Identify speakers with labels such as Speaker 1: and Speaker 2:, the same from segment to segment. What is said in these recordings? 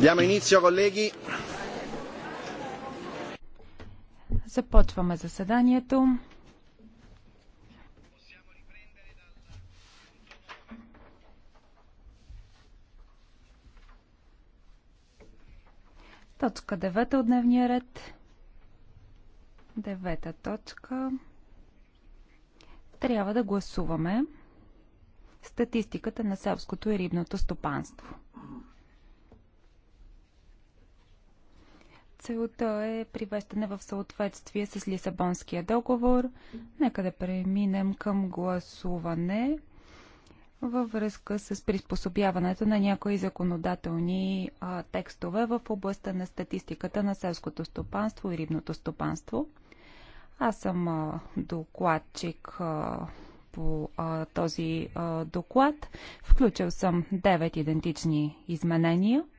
Speaker 1: Diamo inizio,
Speaker 2: Започваме заседанието. Точка 9 от дневния ред. Девета точка. Трябва да гласуваме статистиката на селското и рибното стопанство. Целта е привеждане в съответствие с Лисабонския договор. Нека да преминем към гласуване във връзка с приспособяването на някои законодателни а, текстове в областта на статистиката на селското стопанство и рибното стопанство. Аз съм а, докладчик а, по а, този а, доклад. Включил съм 9 идентични изменения –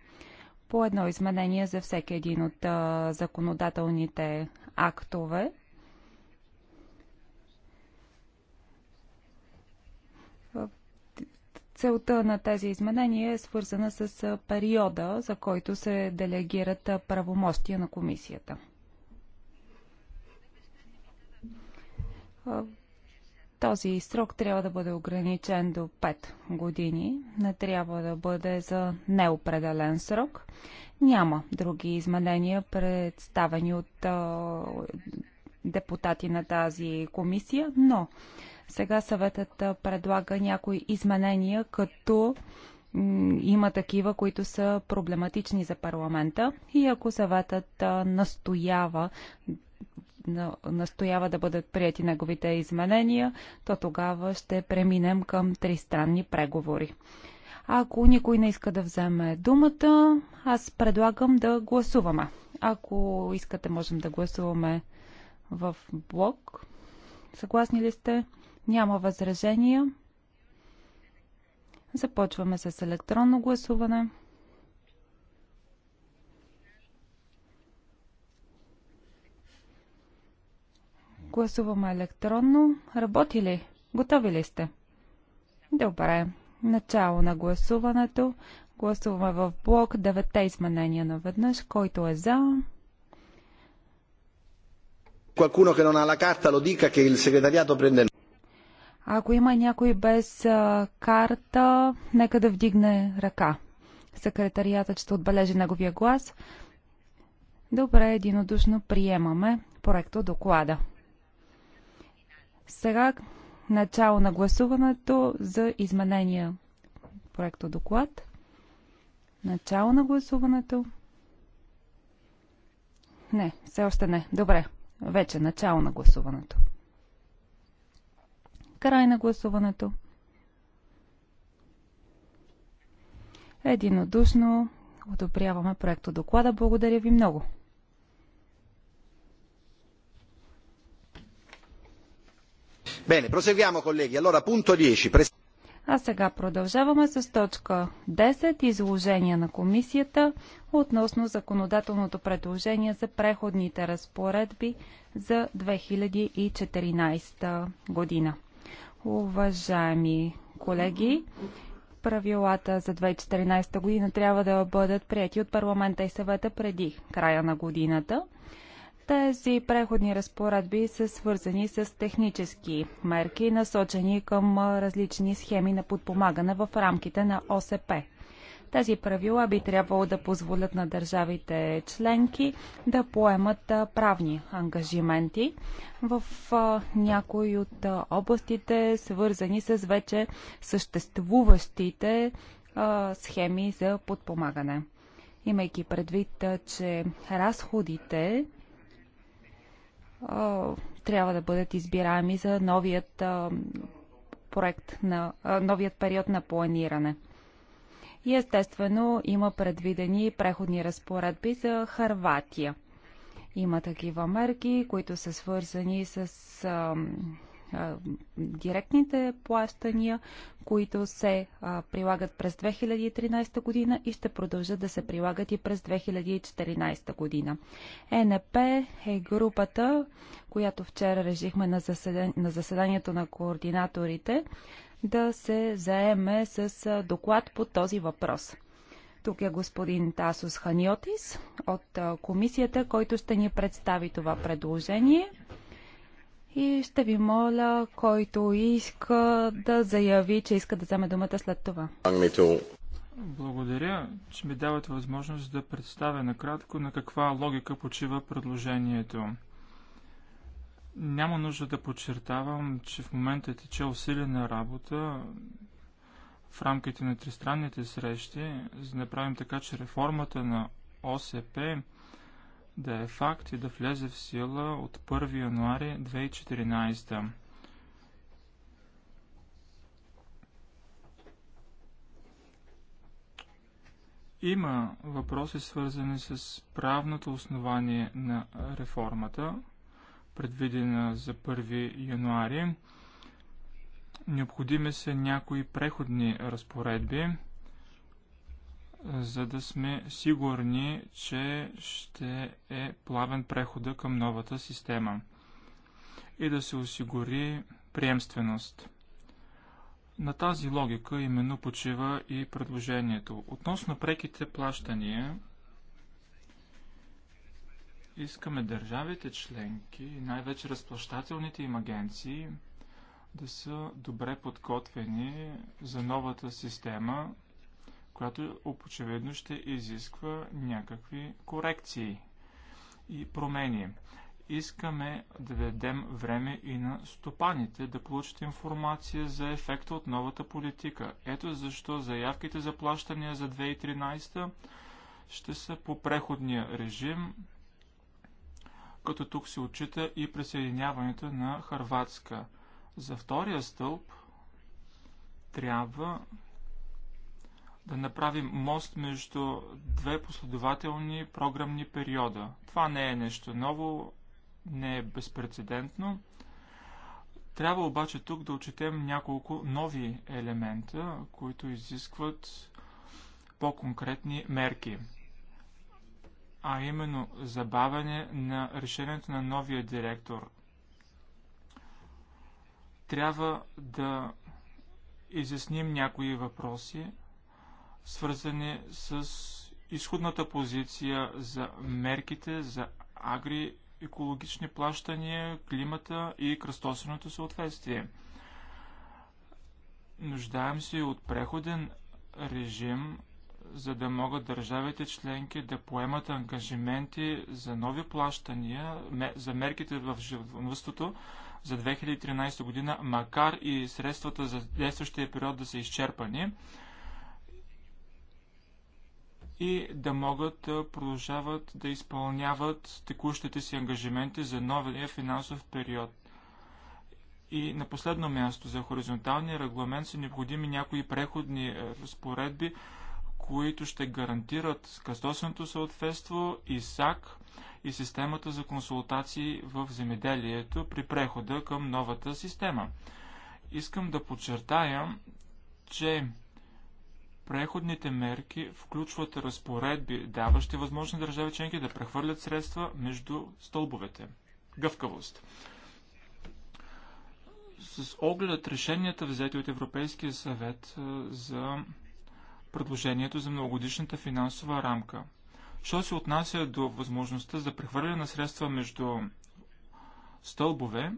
Speaker 2: по едно изменение за всеки един от а, законодателните актове. Целта на тези изменения е свързана с периода, за който се делегират правомощия на комисията. Този срок трябва да бъде ограничен до 5 години. Не трябва да бъде за неопределен срок. Няма други изменения, представени от а, депутати на тази комисия, но сега съветът предлага някои изменения, като има такива, които са проблематични за парламента и ако съветът настоява настоява да бъдат прияти неговите изменения, то тогава ще преминем към тристранни преговори. Ако никой не иска да вземе думата, аз предлагам да гласуваме. Ако искате, можем да гласуваме в блок. Съгласни ли сте? Няма възражения. Започваме с електронно гласуване. гласуваме електронно. Работи ли? Готови ли сте? Добре. Начало на гласуването. Гласуваме в блок девете изменения наведнъж. Който е за?
Speaker 1: Qualcuno che non ha la carta lo dica che il segretariato prende
Speaker 2: Ако има някой без а, карта, нека да вдигне ръка. Секретариатът ще отбележи неговия глас. Добре, единодушно приемаме проекто доклада. Сега начало на гласуването за изменения проекто доклад. Начало на гласуването. Не, все още не. Добре. Вече начало на гласуването. Край на гласуването. Единодушно одобряваме проекто доклада. Благодаря ви много.
Speaker 1: Bene, proseguiamo colleghi. Allora, punto 10.
Speaker 2: А сега продължаваме с точка 10 изложение на комисията относно законодателното предложение за преходните разпоредби за 2014 година. Уважаеми колеги, правилата за 2014 година трябва да бъдат прияти от парламента и съвета преди края на годината. Тези преходни разпоредби са свързани с технически мерки, насочени към различни схеми на подпомагане в рамките на ОСП. Тези правила би трябвало да позволят на държавите членки да поемат правни ангажименти в някои от областите, свързани с вече съществуващите схеми за подпомагане. Имайки предвид, че разходите трябва да бъдат избираеми за новият проект на новият период на планиране. И естествено има предвидени преходни разпоредби за Харватия. Има такива мерки, които са свързани с директните плащания, които се прилагат през 2013 година и ще продължат да се прилагат и през 2014 година. ЕНП е групата, която вчера режихме на, заседан... на заседанието на координаторите да се заеме с доклад по този въпрос. Тук е господин Тасос Ханиотис от комисията, който ще ни представи това предложение. И ще ви моля, който иска да заяви, че иска да вземе думата след това.
Speaker 3: Благодаря, че ми давате възможност да представя накратко на каква логика почива предложението. Няма нужда да подчертавам, че в момента тече усилена работа в рамките на тристранните срещи, за да направим така, че реформата на ОСП да е факт и да влезе в сила от 1 януари 2014. Има въпроси свързани с правното основание на реформата, предвидена за 1 януари. Необходими са някои преходни разпоредби за да сме сигурни, че ще е плавен прехода към новата система и да се осигури приемственост. На тази логика именно почива и предложението. Относно преките плащания, искаме държавите членки, най-вече разплащателните им агенции, да са добре подготвени за новата система – която очевидно ще изисква някакви корекции и промени. Искаме да дадем време и на стопаните да получат информация за ефекта от новата политика. Ето защо заявките за плащания за 2013 ще са по преходния режим, като тук се отчита и присъединяването на Харватска. За втория стълб трябва да направим мост между две последователни програмни периода. Това не е нещо ново, не е безпредседентно. Трябва обаче тук да отчетем няколко нови елемента, които изискват по-конкретни мерки. А именно забавяне на решението на новия директор. Трябва да изясним някои въпроси, свързани с изходната позиция за мерките за агриекологични плащания, климата и кръстосеното съответствие. Нуждаем се от преходен режим, за да могат държавите членки да поемат ангажименти за нови плащания, за мерките в животновъдството за 2013 година, макар и средствата за действащия период да са изчерпани и да могат да продължават да изпълняват текущите си ангажименти за новия финансов период. И на последно място за хоризонталния регламент са необходими някои преходни е, разпоредби, които ще гарантират кръстосното съответство и САК и системата за консултации в земеделието при прехода към новата система. Искам да подчертая, че Преходните мерки включват разпоредби, даващи възможност държави членки да прехвърлят средства между стълбовете. Гъвкавост. С оглед решенията взети от Европейския съвет е, за предложението за многогодишната финансова рамка. Що се отнася до възможността за прехвърляне на средства между стълбове,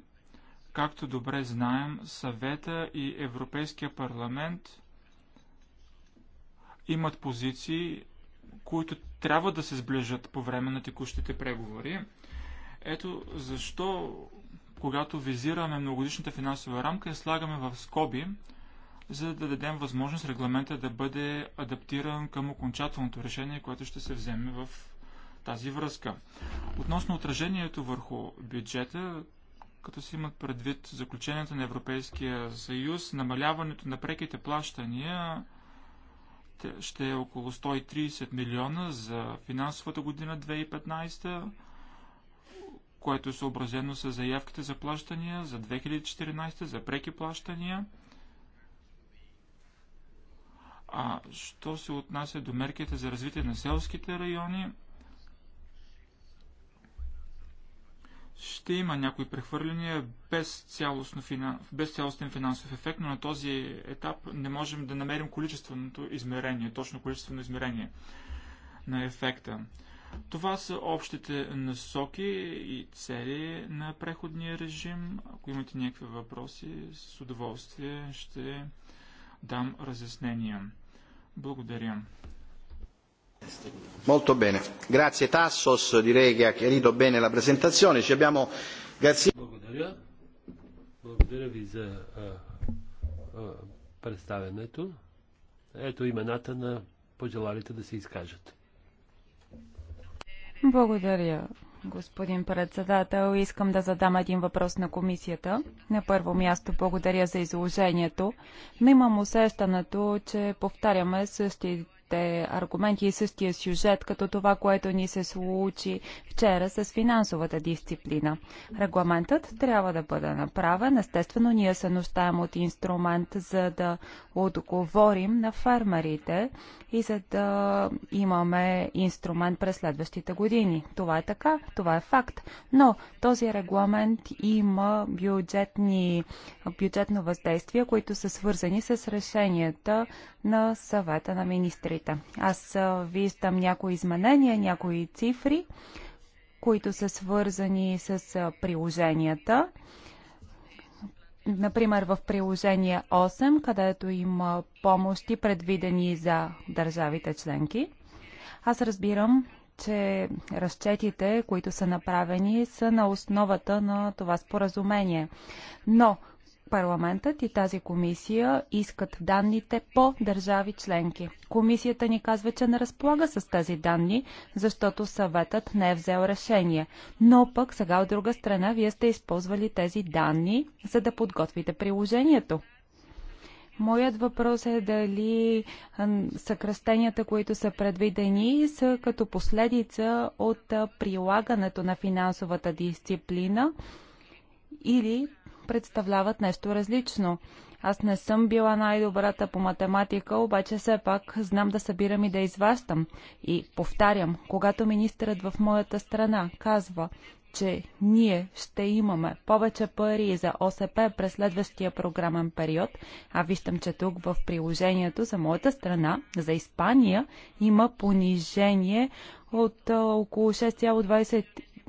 Speaker 3: както добре знаем, съвета и Европейския парламент имат позиции, които трябва да се сближат по време на текущите преговори. Ето защо, когато визираме многогодишната финансова рамка, я слагаме в скоби, за да дадем възможност регламента да бъде адаптиран към окончателното решение, което ще се вземе в тази връзка. Относно отражението върху бюджета, като се имат предвид заключенията на Европейския съюз, намаляването на преките плащания ще е около 130 милиона за финансовата година 2015, което е съобразено с заявките за плащания за 2014 за преки плащания. А що се отнася до мерките за развитие на селските райони, ще има някои прехвърляния без, без цялостен финансов ефект, но на този етап не можем да намерим количественото измерение, точно количествено измерение на ефекта. Това са общите насоки и цели на преходния режим. Ако имате някакви въпроси, с удоволствие ще дам разяснения. Благодаря.
Speaker 1: Molto bene. Grazie Tassos, direi che ha chiarito bene la presentazione. Ci abbiamo Garzia.
Speaker 4: Благодаря. ви за а, Ето имената на пожелалите да се изкажат.
Speaker 2: Благодаря, господин председател. Искам да задам един въпрос на комисията. На първо място благодаря за изложението, но имам усещането, че повтаряме същите същите аргументи и същия сюжет, като това, което ни се случи вчера с финансовата дисциплина. Регламентът трябва да бъде направен. Естествено, ние се нуждаем от инструмент, за да отговорим на фермерите и за да имаме инструмент през следващите години. Това е така, това е факт. Но този регламент има бюджетни, бюджетно въздействие, които са свързани с решенията на съвета на министрите цифрите. Аз виждам някои изменения, някои цифри, които са свързани с приложенията. Например, в приложение 8, където има помощи предвидени за държавите членки. Аз разбирам, че разчетите, които са направени, са на основата на това споразумение. Но Парламентът и тази комисия искат данните по държави членки. Комисията ни казва, че не разполага с тези данни, защото съветът не е взел решение. Но пък сега от друга страна вие сте използвали тези данни, за да подготвите приложението. Моят въпрос е дали съкръстенията, които са предвидени, са като последица от прилагането на финансовата дисциплина или представляват нещо различно. Аз не съм била най-добрата по математика, обаче все пак знам да събирам и да изващам. И повтарям, когато министърът в моята страна казва, че ние ще имаме повече пари за ОСП през следващия програмен период, а виждам, че тук в приложението за моята страна, за Испания, има понижение от около 6,20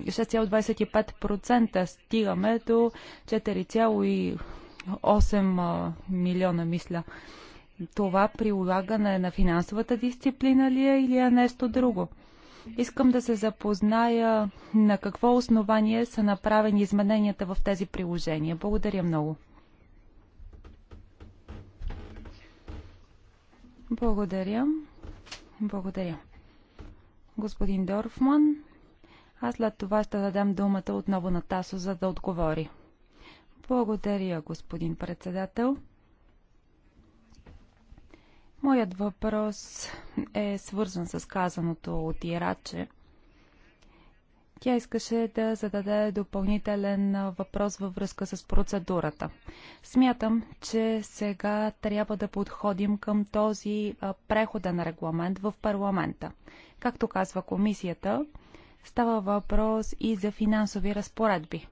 Speaker 2: 6,25% стигаме до 4,8 милиона, мисля. Това прилагане на финансовата дисциплина ли е или е нещо друго? Искам да се запозная на какво основание са направени измененията в тези приложения. Благодаря много. Благодаря. Благодаря. Господин Дорфман а след това ще дадем думата отново на Тасо, за да отговори. Благодаря, господин председател. Моят въпрос е свързан с казаното от Ираче. Тя искаше да зададе допълнителен въпрос във връзка с процедурата. Смятам, че сега трябва да подходим към този преходен регламент в парламента. Както казва комисията, Става въпрос и за финансови разпоредби.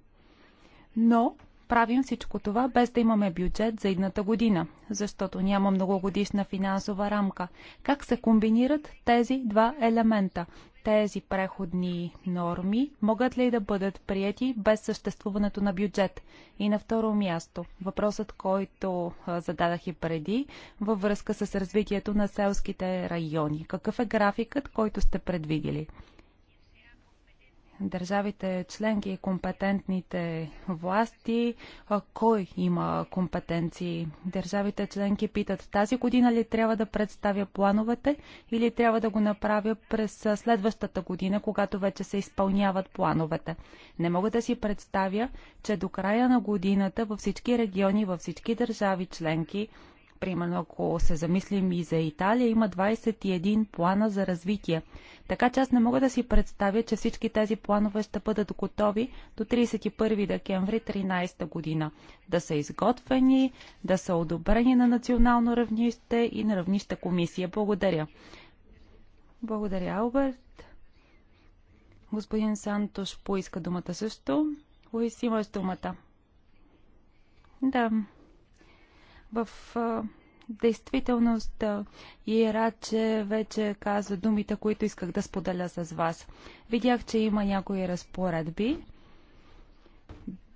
Speaker 2: Но правим всичко това без да имаме бюджет за едната година, защото няма многогодишна финансова рамка. Как се комбинират тези два елемента? Тези преходни норми могат ли да бъдат прияти без съществуването на бюджет? И на второ място, въпросът, който зададах и преди, във връзка с развитието на селските райони. Какъв е графикът, който сте предвидели? държавите членки и компетентните власти, кой има компетенции. Държавите членки питат тази година ли трябва да представя плановете или трябва да го направя през следващата година, когато вече се изпълняват плановете. Не мога да си представя, че до края на годината във всички региони, във всички държави членки Примерно, ако се замислим и за Италия, има 21 плана за развитие. Така че аз не мога да си представя, че всички тези планове ще бъдат готови до 31 декември 2013 година. Да са изготвени, да са одобрени на национално равнище и на равнище комисия. Благодаря. Благодаря, Алберт. Господин Сантош поиска думата също. Луис, имаш думата. Да. В действителност Ираче вече каза думите, които исках да споделя с вас. Видях, че има някои разпоредби.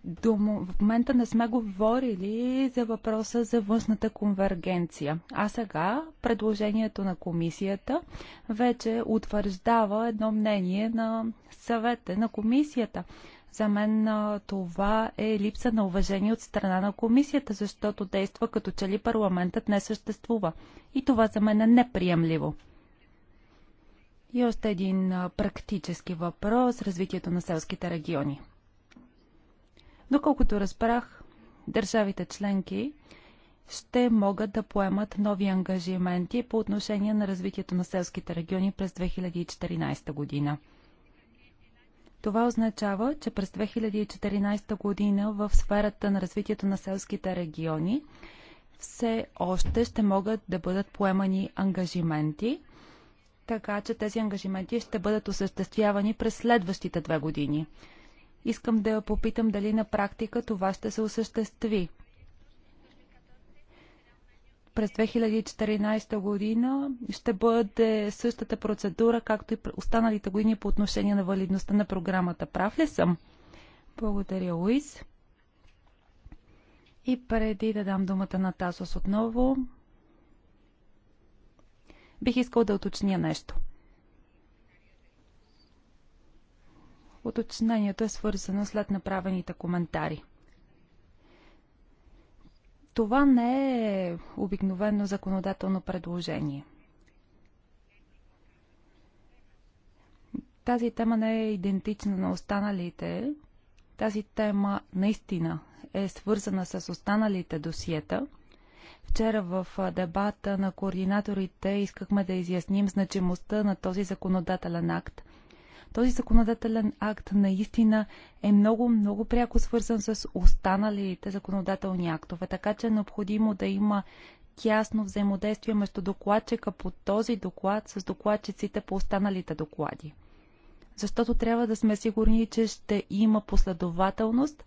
Speaker 2: До момента не сме говорили за въпроса за външната конвергенция. А сега предложението на комисията вече утвърждава едно мнение на съвета на комисията. За мен това е липса на уважение от страна на комисията, защото действа като че ли парламентът не съществува. И това за мен е неприемливо. И още един практически въпрос – развитието на селските региони. Доколкото разбрах, държавите членки ще могат да поемат нови ангажименти по отношение на развитието на селските региони през 2014 година – това означава, че през 2014 година в сферата на развитието на селските региони все още ще могат да бъдат поемани ангажименти, така че тези ангажименти ще бъдат осъществявани през следващите две години. Искам да попитам дали на практика това ще се осъществи през 2014 година ще бъде същата процедура, както и останалите години по отношение на валидността на програмата. Прав ли съм? Благодаря, Луис. И преди да дам думата на Тасос отново, бих искал да уточня нещо. Уточнението е свързано след направените коментари. Това не е обикновено законодателно предложение. Тази тема не е идентична на останалите. Тази тема наистина е свързана с останалите досиета. Вчера в дебата на координаторите искахме да изясним значимостта на този законодателен акт – този законодателен акт наистина е много, много пряко свързан с останалите законодателни актове, така че е необходимо да има тясно взаимодействие между докладчика по този доклад с докладчиците по останалите доклади. Защото трябва да сме сигурни, че ще има последователност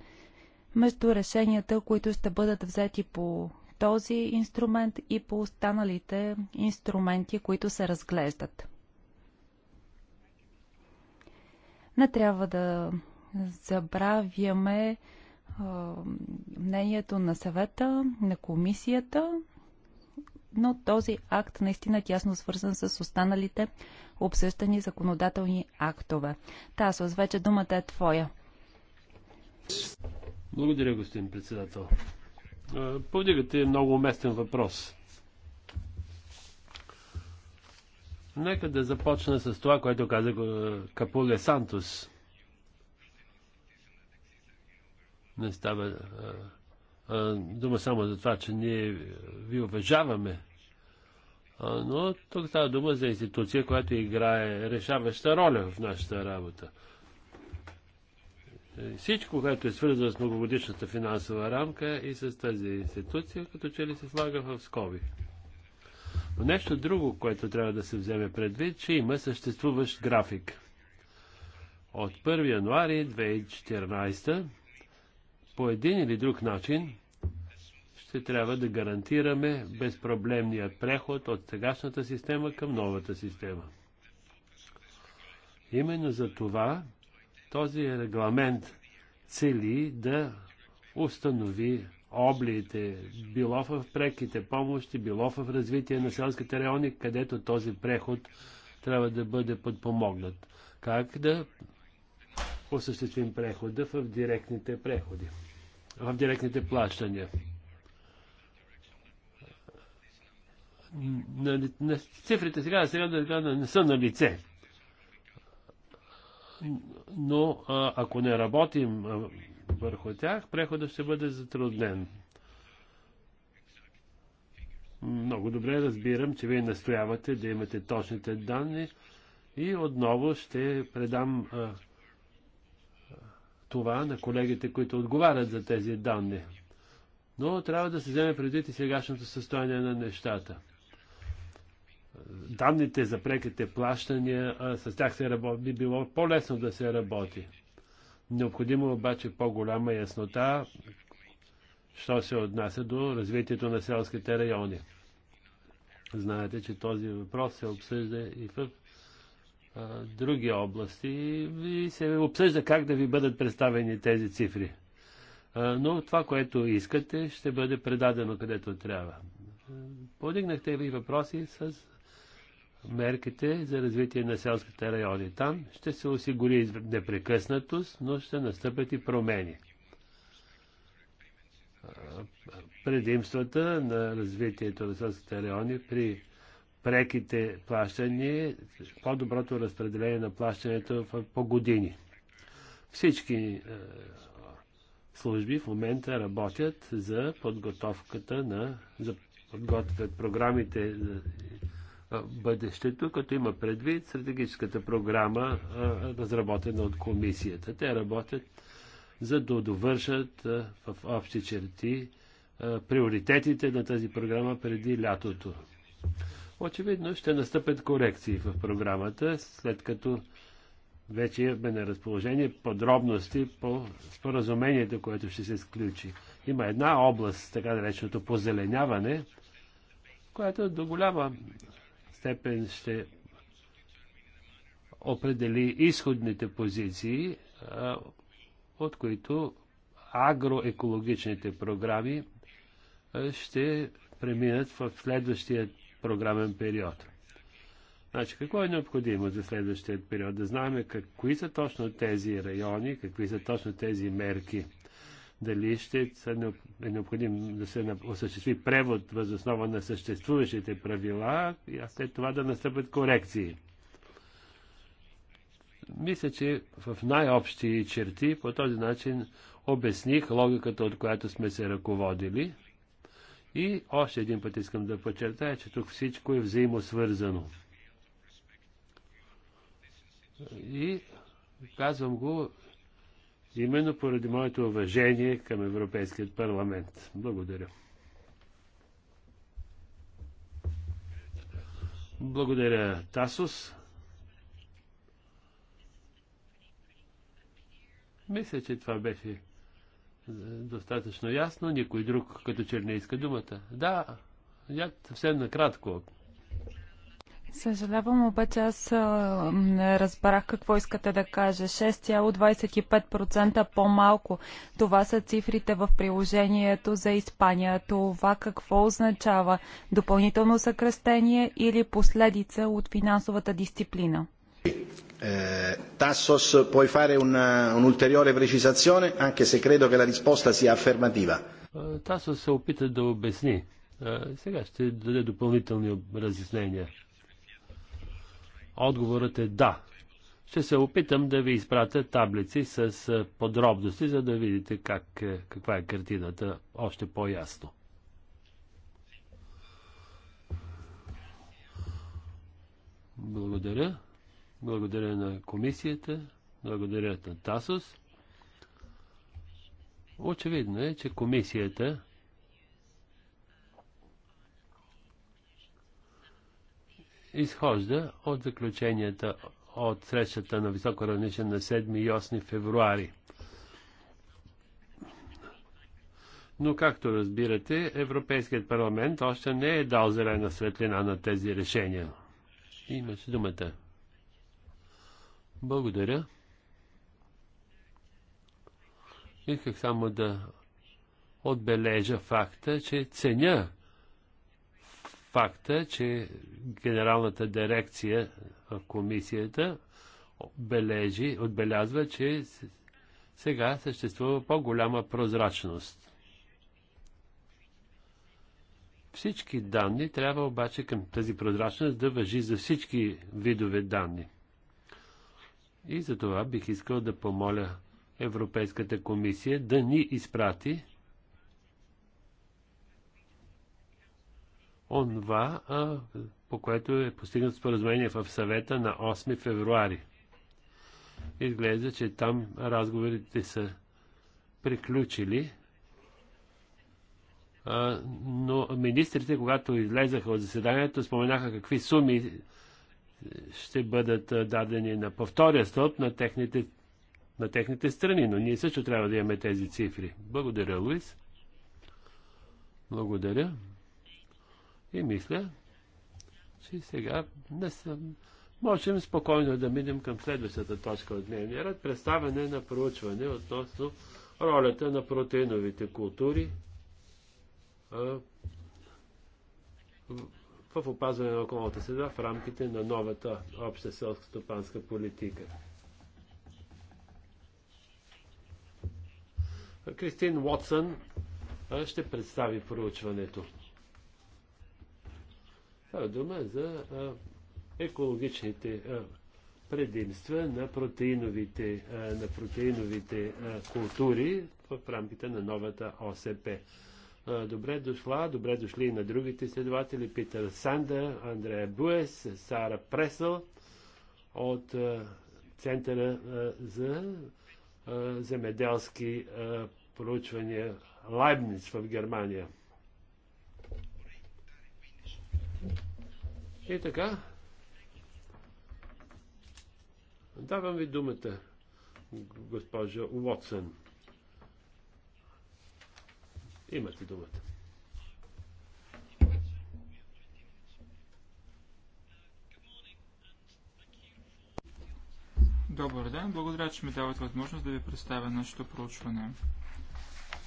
Speaker 2: между решенията, които ще бъдат взети по този инструмент и по останалите инструменти, които се разглеждат. Не трябва да забравяме а, мнението на съвета, на комисията, но този акт наистина е тясно свързан с останалите обсъждани законодателни актове. Тасос, вече думата е твоя.
Speaker 4: Благодаря, господин председател. Повдигате много уместен въпрос. Нека да започна с това, което каза Капуле Сантос. Не става а, а, дума само за това, че ние ви уважаваме. А, но тук става дума за институция, която играе решаваща роля в нашата работа. Е, всичко, което е свързано с многогодишната финансова рамка и с тази институция, като че ли се слага в скоби. Но нещо друго, което трябва да се вземе предвид, че има съществуващ график. От 1 януари 2014 по един или друг начин ще трябва да гарантираме безпроблемният преход от сегашната система към новата система. Именно за това този регламент цели да установи облиите, било в преките помощи, било в развитие на селските райони, където този преход трябва да бъде подпомогнат. Как да осъществим прехода в директните преходи, в директните плащания? На, на цифрите сега, сега не, не са на лице. Но а, ако не работим върху тях, преходът ще бъде затруднен. Много добре разбирам, че вие настоявате да имате точните данни и отново ще предам а, това на колегите, които отговарят за тези данни. Но трябва да се вземе предвид и сегашното състояние на нещата. Данните за преките плащания, а, с тях се работи, би било по-лесно да се работи. Необходимо е обаче по-голяма яснота, що се отнася до развитието на селските райони. Знаете, че този въпрос се обсъжда и в а, други области и се обсъжда как да ви бъдат представени тези цифри. А, но това, което искате, ще бъде предадено където трябва. Подигнахте ви въпроси с мерките за развитие на селските райони. Там ще се осигури непрекъснатост, но ще настъпят и промени. Предимствата на развитието на селските райони при преките плащания, е по-доброто разпределение на плащането по години. Всички е, служби в момента работят за подготовката на, за подготвят програмите бъдещето, като има предвид стратегическата програма, разработена от комисията. Те работят за да довършат в общи черти приоритетите на тази програма преди лятото. Очевидно ще настъпят корекции в програмата, след като вече имаме на разположение подробности по споразумението, което ще се сключи. Има една област, така нареченото позеленяване, която до голяма степен ще определи изходните позиции, от които агроекологичните програми ще преминат в следващия програмен период. Значи, какво е необходимо за следващия период? Да знаем как, кои са точно тези райони, какви са точно тези мерки – дали ще е необходим да се осъществи превод въз основа на съществуващите правила, и след това да настъпят корекции. Мисля, че в най-общи черти по този начин обясних логиката, от която сме се ръководили. И още един път искам да подчертая, че тук всичко е взаимосвързано. И казвам го именно поради моето уважение към Европейският парламент. Благодаря. Благодаря, Тасос. Мисля, че това беше е, достатъчно ясно. Никой друг като че не иска думата. Да, я съвсем накратко,
Speaker 2: Съжалявам, обаче аз не разбрах какво искате да кажа. 6,25% по-малко. Това са цифрите в приложението за Испания. Това какво означава? Допълнително съкръстение или последица от финансовата дисциплина? Е,
Speaker 1: Тасос, puoi fare un'ulteriore precisazione, anche se credo che la risposta sia affermativa.
Speaker 4: Е, Тасос се опита да обясни. Е, Сега ще даде допълнителни разяснения. Отговорът е да. Ще се опитам да ви изпратя таблици с е, подробности, за да видите как, е, каква е картината още по-ясно. Благодаря. Благодаря на комисията. Благодаря на Тасос. Очевидно е, че комисията изхожда от заключенията от срещата на високо равнище на 7 и 8 февруари. Но, както разбирате, Европейският парламент още не е дал зелена светлина на тези решения. Имаше думата. Благодаря. Исках само да отбележа факта, че ценя факта, че генералната дирекция в комисията бележи, отбелязва, че сега съществува по-голяма прозрачност. Всички данни трябва обаче към тази прозрачност да въжи за всички видове данни. И за това бих искал да помоля Европейската комисия да ни изпрати онва, а, по което е постигнато споразумение в съвета на 8 февруари. Изглежда, че там разговорите са приключили, а, но министрите, когато излезаха от заседанието, споменаха какви суми ще бъдат дадени на повторя стълб на техните, на техните страни, но ние също трябва да имаме тези цифри. Благодаря, Луис. Благодаря. И мисля, че сега не съм... Можем спокойно да минем към следващата точка от дневния ред. Представяне на проучване относно ролята на протеиновите култури а, в, в опазване на околната среда в рамките на новата обща селско-стопанска политика. Кристин Уотсън ще представи проучването. Става дума за екологичните предимства на протеиновите, на протеиновите култури в рамките на новата ОСП. Добре дошла, добре дошли и на другите следователи Питър Санда, Андрея Буес, Сара Пресъл от Центъра за земеделски проучвания Лайбниц в Германия. И така, давам ви думата, госпожа Уотсън. Имате думата.
Speaker 3: Добър ден, благодаря, че ми дават възможност да ви представя нашето проучване.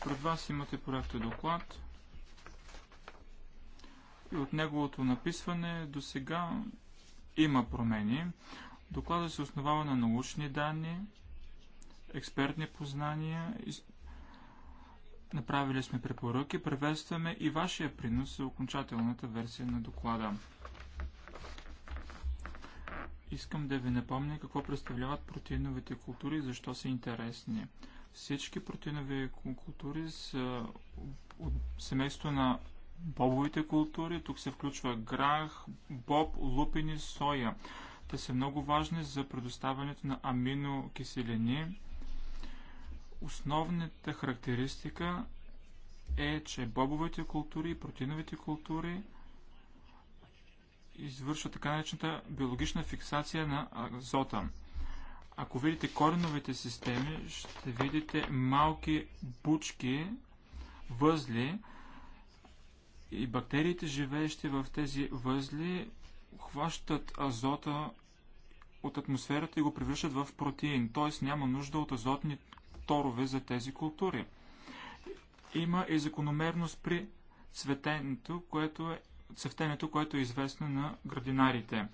Speaker 3: Пред вас имате проекта доклад, и от неговото написване до сега има промени. Докладът се основава на научни данни, експертни познания. Направили сме препоръки, приветстваме и вашия принос за окончателната версия на доклада. Искам да ви напомня какво представляват протеиновите култури и защо са интересни. Всички протеинови култури са от семейство на бобовите култури. Тук се включва грах, боб, лупини, соя. Те са много важни за предоставянето на аминокиселини. Основната характеристика е, че бобовите култури и протеиновите култури извършват така наречената биологична фиксация на азота. Ако видите кореновите системи, ще видите малки бучки, възли, и бактериите, живеещи в тези възли, хващат азота от атмосферата и го превръщат в протеин, т.е. няма нужда от азотни торове за тези култури. Има и закономерност при цветенето, което е, цъфтенето, което е известно на градинарите.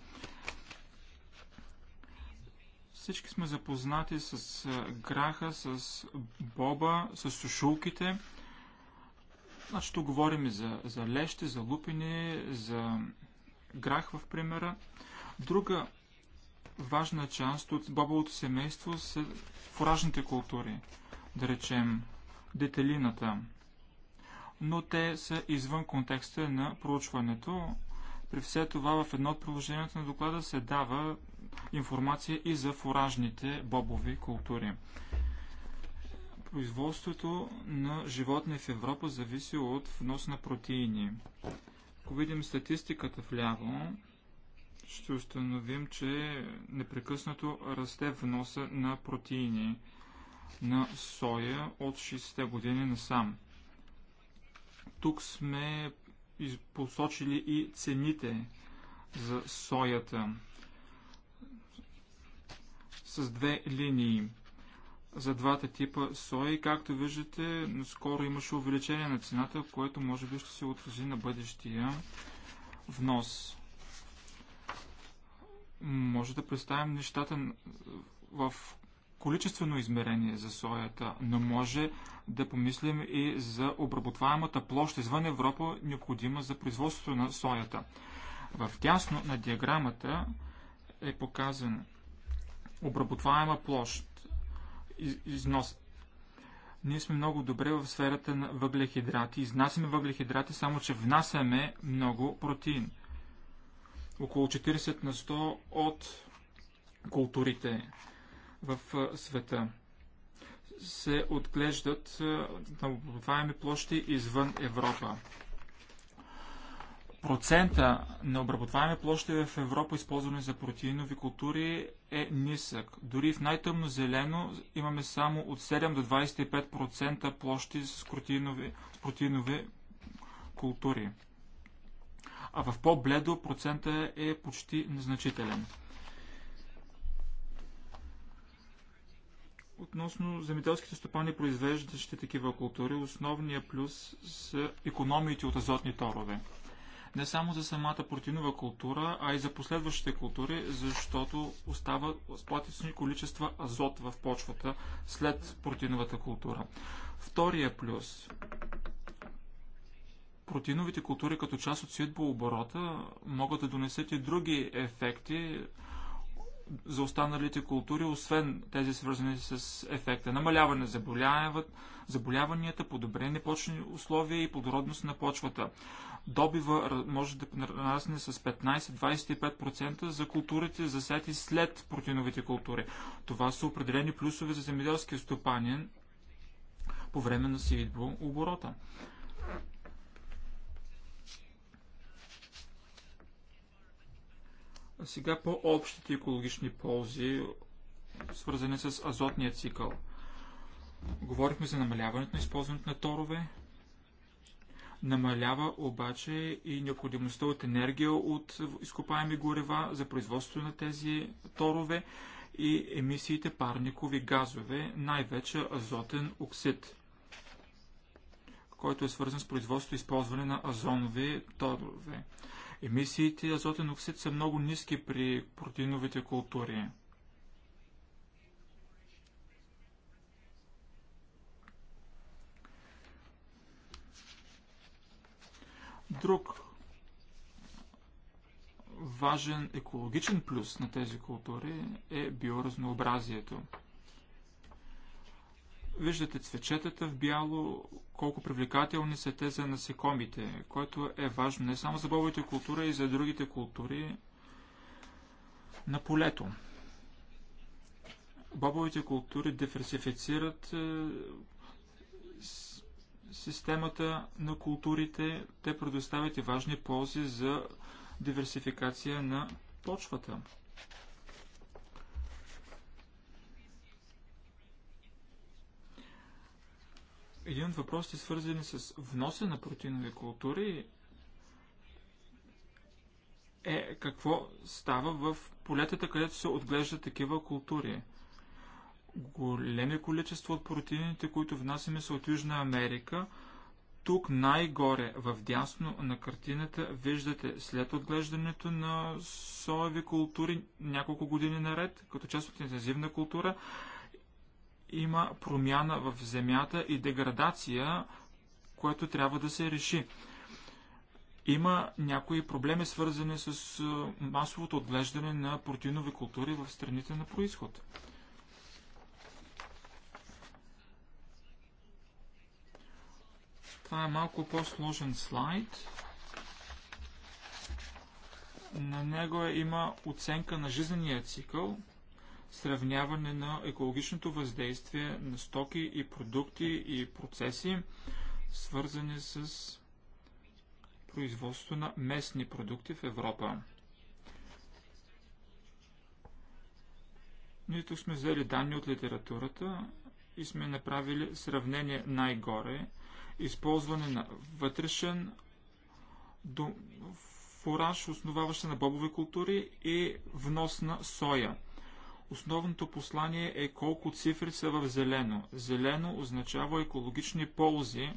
Speaker 3: Всички сме запознати с граха, с боба, с сушулките – Значи, тук говорим за, за лещи, за лупини, за грах в примера. Друга важна част от бобовото семейство са фуражните култури, да речем детелината. Но те са извън контекста на проучването. При все това в едно от приложенията на доклада се дава информация и за фуражните бобови култури. Производството на животни в Европа зависи от внос на протеини. Ако видим статистиката вляво, ще установим, че непрекъснато расте вноса на протеини на соя от 60-те години насам. Тук сме посочили и цените за соята с две линии – за двата типа сои. Както виждате, скоро имаше увеличение на цената, което може би ще се отрази на бъдещия внос. Може да представим нещата в количествено измерение за соята, но може да помислим и за обработваемата площ извън Европа, необходима за производството на соята. В тясно на диаграмата е показан обработваема площ износ. Ние сме много добре в сферата на въглехидрати. Изнасяме въглехидрати, само че внасяме много протеин. Около 40 на 100 от културите в света се отглеждат на обработваеми площи извън Европа. Процента на обработваеми площи в Европа, използвани за протеинови култури, е нисък. Дори в най-тъмно зелено имаме само от 7 до 25% площи с протеинови, с протеинови култури. А в по-бледо процента е почти незначителен. Относно земеделските стопани, произвеждащи такива култури, основният плюс са економиите от азотни торове не само за самата протинова култура, а и за последващите култури, защото остава сплатични количества азот в почвата след протеиновата култура. Втория плюс. Протиновите култури като част от свитбооборота могат да донесат и други ефекти, за останалите култури, освен тези свързани с ефекта. Намаляване заболяванията, подобрени почни условия и плодородност на почвата. Добива може да нарасне с 15-25% за културите засети след протеиновите култури. Това са определени плюсове за земеделския стопанин по време на сеитбо оборота. А сега по-общите екологични ползи, свързани с азотния цикъл. Говорихме за намаляването на използването на торове. Намалява обаче и необходимостта от енергия от изкопаеми горева за производство на тези торове и емисиите парникови газове, най-вече азотен оксид, който е свързан с производство и използване на азонови торове. Емисиите азотен оксид са много ниски при протеиновите култури. Друг важен екологичен плюс на тези култури е биоразнообразието. Виждате цвечетата в бяло, колко привлекателни са те за насекомите, което е важно не само за бобовите култура, а и за другите култури на полето. Бобовите култури диверсифицират е, системата на културите, те предоставят и важни ползи за диверсификация на почвата. Един от въпросите, свързани с вноса на протеинови култури, е какво става в полетата, където се отглеждат такива култури. Големи количество от протеините, които внасяме са от Южна Америка. Тук най-горе, в дясно на картината, виждате след отглеждането на соеви култури няколко години наред, като част от интензивна култура, има промяна в земята и деградация, което трябва да се реши. Има някои проблеми, свързани с масовото отглеждане на протеинови култури в страните на происход. Това е малко по-сложен слайд. На него има оценка на жизнения цикъл – сравняване на екологичното въздействие на стоки и продукти и процеси, свързани с производство на местни продукти в Европа. Ние тук сме взели данни от литературата и сме направили сравнение най-горе, използване на вътрешен фураж, основаващ се на бобови култури и внос на соя. Основното послание е колко цифри са в зелено. Зелено означава екологични ползи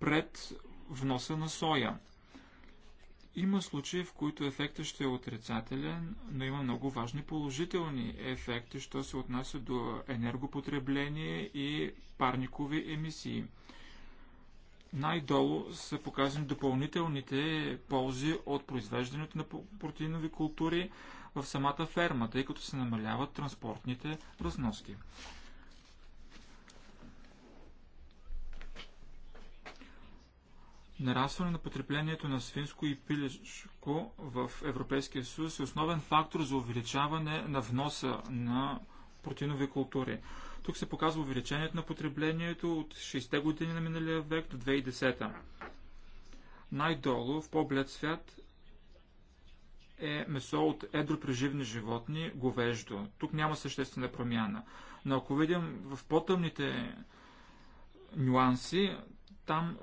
Speaker 3: пред вноса на соя. Има случаи, в които ефектът ще е отрицателен, но има много важни положителни ефекти, що се отнася до енергопотребление и парникови емисии. Най-долу са показани допълнителните ползи от произвеждането на протеинови култури, в самата ферма, тъй като се намаляват транспортните разноски. Нарастване на потреблението на свинско и пилешко в Европейския съюз е основен фактор за увеличаване на вноса на протеинови култури. Тук се показва увеличението на потреблението от 60-те години на миналия век до 2010-та. Най-долу, в по-блед свят, е месо от преживни животни, говеждо. Тук няма съществена промяна. Но ако видим в по-тъмните нюанси, там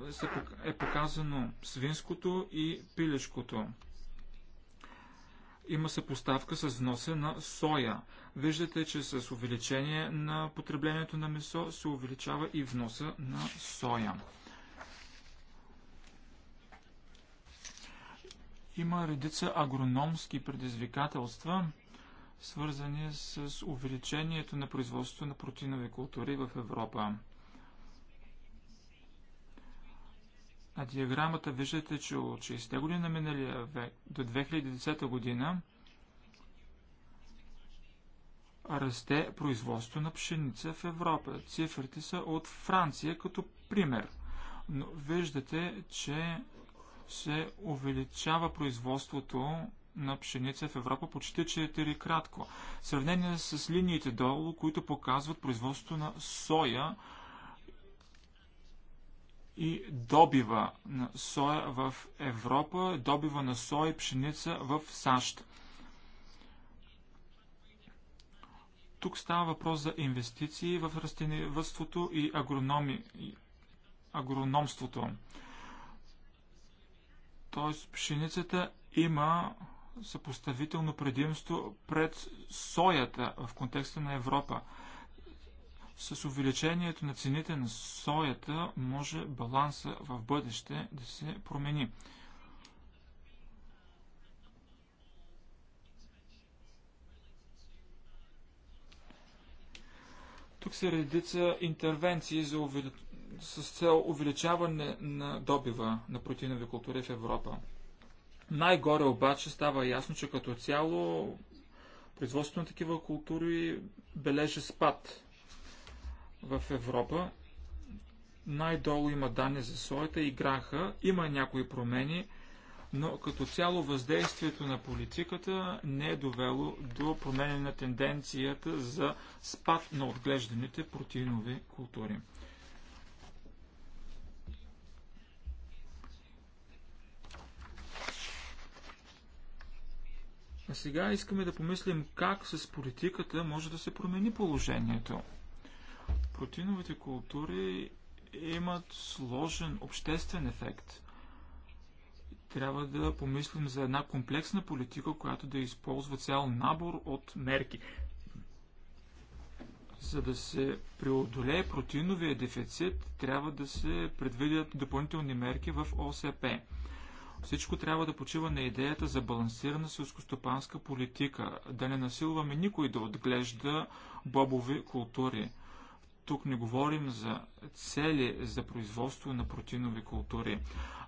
Speaker 3: е показано свинското и пилешкото. Има съпоставка с вноса на соя. Виждате, че с увеличение на потреблението на месо се увеличава и вноса на соя. Има редица агрономски предизвикателства, свързани с увеличението на производството на протеинови култури в Европа. На диаграмата виждате, че от 60-те години на миналия век до 2010 година расте производство на пшеница в Европа. Цифрите са от Франция като пример. Но виждате, че се увеличава производството на пшеница в Европа почти 4 кратко. В сравнение с линиите долу, които показват производството на соя и добива на соя в Европа, добива на соя и пшеница в САЩ. Тук става въпрос за инвестиции в растениевътството и агрономи, агрономството. Т.е. пшеницата има съпоставително предимство пред соята в контекста на Европа. С увеличението на цените на соята може баланса в бъдеще да се промени. Тук са редица интервенции за увеличението с цел увеличаване на добива на протеинови култури в Европа. Най-горе обаче става ясно, че като цяло производството на такива култури бележи спад в Европа. Най-долу има данни за соята и граха, има някои промени, но като цяло въздействието на политиката не е довело до промене на тенденцията за спад на отглежданите протеинови култури. А сега искаме да помислим как с политиката може да се промени положението. Протиновите култури имат сложен обществен ефект. Трябва да помислим за една комплексна политика, която да използва цял набор от мерки. За да се преодолее протиновия дефицит, трябва да се предвидят допълнителни мерки в ОСП. Всичко трябва да почива на идеята за балансирана селскостопанска политика, да не насилваме никой да отглежда бобови култури. Тук не говорим за цели за производство на протинови култури,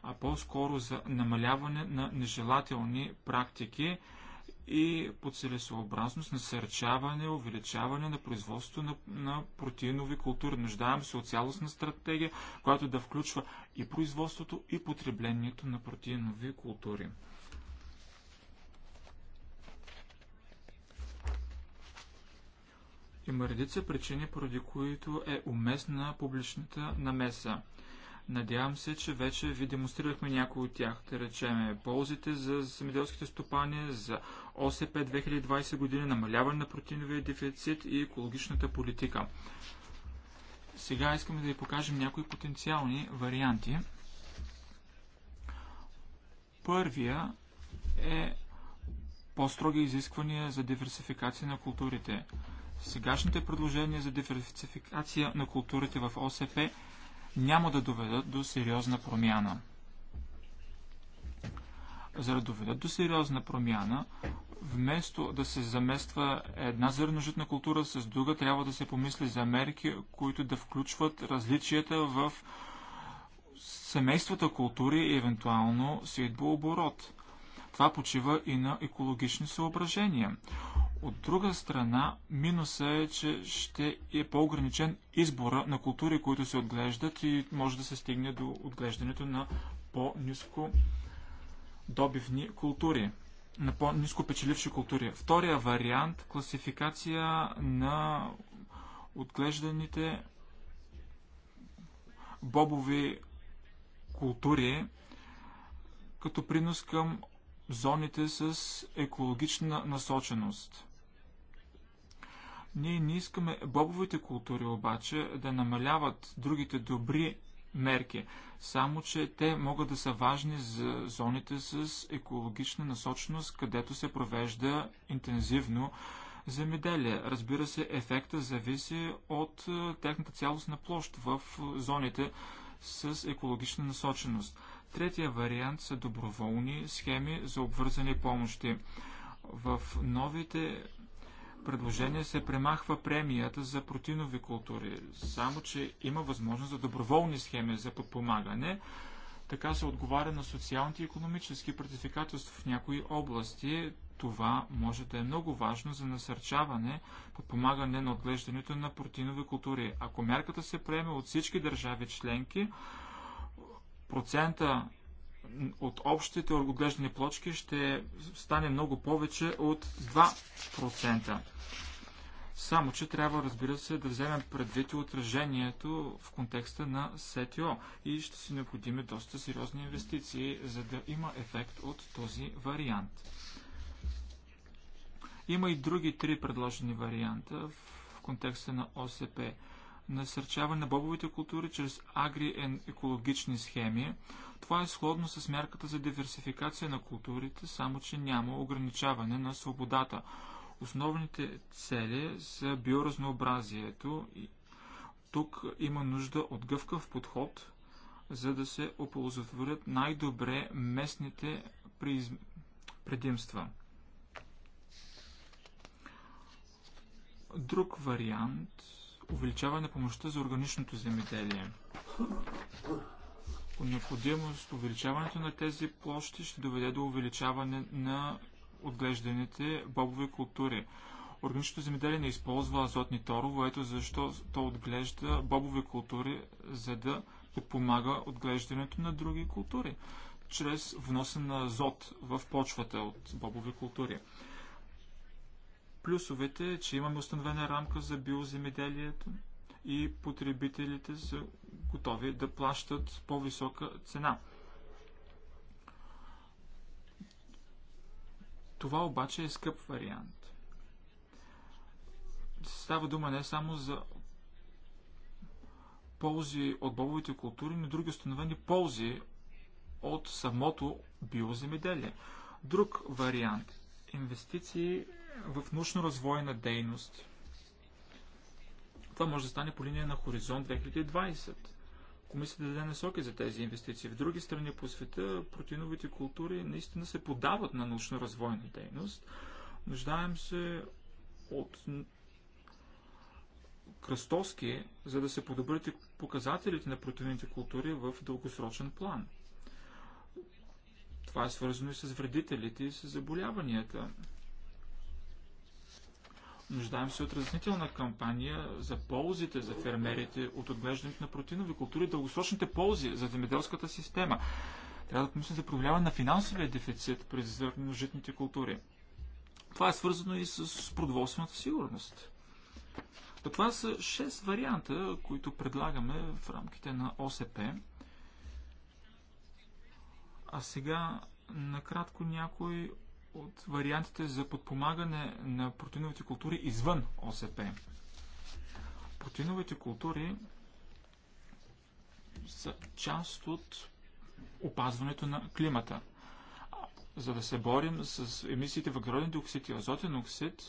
Speaker 3: а по-скоро за намаляване на нежелателни практики, и по целесообразност насърчаване, увеличаване на производството на, на протеинови култури. Нуждаем се от цялостна стратегия, която да включва и производството, и потреблението на протеинови култури. Има редица причини, поради които е уместна публичната намеса. Надявам се, че вече ви демонстрирахме някои от тях, да речеме ползите за земеделските стопани, за ОСП 2020 година, намаляване на протеиновия дефицит и екологичната политика. Сега искаме да ви покажем някои потенциални варианти. Първия е по-строги изисквания за диверсификация на културите. Сегашните предложения за диверсификация на културите в ОСП няма да доведат до сериозна промяна. За да доведат до сериозна промяна, вместо да се замества една зърножитна култура с друга, трябва да се помисли за мерки, които да включват различията в семействата култури и евентуално сеитбооборот. Това почива и на екологични съображения. От друга страна, минуса е, че ще е по-ограничен избора на култури, които се отглеждат и може да се стигне до отглеждането на по-низко добивни култури, на по-низко печеливши култури. Втория вариант – класификация на отглежданите бобови култури като принос към зоните с екологична насоченост. Ние не искаме бобовите култури обаче да намаляват другите добри мерки, само че те могат да са важни за зоните с екологична насоченост, където се провежда интензивно земеделие. Разбира се, ефекта зависи от е, техната цялостна площ в зоните с екологична насоченост. Третия вариант са доброволни схеми за обвързани помощи. В новите предложение се премахва премията за протинови култури, само че има възможност за доброволни схеми за подпомагане. Така се отговаря на социалните и економически предизвикателства в някои области. Това може да е много важно за насърчаване, подпомагане на отглеждането на протинови култури. Ако мярката се приеме от всички държави членки, процента от общите отглеждани плочки ще стане много повече от 2%. Само, че трябва, разбира се, да вземем предвид и отражението в контекста на СТО и ще си необходими доста сериозни инвестиции, за да има ефект от този вариант. Има и други три предложени варианта в контекста на ОСП насърчаване на бобовите култури чрез агри-екологични схеми. Това е сходно с мярката за диверсификация на културите, само че няма ограничаване на свободата. Основните цели са биоразнообразието. Тук има нужда от гъвкав подход, за да се оползотворят най-добре местните приз... предимства. Друг вариант – увеличаване помощта за органичното земеделие. По необходимост увеличаването на тези площи ще доведе до увеличаване на отглежданите бобови култури. Органичното земеделие не използва азотни торове, ето защо то отглежда бобови култури, за да подпомага отглеждането на други култури, чрез вноса на азот в почвата от бобови култури. Плюсовете е, че имаме установена рамка за биоземеделието и потребителите са готови да плащат по-висока цена. Това обаче е скъп вариант. Става дума не само за ползи от бобовите култури, но други установени ползи от самото биоземеделие. Друг вариант. Инвестиции в научно-развойна дейност. Това може да стане по линия на Хоризонт 2020. Комисията да даде насоки за тези инвестиции. В други страни по света протеиновите култури наистина се подават на научно-развойна дейност. Нуждаем се от кръстоски, за да се подобрят показателите на протеиновите култури в дългосрочен план. Това е свързано и с вредителите и с заболяванията. Нуждаем се от разяснителна кампания за ползите за фермерите от отглеждането на протеинови култури, дългосрочните ползи за земеделската система. Трябва да помислим за проблема на финансовия дефицит през при житните култури. Това е свързано и с продоволствената сигурност. това са 6 варианта, които предлагаме в рамките на ОСП. А сега накратко някои от вариантите за подпомагане на протеиновите култури извън ОСП. Протеиновите култури са част от опазването на климата. За да се борим с емисиите въглероден диоксид и азотен оксид,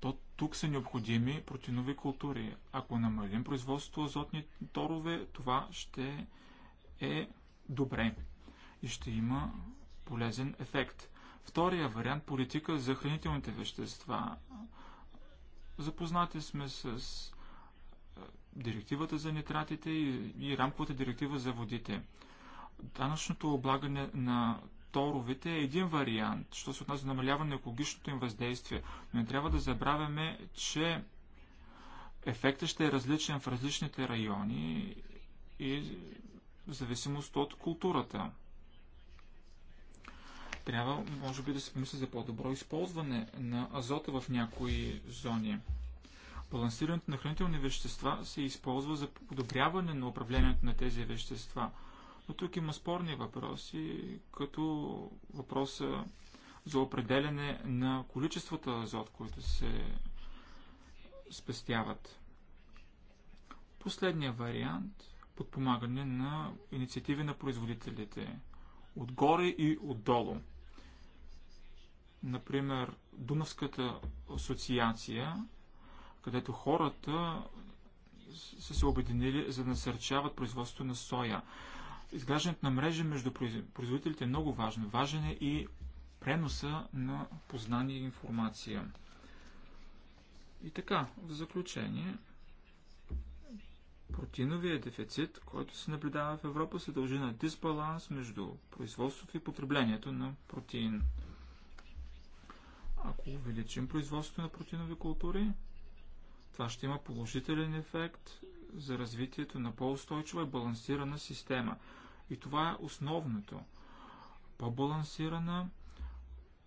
Speaker 3: то тук са необходими протеинови култури. Ако намалим производството азотни торове, това ще е добре и ще има полезен ефект. Втория вариант – политика за хранителните вещества. Запознати сме с е, директивата за нитратите и, и рамковата директива за водите. Данъчното облагане на торовете е един вариант, що се отнася за намаляване на екологичното им въздействие. Но не трябва да забравяме, че ефектът ще е различен в различните райони и в зависимост от културата. Трябва, може би, да се помисли за по-добро използване на азота в някои зони. Балансирането на хранителни вещества се използва за подобряване на управлението на тези вещества. Но тук има спорни въпроси, като въпроса за определене на количествата азот, които се спестяват. Последният вариант – подпомагане на инициативи на производителите – отгоре и отдолу – Например, Дунавската асоциация, където хората са се обединили за да насърчават производството на соя. Изграждането на мрежа между производителите е много важно. Важен е и преноса на познание и информация. И така, в заключение, протиновия дефицит, който се наблюдава в Европа, се дължи на дисбаланс между производството и потреблението на протеин. Ако увеличим производството на протеинови култури, това ще има положителен ефект за развитието на по-устойчива и балансирана система. И това е основното. По-балансирана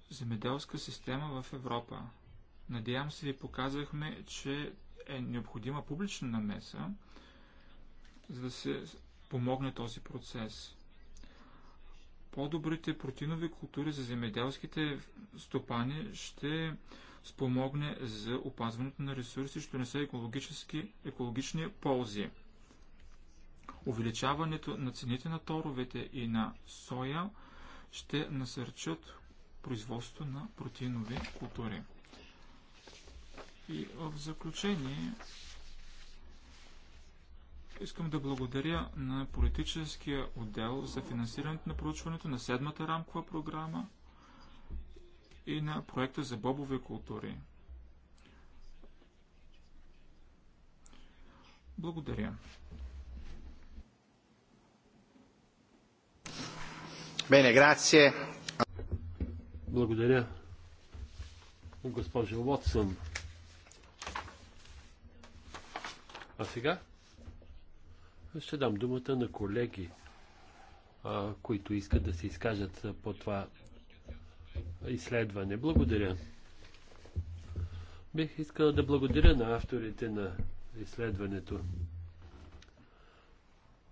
Speaker 3: земеделска система в Европа. Надявам се ви показахме, че е необходима публична намеса, за да се помогне този процес по-добрите протинови култури за земеделските стопани ще спомогне за опазването на ресурси, ще не екологически, екологични ползи. Увеличаването на цените на торовете и на соя ще насърчат производство на протеинови култури. И в заключение Искам да благодаря на политическия отдел за финансирането на проучването на седмата рамкова програма и на проекта за бобови култури.
Speaker 1: Благодаря. Bene,
Speaker 4: grazie. Благодаря, госпожо Уотсън. А сега ще дам думата на колеги, а, които искат да се изкажат по това изследване. Благодаря. Бих искал да благодаря на авторите на изследването.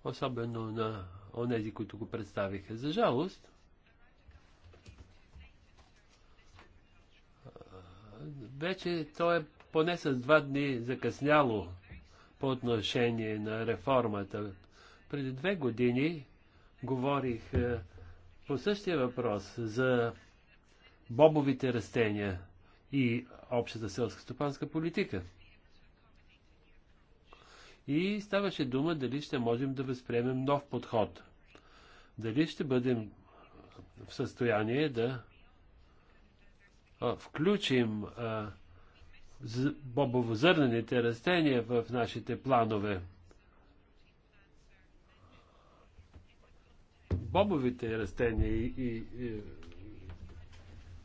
Speaker 4: Особено на онези, които го представиха. За жалост, вече то е поне с два дни закъсняло по отношение на реформата. Преди две години говорих е, по същия въпрос за бобовите растения и общата селско-стопанска политика. И ставаше дума дали ще можем да възприемем нов подход. Дали ще бъдем в състояние да включим бобовозърнените растения в нашите планове. Бобовите растения и, и, и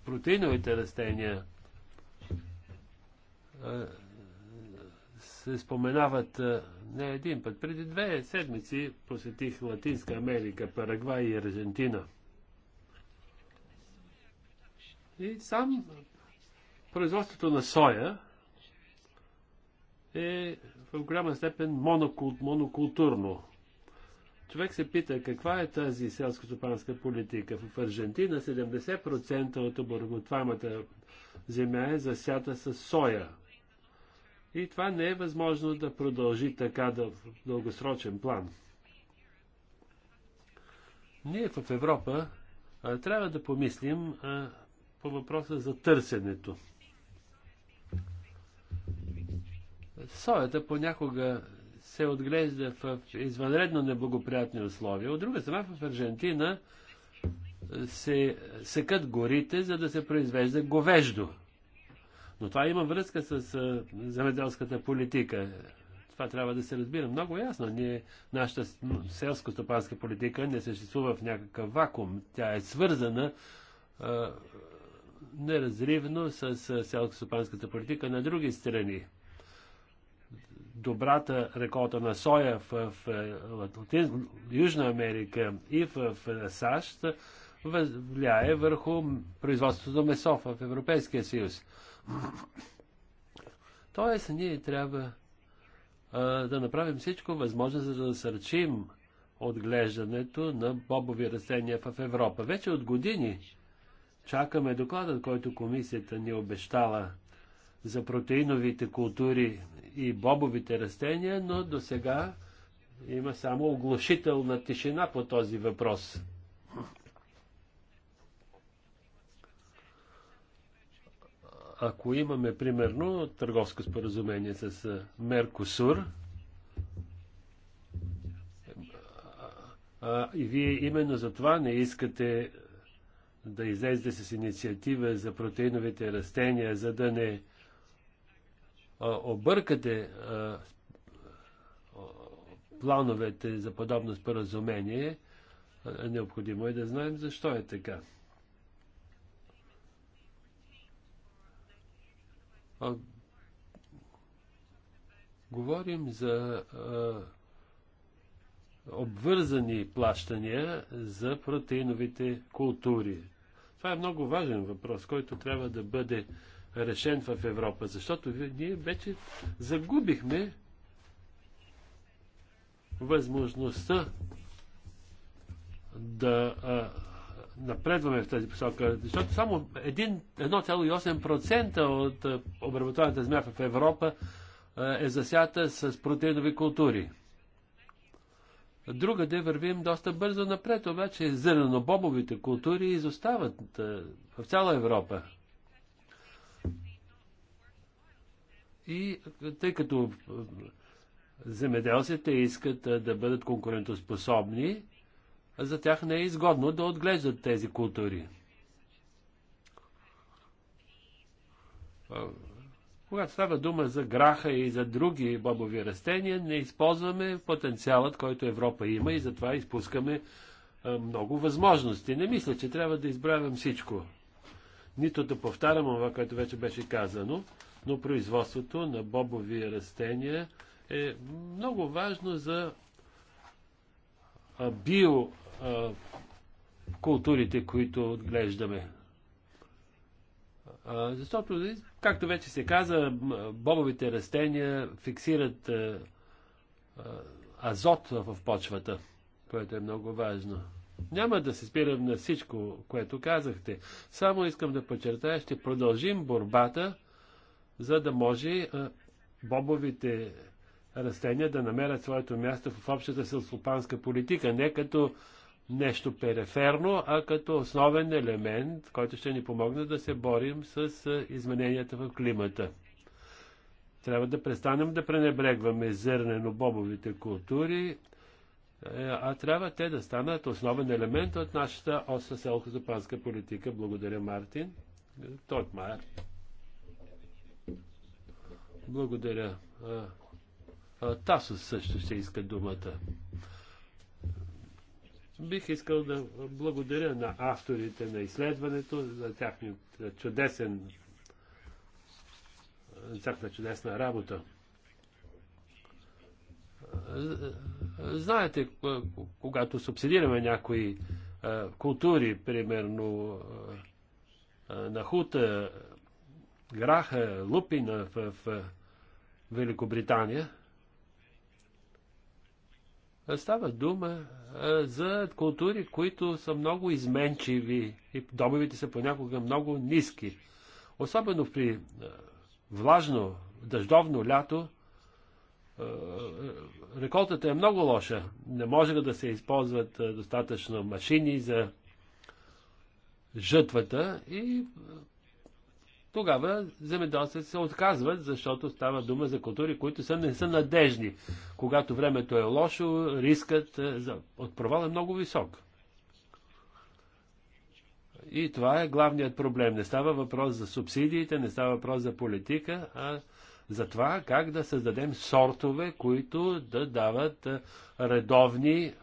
Speaker 4: протеиновите растения се споменават не един път. Преди две седмици посетих Латинска Америка, Парагвай и Аржентина. И сам Производството на соя е в голяма степен монокул, монокултурно. Човек се пита каква е тази селско-стопанска политика. В Аржентина 70% от оборготвамата земя е засята с соя. И това не е възможно да продължи така да, в дългосрочен план. Ние в Европа а, трябва да помислим а, по въпроса за търсенето. соята понякога се отглежда в извънредно неблагоприятни условия. От друга страна в Аржентина се секат горите, за да се произвежда говеждо. Но това има връзка с земеделската политика. Това трябва да се разбира много ясно. Ние, нашата селско-стопанска политика не съществува в някакъв вакуум. Тя е свързана а, неразривно с селско-стопанската политика на други страни добрата рекота на соя в, в, в Южна Америка и в, в САЩ влияе върху производството на месо в Европейския съюз. Тоест, ние трябва а, да направим всичко възможно, за да насърчим отглеждането на бобови растения в Европа. Вече от години чакаме докладът, който комисията ни обещала за протеиновите култури и бобовите растения, но до сега има само оглушителна тишина по този въпрос. Ако имаме, примерно, търговско споразумение с Меркосур, и вие именно за това не искате да излезете с инициатива за протеиновите растения, за да не объркате плановете за подобно споразумение, необходимо е да знаем защо е така. Говорим за обвързани плащания за протеиновите култури. Това е много важен въпрос, който трябва да бъде решен в Европа, защото ние вече загубихме възможността да а, напредваме в тази посока, защото само 1,8% от обработваната земя в Европа е засята с протеинови култури. Другаде вървим доста бързо напред, обаче зеленобобовите култури изостават в цяла Европа. И тъй като земеделците искат да бъдат конкурентоспособни, за тях не е изгодно да отглеждат тези култури. Когато става дума за граха и за други бобови растения, не използваме потенциалът, който Европа има и затова изпускаме много възможности. Не мисля, че трябва да избравям всичко. Нито да повтарям това, което вече беше казано но производството на бобови растения е много важно за биокултурите, които отглеждаме. Защото, както вече се каза, бобовите растения фиксират азот в почвата, което е много важно. Няма да се спирам на всичко, което казахте. Само искам да подчертая, ще продължим борбата за да може е, бобовите растения да намерят своето място в общата селскопанска политика, не като нещо периферно, а като основен елемент, който ще ни помогне да се борим с е, измененията в климата. Трябва да престанем да пренебрегваме зърнено-бобовите култури, е, а трябва те да станат основен елемент от нашата остра селско политика. Благодаря, Мартин. Той Майер. Благодаря. Тасос също ще иска думата. Бих искал да благодаря на авторите на изследването за тяхния чудесен за тяхна чудесна работа. Знаете, когато субсидираме някои култури, примерно на хута граха, лупина в, в Великобритания. Става дума за култури, които са много изменчиви и добивите са понякога много ниски. Особено при влажно, дъждовно лято, реколтата е много лоша. Не може да се използват достатъчно машини за жътвата и тогава земеделците се отказват, защото става дума за култури, които са, не са надежни. Когато времето е лошо, рискът е, от провал е много висок. И това е главният проблем. Не става въпрос за субсидиите, не става въпрос за политика, а за това как да създадем сортове, които да дават е, редовни е,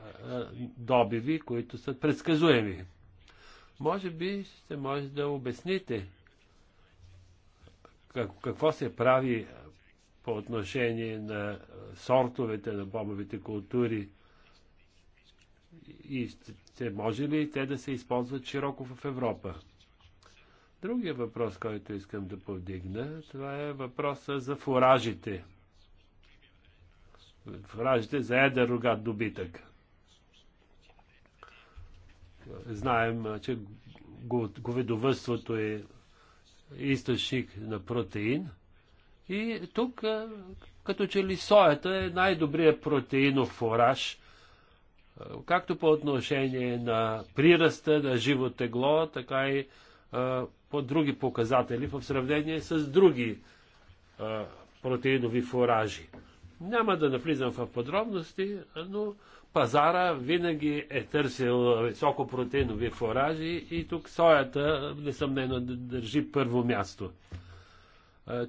Speaker 4: добиви, които са предсказуеми. Може би ще може да обясните какво се прави е, по отношение на е, сортовете на бобовите култури и ще може ли те да се използват широко в Европа? Другия въпрос, който искам да повдигна, това е въпроса за фуражите. Фуражите за едър рогат добитък. Знаем, че говедовътството е източник на протеин. И тук, като че ли соята е най-добрият протеинов фораж, както по отношение на приръста, на живо тегло, така и по други показатели в сравнение с други протеинови фуражи. Няма да навлизам в подробности, но пазара винаги е търсил високопротеинови фуражи и тук соята несъмнено държи първо място.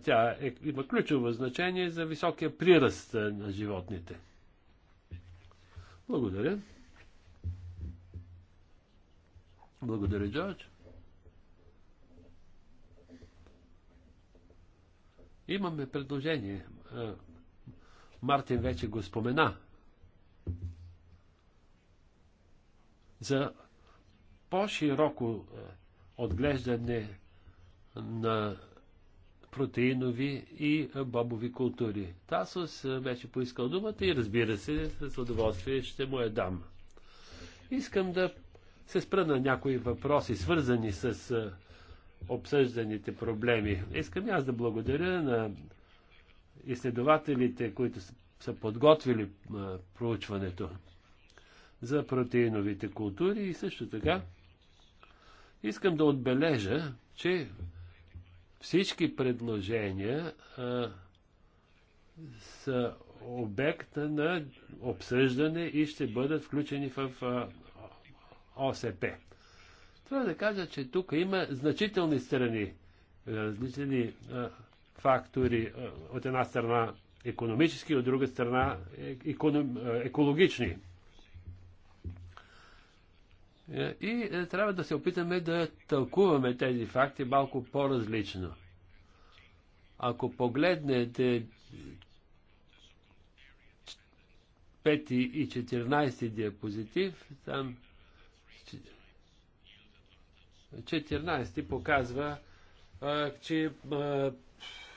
Speaker 4: Тя е, има ключово значение за високия приръст на животните. Благодаря. Благодаря, Джордж. Имаме предложение. Мартин вече го спомена. за по-широко е, отглеждане на протеинови и бобови култури. Тасос е, беше поискал думата и разбира се, с удоволствие ще му я дам. Искам да се спра на някои въпроси, свързани с е, обсъжданите проблеми. Искам аз да благодаря на изследователите, които са подготвили проучването за протеиновите култури и също така искам да отбележа, че всички предложения а, са обект на обсъждане и ще бъдат включени в а, ОСП. Трябва да кажа, че тук има значителни страни, различни а, фактори. От една страна економически, от друга страна е, економ, екологични. Е, и е, трябва да се опитаме да тълкуваме тези факти малко по-различно. Ако погледнете 5 и 14 диапозитив, там 14 показва, че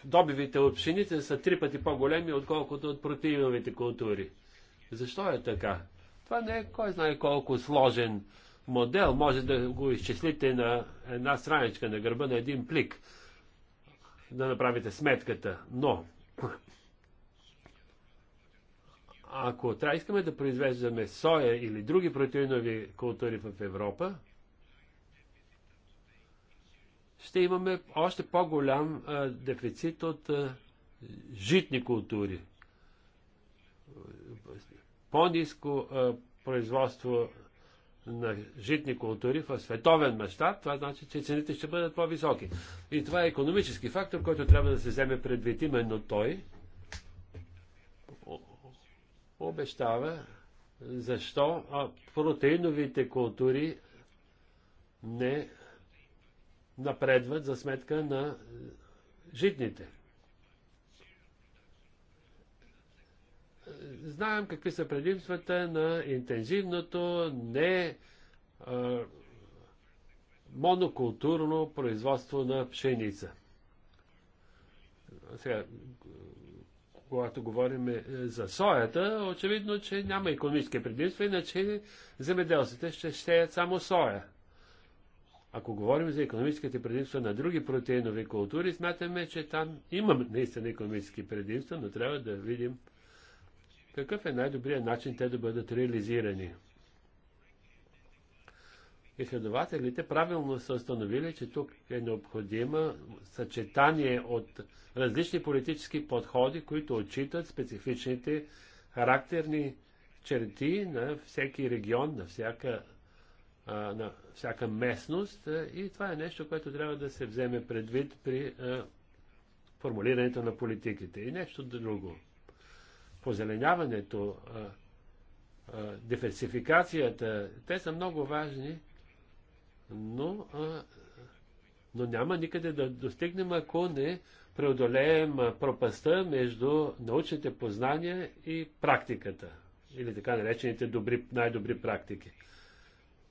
Speaker 4: добивите от пшеница са три пъти по-големи, отколкото от протеиновите култури. Защо е така? Това не е кой знае колко сложен модел може да го изчислите на една страничка, на гърба на един плик, да направите сметката. Но, ако трябва искаме да произвеждаме соя или други протеинови култури в Европа, ще имаме още по-голям дефицит от а, житни култури. По-низко производство на житни култури в световен мащаб, това значи, че цените ще бъдат по-високи. И това е економически фактор, който трябва да се вземе предвид. Именно той обещава защо а, протеиновите култури не напредват за сметка на житните. знаем какви са предимствата на интензивното, не а, монокултурно производство на пшеница. Сега, когато говорим е, за соята, очевидно, че няма економически предимства, иначе земеделците ще щеят само соя. Ако говорим за економическите предимства на други протеинови култури, смятаме, че там имаме наистина економически предимства, но трябва да видим какъв е най-добрият начин те да бъдат реализирани. Изследователите правилно са установили, че тук е необходимо съчетание от различни политически подходи, които отчитат специфичните характерни черти на всеки регион, на всяка, на всяка местност. И това е нещо, което трябва да се вземе предвид при формулирането на политиките. И нещо друго позеленяването, диверсификацията, те са много важни, но, но няма никъде да достигнем, ако не преодолеем пропаста между научните познания и практиката, или така наречените добри, най-добри практики.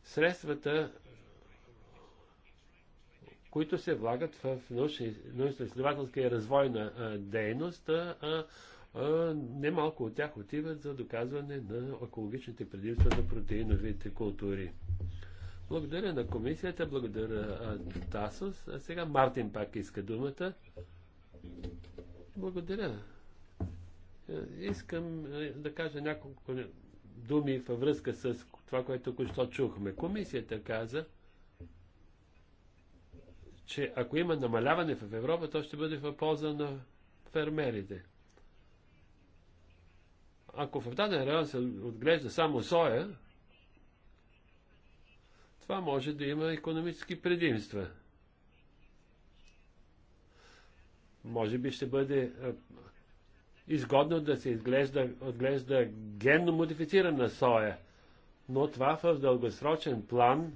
Speaker 4: Средствата, които се влагат в научно-изследователска и развойна дейност, а, немалко от тях отиват за доказване на екологичните предимства на протеиновите култури. Благодаря на комисията, благодаря Тасос. А сега Мартин пак иска думата. Благодаря. Искам да кажа няколко думи във връзка с това, което току-що чухме. Комисията каза, че ако има намаляване в Европа, то ще бъде в полза на фермерите. Ако в даден район се отглежда само соя, това може да има економически предимства. Може би ще бъде изгодно да се изглежда, отглежда генно модифицирана соя, но това в дългосрочен план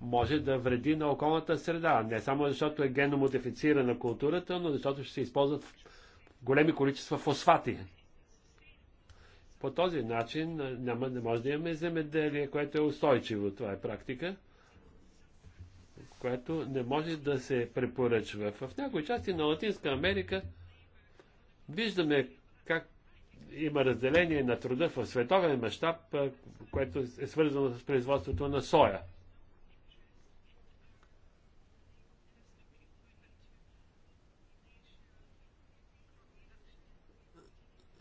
Speaker 4: може да вреди на околната среда. Не само защото е генно модифицирана културата, но защото ще се използват големи количества фосфати. По този начин няма, не може да имаме земеделие, което е устойчиво. Това е практика, което не може да се препоръчва. В някои части на Латинска Америка виждаме как има разделение на труда в световен мащаб, което е свързано с производството на соя.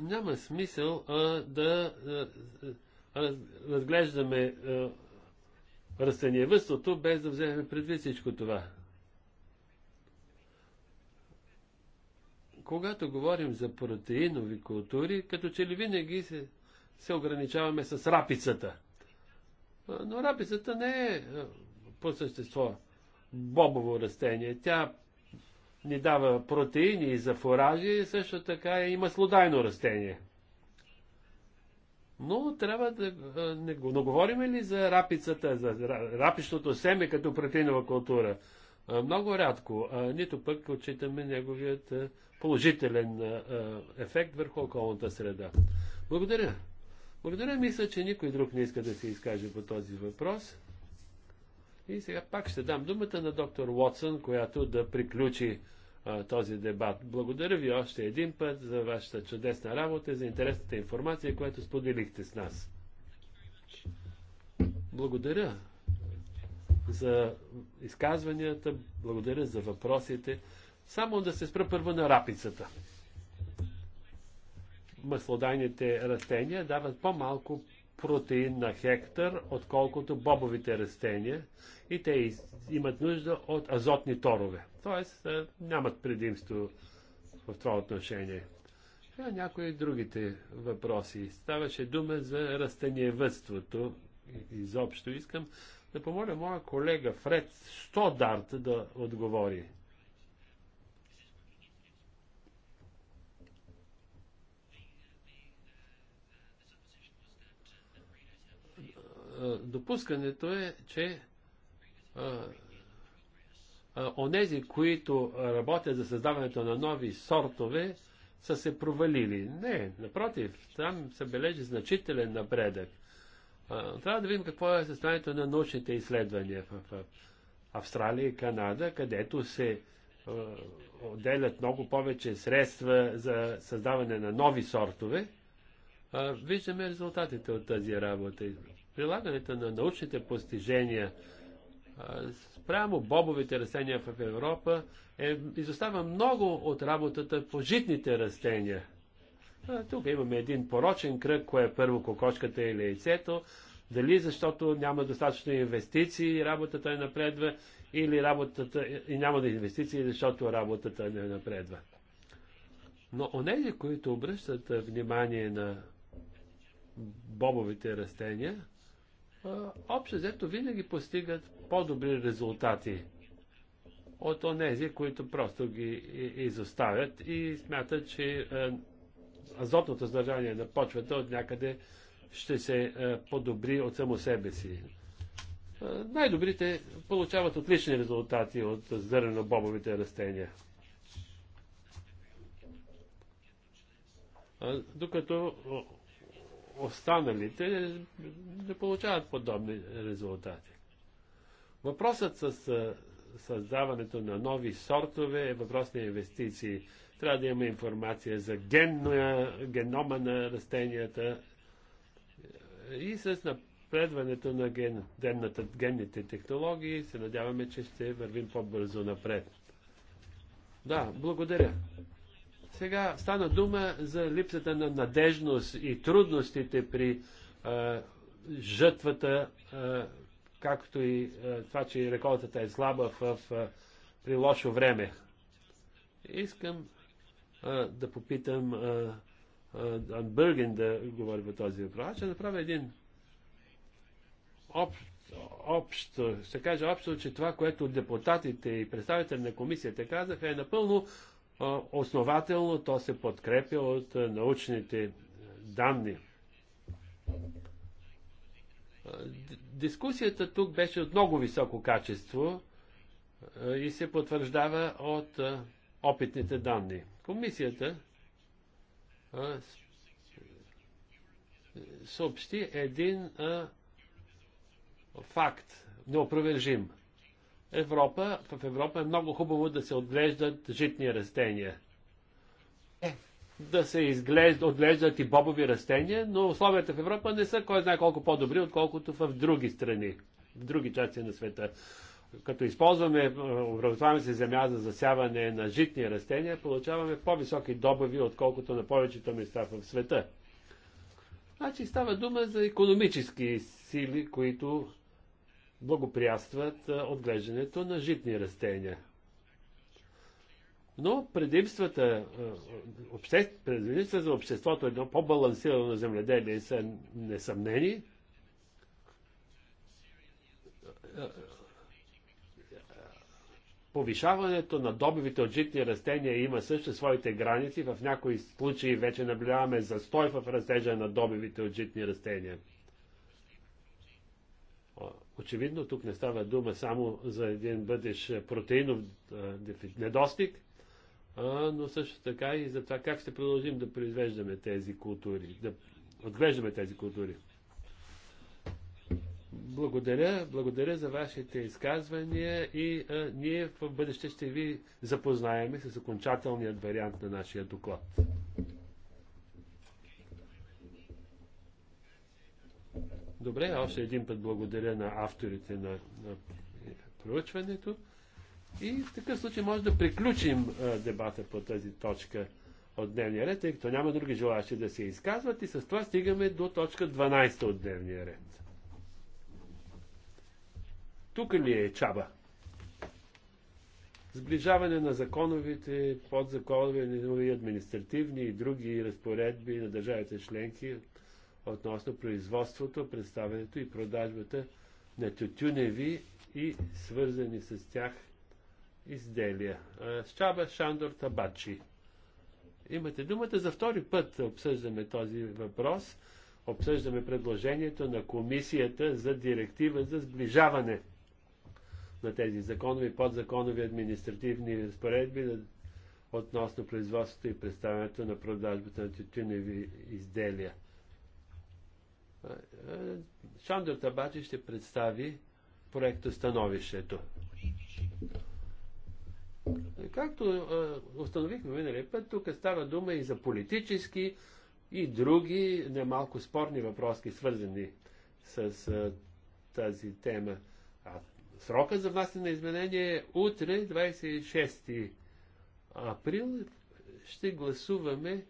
Speaker 4: няма смисъл а, да а, разглеждаме растение растениевъдството, без да вземем предвид всичко това. Когато говорим за протеинови култури, като че ли винаги се, се ограничаваме с рапицата. Но рапицата не е по същество бобово растение. Тя ни дава протеини за фуражи, също така има слодайно растение. Но трябва да не го но говорим ли за рапицата, за рапичното семе като протеинова култура? Много рядко, нито пък отчитаме неговият положителен ефект върху околната среда. Благодаря. Благодаря, мисля, че никой друг не иска да се изкаже по този въпрос. И сега пак ще дам думата на доктор Уотсън, която да приключи а, този дебат. Благодаря ви още един път за вашата чудесна работа и за интересната информация, която споделихте с нас. Благодаря за изказванията, благодаря за въпросите. Само да се спра първо на рапицата. Маслодайните растения дават по-малко протеин на хектар, отколкото бобовите растения и те имат нужда от азотни торове. Тоест е, нямат предимство в това отношение. А някои другите въпроси. Ставаше дума за растениевътството изобщо. Искам да помоля моя колега Фред Стодарт да отговори. допускането е, че онези, които работят за създаването на нови сортове, са се провалили. Не, напротив, там се бележи значителен напредък. А, трябва да видим какво е състоянието на научните изследвания в, в Австралия и Канада, където се отделят много повече средства за създаване на нови сортове. виждаме резултатите от тази работа прилагането на научните постижения спрямо бобовите растения в Европа е, изостава много от работата по житните растения. А, тук имаме един порочен кръг, кое е първо кокошката или яйцето, дали защото няма достатъчно инвестиции и работата не напредва, или работата и няма да инвестиции, защото работата не е напредва. Но онези, които обръщат внимание на бобовите растения, е, общо взето винаги постигат по-добри резултати от онези, които просто ги изоставят и смятат, че е, азотното съдържание на почвата от някъде ще се е, подобри от само себе си. Най-добрите получават отлични резултати от зърнено-бобовите растения. Докато останалите не получават подобни резултати. Въпросът с създаването на нови сортове е въпрос на инвестиции. Трябва да има информация за генна, генома на растенията е, и с напредването на ген, генните технологии се надяваме, че ще вървим по-бързо напред. Да, благодаря. Сега стана дума за липсата на надежност и трудностите при а, жътвата, а, както и а, това, че реколтата е слаба в, а, при лошо време. Искам а, да попитам Дан Бърген да говори по този въпрос. Ще направя един общ общо, ще кажа общо, че това, което депутатите и представители на комисията казаха е напълно основателно то се подкрепя от научните данни. Дискусията тук беше от много високо качество и се потвърждава от опитните данни. Комисията съобщи един факт, неопровержим – Европа, в Европа е много хубаво да се отглеждат житни растения. Е. Да се изглежда, отглеждат и бобови растения, но условията в Европа не са кой знае колко по-добри, отколкото в други страни, в други части на света. Като използваме, е, обработваме се земя за засяване на житни растения, получаваме по-високи добави, отколкото на повечето места в света. Значи става дума за економически сили, които благоприятстват отглеждането на житни растения. Но предимствата, предимствата за обществото, едно по-балансирано земледелие са несъмнени. Повишаването на добивите от житни растения има също своите граници. В някои случаи вече наблюдаваме застой в растежа на добивите от житни растения. Очевидно тук не става дума само за един бъдещ е, протеинов е, недостиг, но също така и за това как ще продължим да произвеждаме тези култури, да отглеждаме тези култури. Благодаря, благодаря за вашите изказвания и а, е, ние в бъдеще ще ви запознаем с окончателният вариант на нашия доклад. Добре, още един път благодаря на авторите на, на проучването. И в такъв случай може да приключим а, дебата по тази точка от дневния ред, тъй като няма други желащи да се изказват и с това стигаме до точка 12 от дневния ред. Тук ли е Чаба? Сближаване на законовите, подзаконови, административни и други разпоредби на държавите членки относно производството, представянето и продажбата на тютюневи и свързани с тях изделия. Щаба Шандор Табачи. Имате думата за втори път обсъждаме този въпрос. Обсъждаме предложението на комисията за директива за сближаване на тези законови, подзаконови административни разпоредби относно производството и представянето на продажбата на тютюневи изделия. Шандър Табачи ще представи проекта становището. Както установихме миналия път, тук става дума и за политически и други немалко спорни въпроски, свързани с тази тема. А срока за внасяне на изменение е утре, 26 април, ще гласуваме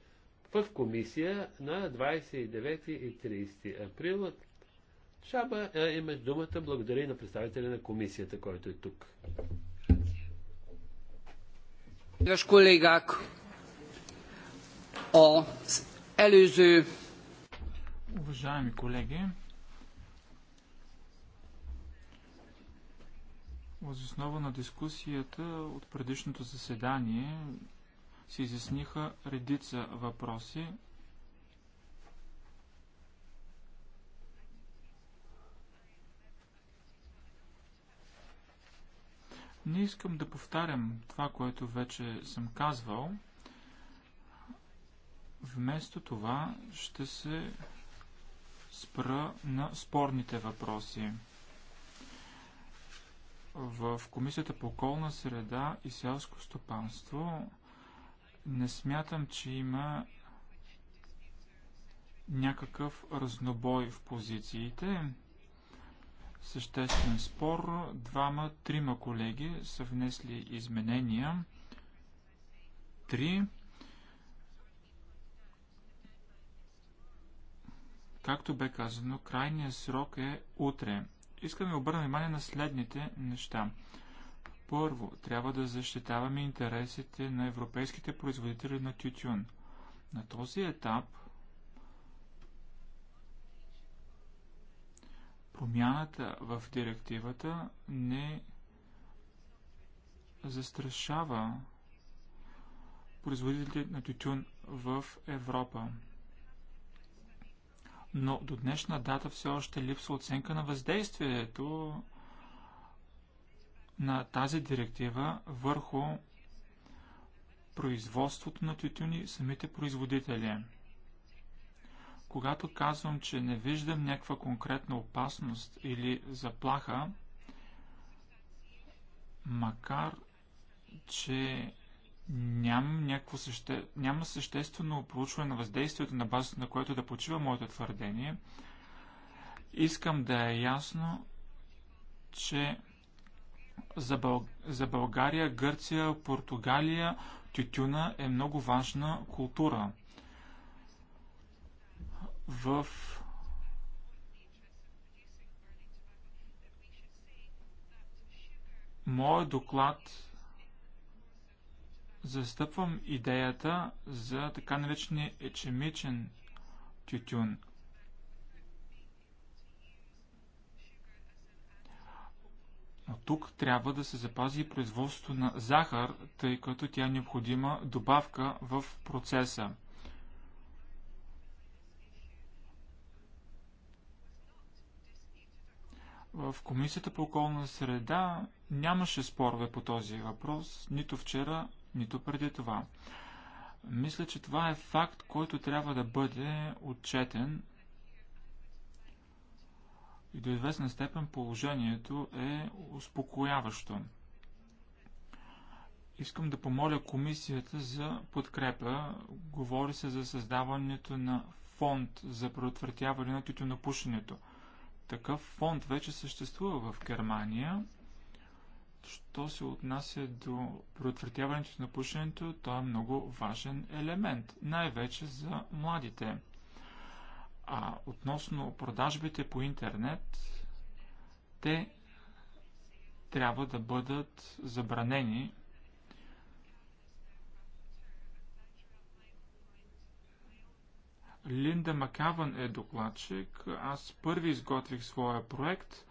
Speaker 4: в комисия на 29 и 30 април. Шаба е, има думата. Благодаря и на представителя на комисията, който е тук. Kedves kollégák,
Speaker 3: előző... Уважаеми колеги, възоснова основа на дискусията от предишното заседание се изясниха редица въпроси. Не искам да повтарям това, което вече съм казвал. Вместо това ще се спра на спорните въпроси. В Комисията по околна среда и селско стопанство не смятам, че има някакъв разнобой в позициите. Съществен спор. Двама, трима колеги са внесли изменения. Три. Както бе казано, крайният срок е утре. Искам да обърна внимание на следните неща. Първо, трябва да защитаваме интересите на европейските производители на тютюн. На този етап промяната в директивата не застрашава производителите на тютюн в Европа. Но до днешна дата все още липсва оценка на въздействието на тази директива върху производството на тютюни самите производители. Когато казвам, че не виждам някаква конкретна опасност или заплаха, макар че ням някакво съще... няма съществено проучване на въздействието на базата, на което да почива моето твърдение, искам да е ясно, че за, за България, Гърция, Португалия тютюна е много важна култура. В моят доклад застъпвам идеята за така наречения ечемичен тютюн. Но тук трябва да се запази и производството на захар, тъй като тя е необходима добавка в процеса. В Комисията по околна среда нямаше спорове по този въпрос, нито вчера, нито преди това. Мисля, че това е факт, който трябва да бъде отчетен и до известна степен положението е успокояващо. Искам да помоля комисията за подкрепа. Говори се за създаването на фонд за предотвратяване на тютюнопушенето. Такъв фонд вече съществува в Германия. Що се отнася до предотвратяването на пушенето, то е много важен елемент, най-вече за младите. А относно продажбите по интернет, те трябва да бъдат забранени. Линда Макаван е докладчик. Аз първи изготвих своя проект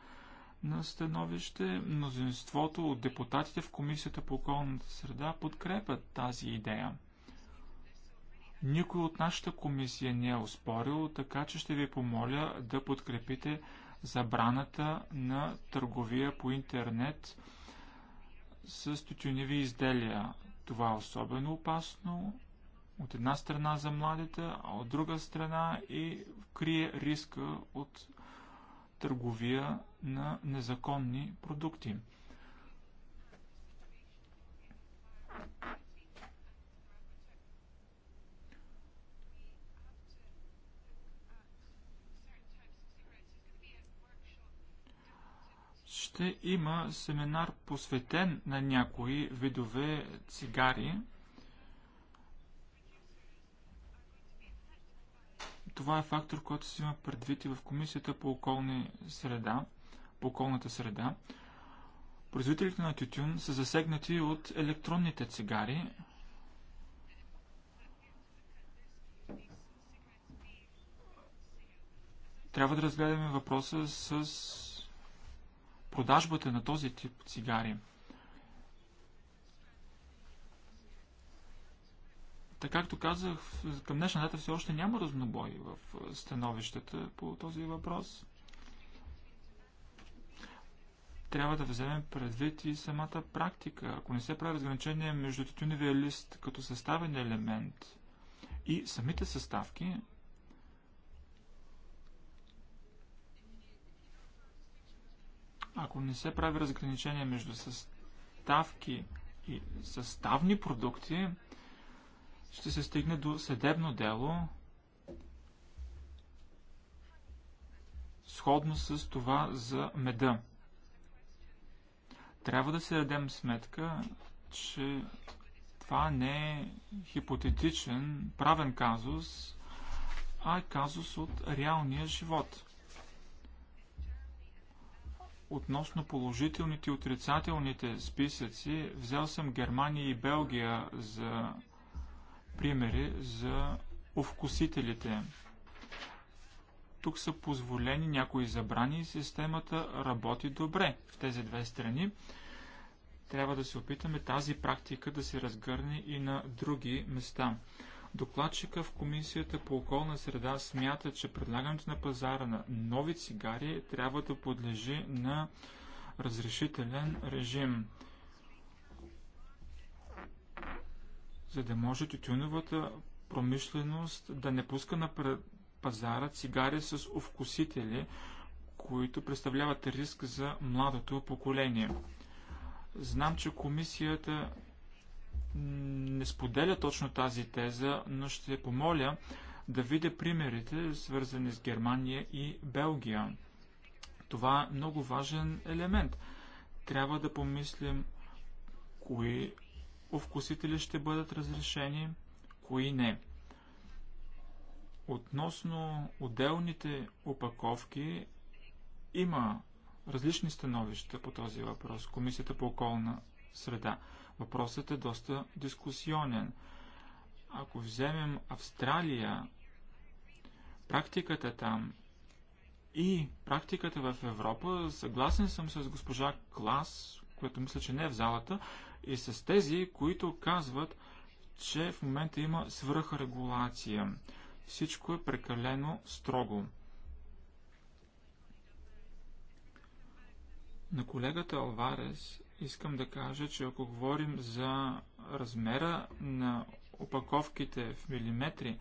Speaker 3: на становище. Мнозинството от депутатите в Комисията по околната среда подкрепят тази идея никой от нашата комисия не е оспорил, така че ще ви помоля да подкрепите забраната на търговия по интернет с тютюневи изделия. Това е особено опасно от една страна за младите, а от друга страна и крие риска от търговия на незаконни продукти. ще има семинар посветен на някои видове цигари. Това е фактор, който се има предвид и в Комисията по, околни среда, по околната среда. Производителите на тютюн са засегнати от електронните цигари, трябва да разгледаме въпроса с продажбата на този тип цигари. Така както казах, към днешна дата все още няма разнобой в становищата по този въпрос. Трябва да вземем предвид и самата практика. Ако не се прави разграничение между тютюневия лист като съставен елемент и самите съставки, Ако не се прави разграничение между съставки и съставни продукти, ще се стигне до съдебно дело, сходно с това за меда. Трябва да се дадем сметка, че това не е хипотетичен правен казус, а е казус от реалния живот. Относно положителните и отрицателните списъци, взел съм Германия и Белгия за примери за овкусителите. Тук са позволени някои забрани и системата работи добре в тези две страни. Трябва да се опитаме тази практика да се разгърне и на други места. Докладчика в Комисията по околна среда смята, че предлагането на пазара на нови цигари трябва да подлежи на разрешителен режим, за да може тютюновата промишленост да не пуска на пазара цигари с овкусители, които представляват риск за младото поколение. Знам, че комисията не споделя точно тази теза, но ще помоля да видя примерите, свързани с Германия и Белгия. Това е много важен елемент. Трябва да помислим кои овкусители ще бъдат разрешени, кои не. Относно отделните опаковки има различни становища по този въпрос. Комисията по околна среда. Въпросът е доста дискусионен. Ако вземем Австралия, практиката там и практиката в Европа, съгласен съм с госпожа Клас, която мисля, че не е в залата, и с тези, които казват, че в момента има свръхрегулация. Всичко е прекалено строго. На колегата Алварес Искам да кажа, че ако говорим за размера на опаковките в милиметри,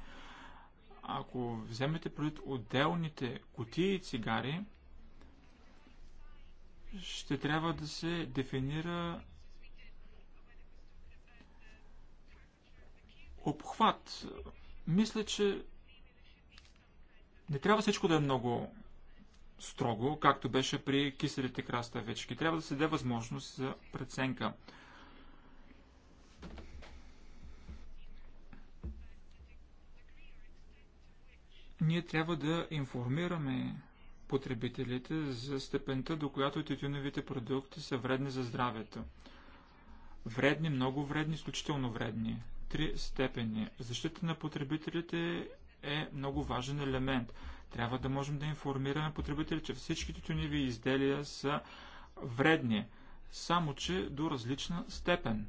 Speaker 3: ако вземете предвид отделните кутии цигари, ще трябва да се дефинира обхват. Мисля, че не трябва всичко да е много строго, както беше при киселите краставички. Трябва да се даде възможност за преценка. Ние трябва да информираме потребителите за степента, до която тютюневите продукти са вредни за здравето. Вредни, много вредни, изключително вредни. Три степени. Защита на потребителите е много важен елемент. Трябва да можем да информираме потребители, че всички тютюневи изделия са вредни, само че до различна степен.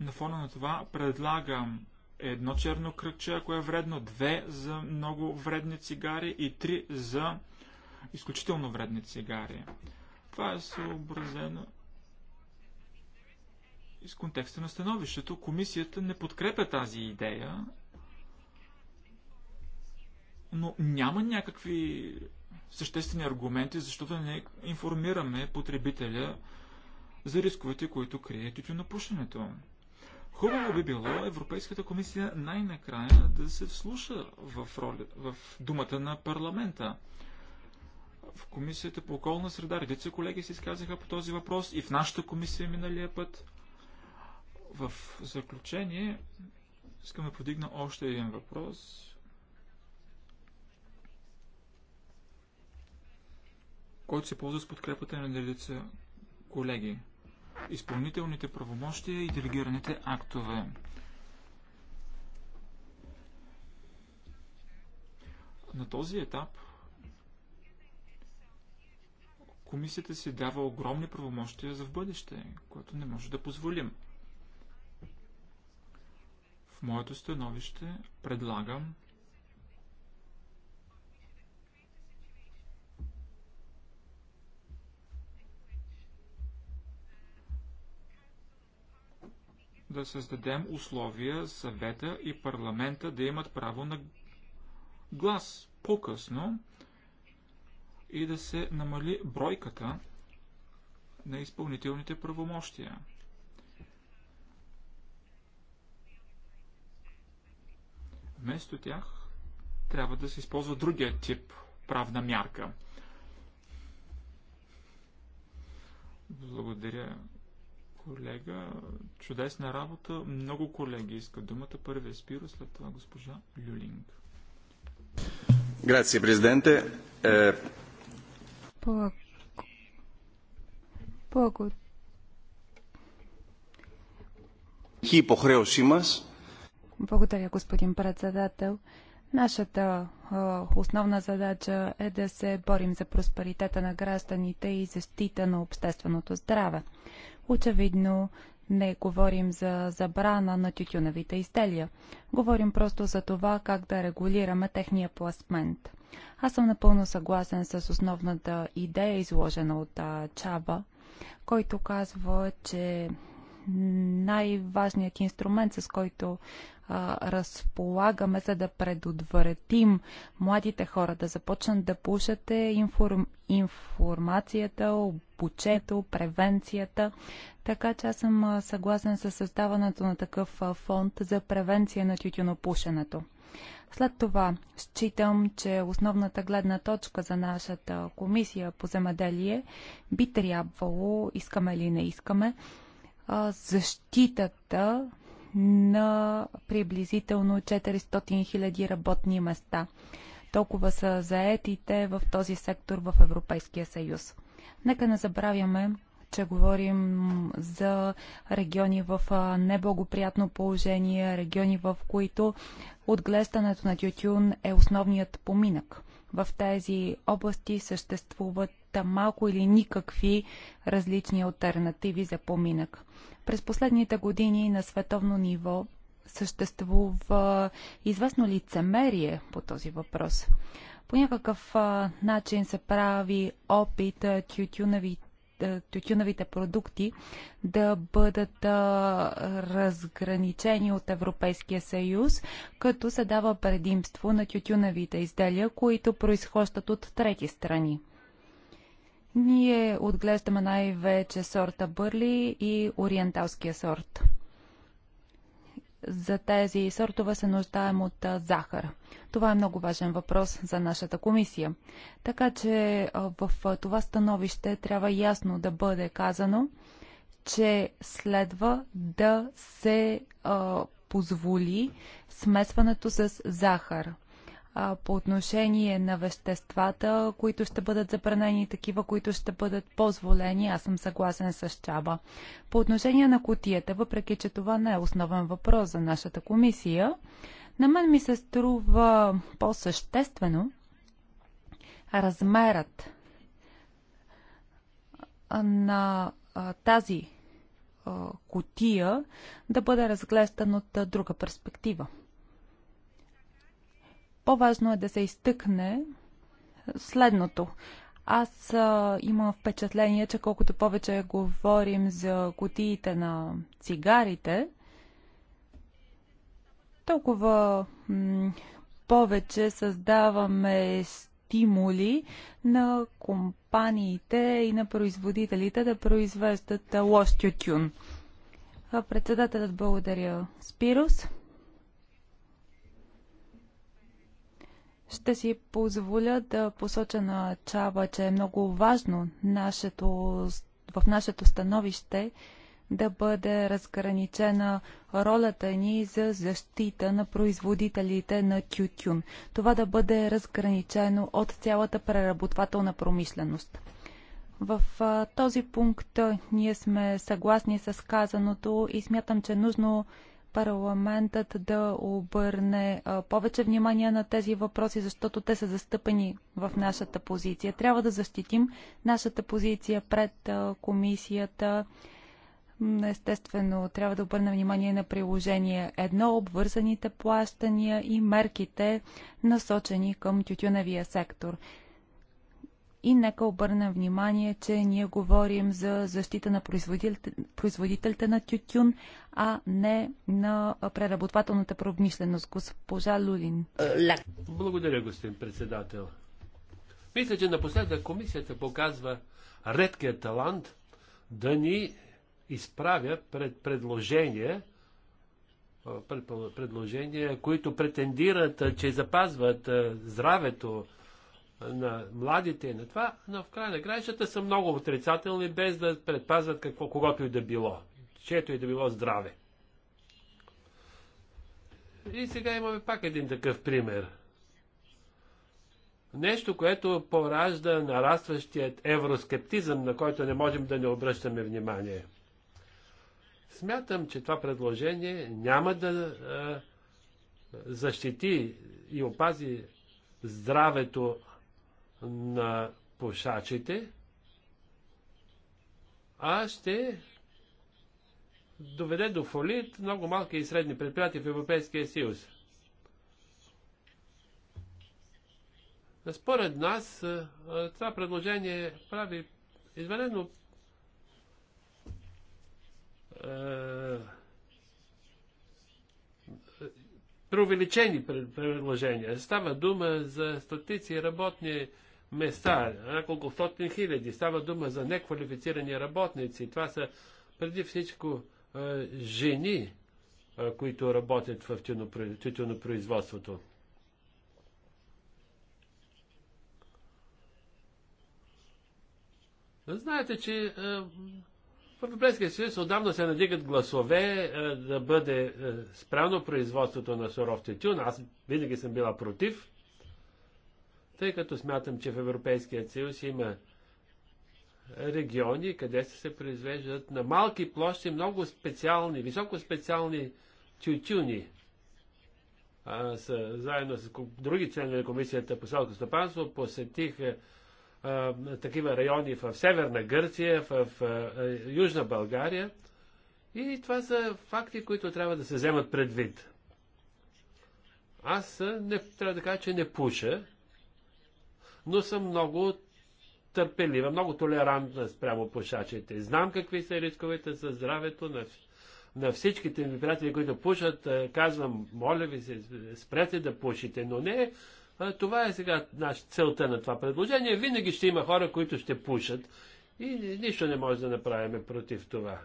Speaker 3: На фона на това предлагам едно черно кръгче, ако е вредно, две за много вредни цигари и три за изключително вредни цигари. Това е съобразено из с контекста на становището, комисията не подкрепя тази идея, но няма някакви съществени аргументи, защото не информираме потребителя за рисковете, които крие тютюнопушенето. Хубаво би било Европейската комисия най-накрая да се вслуша в, роли, в думата на парламента. В комисията по околна среда редица колеги се изказаха по този въпрос и в нашата комисия миналия път. В заключение, искам да подигна още един въпрос. който се ползва с подкрепата на редица колеги. Изпълнителните правомощия и делегираните актове. На този етап комисията си дава огромни правомощия за в бъдеще, което не може да позволим моето становище предлагам да създадем условия съвета и парламента да имат право на глас по-късно и да се намали бройката на изпълнителните правомощия. Вместо тях трябва да се използва другия тип правна мярка. Благодаря, колега. Чудесна работа. Много колеги искат думата. Първия е спиро, след това госпожа Люлинг.
Speaker 1: Грация, президенте. Е...
Speaker 2: Благодаря. Благодаря. Η благодаря, господин председател. Нашата а, основна задача е да се борим за просперитета на гражданите и защита на общественото здраве. Очевидно не говорим за забрана на тютюневите изделия. Говорим просто за това как да регулираме техния пластмент. Аз съм напълно съгласен с основната идея, изложена от а, Чаба, който казва, че най-важният инструмент, с който а, разполагаме, за да предотвратим младите хора да започнат да пушат е информ... информацията, обучението, превенцията. Така че аз съм съгласен с създаването на такъв фонд за превенция на тютюнопушенето. След това считам, че основната гледна точка за нашата комисия по земеделие би трябвало, искаме или не искаме, защитата на приблизително 400 000 работни места. Толкова са заетите в този сектор в Европейския съюз. Нека не забравяме, че говорим за региони в неблагоприятно положение, региони в които отглеждането на тютюн е основният поминък. В тези области съществуват малко или никакви различни альтернативи за поминък. През последните години на световно ниво съществува известно лицемерие по този въпрос. По някакъв начин се прави опит тютюновите тютюновите продукти да бъдат а, разграничени от Европейския съюз, като се дава предимство на тютюновите изделия, които произхождат от трети страни. Ние отглеждаме най-вече сорта бърли и ориенталския сорт. За тези сортове се нуждаем от захар. Това е много важен въпрос за нашата комисия. Така че в това становище трябва ясно да бъде казано, че следва да се позволи смесването с захар а, по отношение на веществата, които ще бъдат забранени, такива, които ще бъдат позволени. Аз съм съгласен с Чаба. По отношение на котията, въпреки че това не е основен въпрос за нашата комисия, на мен ми се струва по-съществено размерът на а, тази котия да бъде разглеждан от друга перспектива. По-важно е да се изтъкне следното. Аз а, имам впечатление, че колкото повече говорим за кутиите на цигарите, толкова повече създаваме стимули на компаниите и на производителите да произвеждат лош тютюн. Председателят благодаря Спирус. Ще си позволя да посоча на Чава, че е много важно нашето, в нашето становище да бъде разграничена ролята ни за защита на производителите на тютюн. Това да бъде разграничено от цялата преработвателна промишленост. В този пункт ние сме съгласни с казаното и смятам, че е нужно парламентът да обърне повече внимание на тези въпроси, защото те са застъпени в нашата позиция. Трябва да защитим нашата позиция пред комисията. Естествено, трябва да обърнем внимание на приложение едно, обвързаните плащания и мерките, насочени към тютюневия сектор. И нека обърнем внимание, че ние говорим за защита на производителите, производителите на тютюн, а не на преработвателната промишленост. Госпожа Лулин.
Speaker 4: Благодаря, господин председател. Мисля, че напоследък комисията показва редкият талант да ни изправя пред предложения, пред предложения, които претендират, че запазват здравето, на младите и на това, но в край на краищата са много отрицателни, без да предпазват какво, когото и да било, чието и да било здраве. И сега имаме пак един такъв пример. Нещо, което поражда нарастващият евроскептизъм, на който не можем да не обръщаме внимание. Смятам, че това предложение няма да а, защити и опази здравето на пушачите, а ще доведе до фолит много малки и средни предприятия в Европейския съюз. Според нас това предложение прави извънено е, преувеличени предложения. Става дума за стотици работни места, няколко стотин хиляди. Става дума за неквалифицирани работници. Това са преди всичко е, жени, е, които работят в тютюнопроизводството. Знаете, че е, в Европейския съюз отдавна се надигат гласове да бъде е, спряно производството на суров тютюн. Аз винаги съм била против. Тъй като смятам, че в Европейския съюз има региони, къде се произвеждат на малки площи много специални, високо специални тютюни. А, с, заедно с други членове на комисията по селско стопанство посетих а, такива райони в Северна Гърция, в а, Южна България. И това са факти, които трябва да се вземат предвид. Аз не, трябва да кажа, че не пуша, но съм много търпелива, много толерантна спрямо пушачите. Знам какви са рисковете за здравето на, на всичките ми приятели, които пушат. Е, казвам, моля ви се, спрете да пушите, но не е, това е сега наша целта на това предложение. Винаги ще има хора, които ще пушат и нищо не може да направим против това.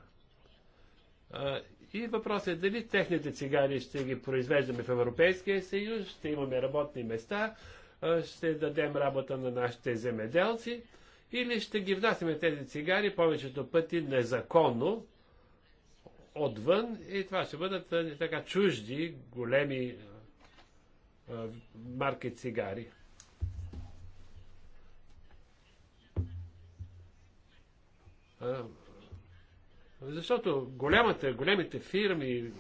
Speaker 4: Е, и въпросът е дали техните цигари ще ги произвеждаме в Европейския съюз, ще имаме работни места, ще дадем работа на нашите земеделци или ще ги внасяме тези цигари повечето пъти незаконно отвън и това ще бъдат така чужди, големи а, марки цигари. А, защото голямата, големите фирми,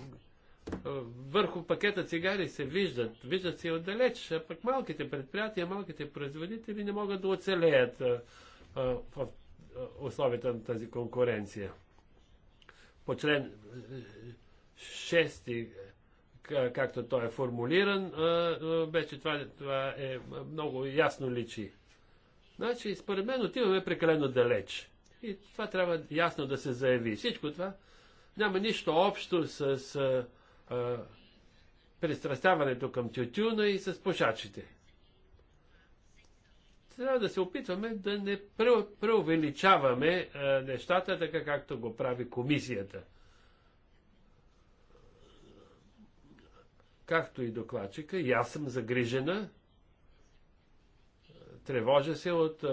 Speaker 4: върху пакета цигари се виждат, виждат се отдалеч, а пък малките предприятия, малките производители не могат да оцелеят в условията на тази конкуренция. По член 6, е, както той е формулиран, вече това, това е много ясно личи. Значи, според мен отиваме прекалено далеч. И това трябва ясно да се заяви. Всичко това няма нищо общо с пристрастяването към тютюна и с пушачите. Трябва да се опитваме да не преувеличаваме нещата, така както го прави комисията. Както и докладчика, и аз съм загрижена, тревожа се от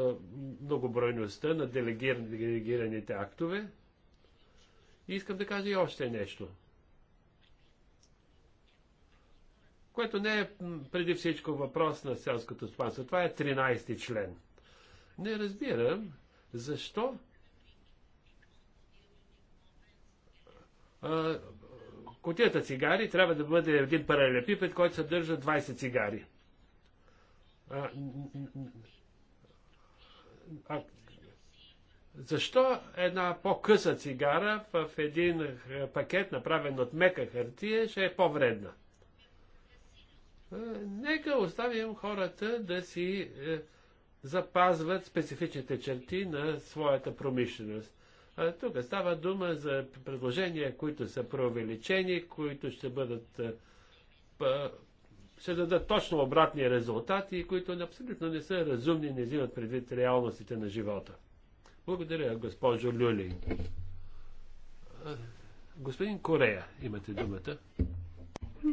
Speaker 4: многобройността на делегираните актове. И искам да кажа и още нещо – което не е преди всичко въпрос на селското стопанство. Това е 13 член. Не разбирам защо котията цигари трябва да бъде един паралелепипед, който съдържа 20 цигари. А, а, защо една по-къса цигара в един е, пакет, направен от мека хартия, ще е по-вредна? Е, нека оставим хората да си е, запазват специфичните черти на своята промишленост. Е, тук става дума за предложения, които са преувеличени, които ще бъдат ще дадат точно обратни резултати, които абсолютно не са разумни, не взимат предвид реалностите на живота. Благодаря, госпожо Люли. Господин Корея, имате думата.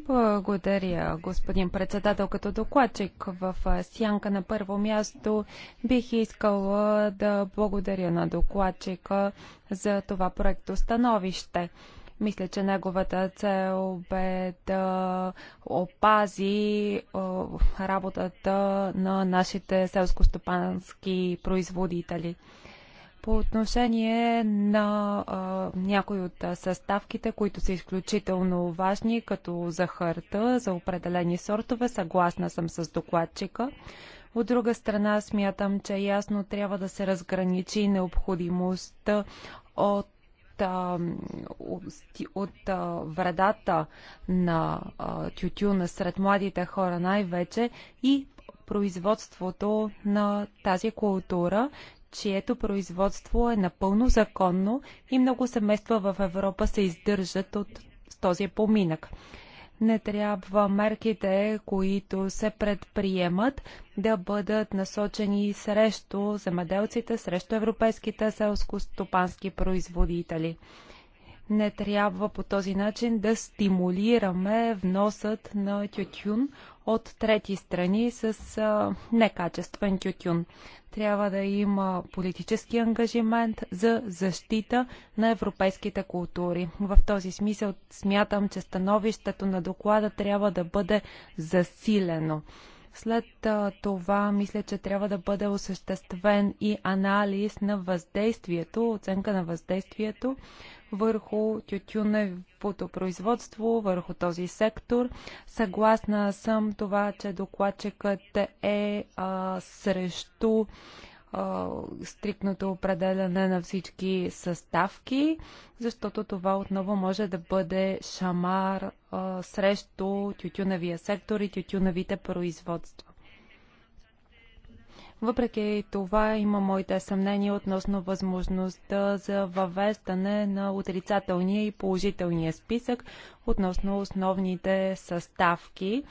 Speaker 2: Благодаря, господин председател. Като докладчик в сянка на първо място бих искала да благодаря на докладчика за това проекто становище. Мисля, че неговата цел бе да опази работата на нашите селскостопански производители. По отношение на а, някои от съставките, които са изключително важни, като захарта за определени сортове, съгласна съм с докладчика. От друга страна, смятам, че ясно трябва да се разграничи необходимостта от от вредата на тютюна сред младите хора най-вече и производството на тази култура чието производство е напълно законно и много семейства в Европа се издържат от този поминък. Не трябва мерките, които се предприемат, да бъдат насочени срещу земеделците, срещу европейските селско-стопански производители. Не трябва по този начин да стимулираме вносът на тютюн от трети страни с а, некачествен тютюн. Трябва да има политически ангажимент за защита на европейските култури. В този смисъл смятам, че становището на доклада трябва да бъде засилено. След а, това мисля, че трябва да бъде осъществен и анализ на въздействието, оценка на въздействието върху тютюневото производство, върху този сектор. Съгласна съм това, че докладчикът е а, срещу а, стрикното определяне на всички съставки, защото това отново може да бъде шамар а, срещу тютюневия сектор и тютюневите производства. Въпреки това има моите съмнения относно възможността за въвеждане на отрицателния и положителния списък относно основните съставки,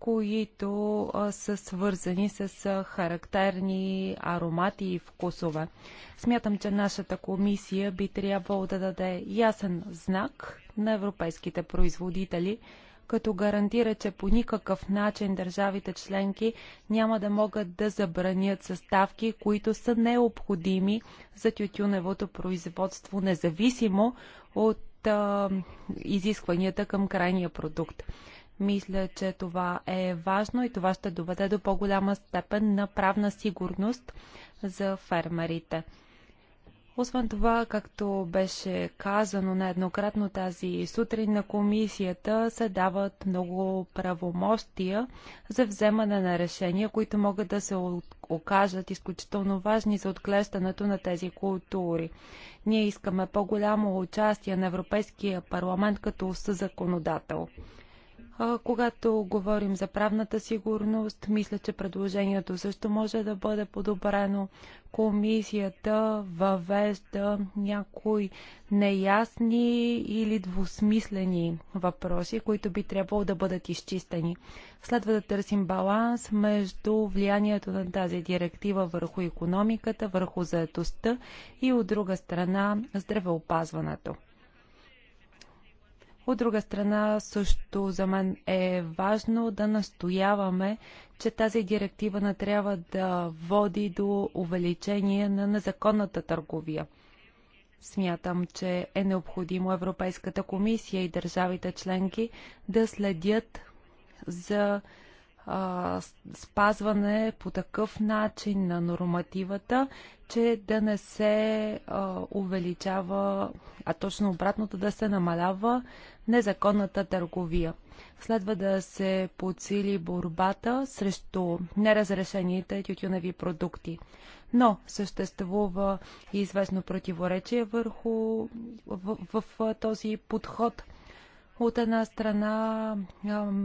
Speaker 2: които са свързани с характерни аромати и вкусове. Смятам, че нашата комисия би трябвало да даде ясен знак на европейските производители – като гарантира, че по никакъв начин държавите членки няма да могат да забранят съставки, които са необходими за тютюневото производство, независимо от а, изискванията към крайния продукт. Мисля, че това е важно и това ще доведе до по-голяма степен на правна сигурност за фермерите. Освен това, както беше казано нееднократно тази сутрин на комисията, се дават много правомощия за вземане на решения, които могат да се окажат изключително важни за отклещането на тези култури. Ние искаме по-голямо участие на Европейския парламент като съзаконодател. Когато говорим за правната сигурност, мисля, че предложението също може да бъде подобрено. Комисията въвежда някои неясни или двусмислени въпроси, които би трябвало да бъдат изчистени. Следва да търсим баланс между влиянието на тази директива върху економиката, върху заетостта и от друга страна здравеопазването. От друга страна, също за мен е важно да настояваме, че тази директива не трябва да води до увеличение на незаконната търговия. Смятам, че е необходимо Европейската комисия и държавите членки да следят за а, спазване по такъв начин на нормативата, че да не се а, увеличава, а точно обратното да се намалява незаконната търговия. Следва да се подсили борбата срещу неразрешените тютюневи продукти. Но съществува и известно противоречие върху, в, в, в този подход. От една страна,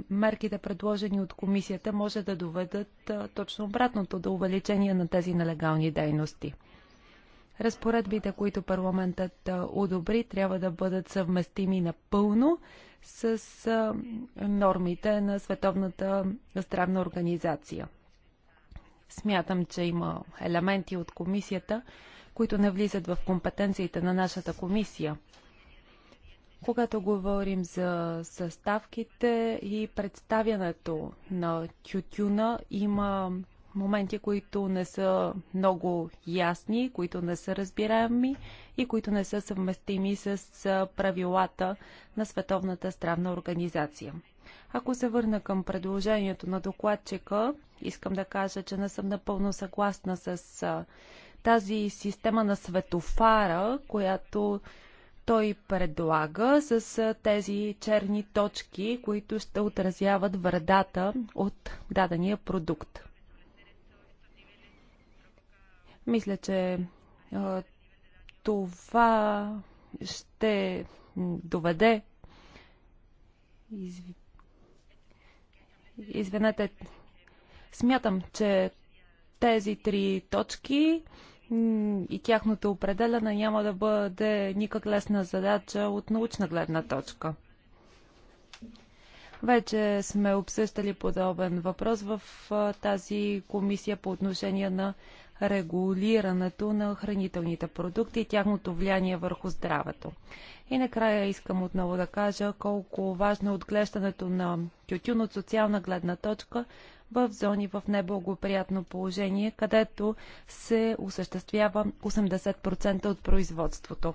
Speaker 2: мерките предложени от комисията може да доведат точно обратното до увеличение на тези нелегални дейности. Разпоредбите, които парламентът одобри, трябва да бъдат съвместими напълно с нормите на Световната здравна организация. Смятам, че има елементи от комисията, които не влизат в компетенциите на нашата комисия. Когато говорим за съставките и представянето на тютюна, има моменти, които не са много ясни, които не са разбираеми и които не са съвместими с правилата на Световната здравна организация. Ако се върна към предложението на докладчика, искам да кажа, че не съм напълно съгласна с тази система на светофара, която той предлага с тези черни точки, които ще отразяват вредата от дадения продукт. Мисля, че това ще доведе. Изв... Извинете, смятам, че тези три точки и тяхното определяне няма да бъде никак лесна задача от научна гледна точка. Вече сме обсъждали подобен въпрос в тази комисия по отношение на регулирането на хранителните продукти и тяхното влияние върху здравето. И накрая искам отново да кажа колко важно е отглеждането на тютюн от социална гледна точка в зони в неблагоприятно положение, където се осъществява 80% от производството.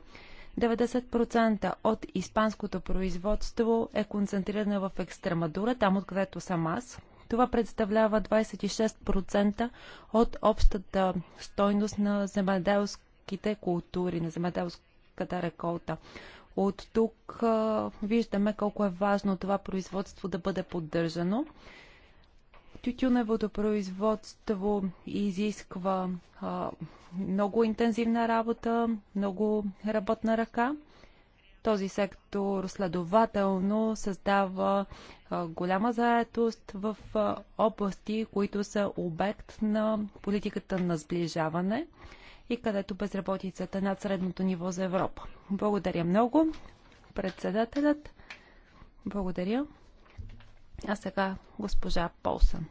Speaker 2: 90% от испанското производство е концентрирано в Екстремадура, там откъдето съм аз, това представлява 26% от общата стойност на земеделските култури, на земеделската реколта. От тук а, виждаме колко е важно това производство да бъде поддържано. Тютюневото производство изисква а, много интензивна работа, много работна ръка. Този сектор следователно създава голяма заетост в области, които са обект на политиката на сближаване и където безработицата е над средното ниво за Европа. Благодаря много. Председателят. Благодаря. А сега госпожа Полсън.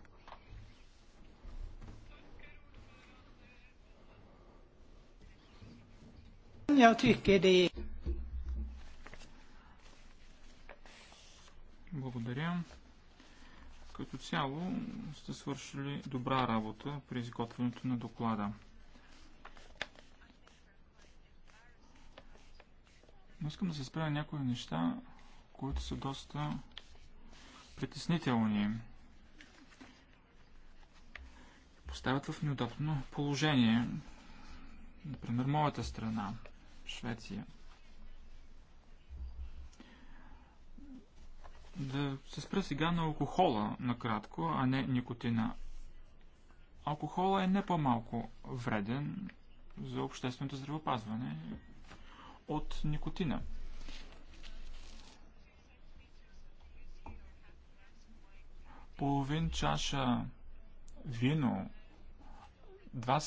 Speaker 3: Благодаря. Като цяло сте свършили добра работа при изготвянето на доклада. Но искам да се спра на някои неща, които са доста притеснителни. Поставят в неудобно положение. Например, моята страна, Швеция. Да се спра сега на алкохола накратко, а не никотина. Алкохола е не по-малко вреден за общественото здравеопазване от никотина. Половин чаша вино, 2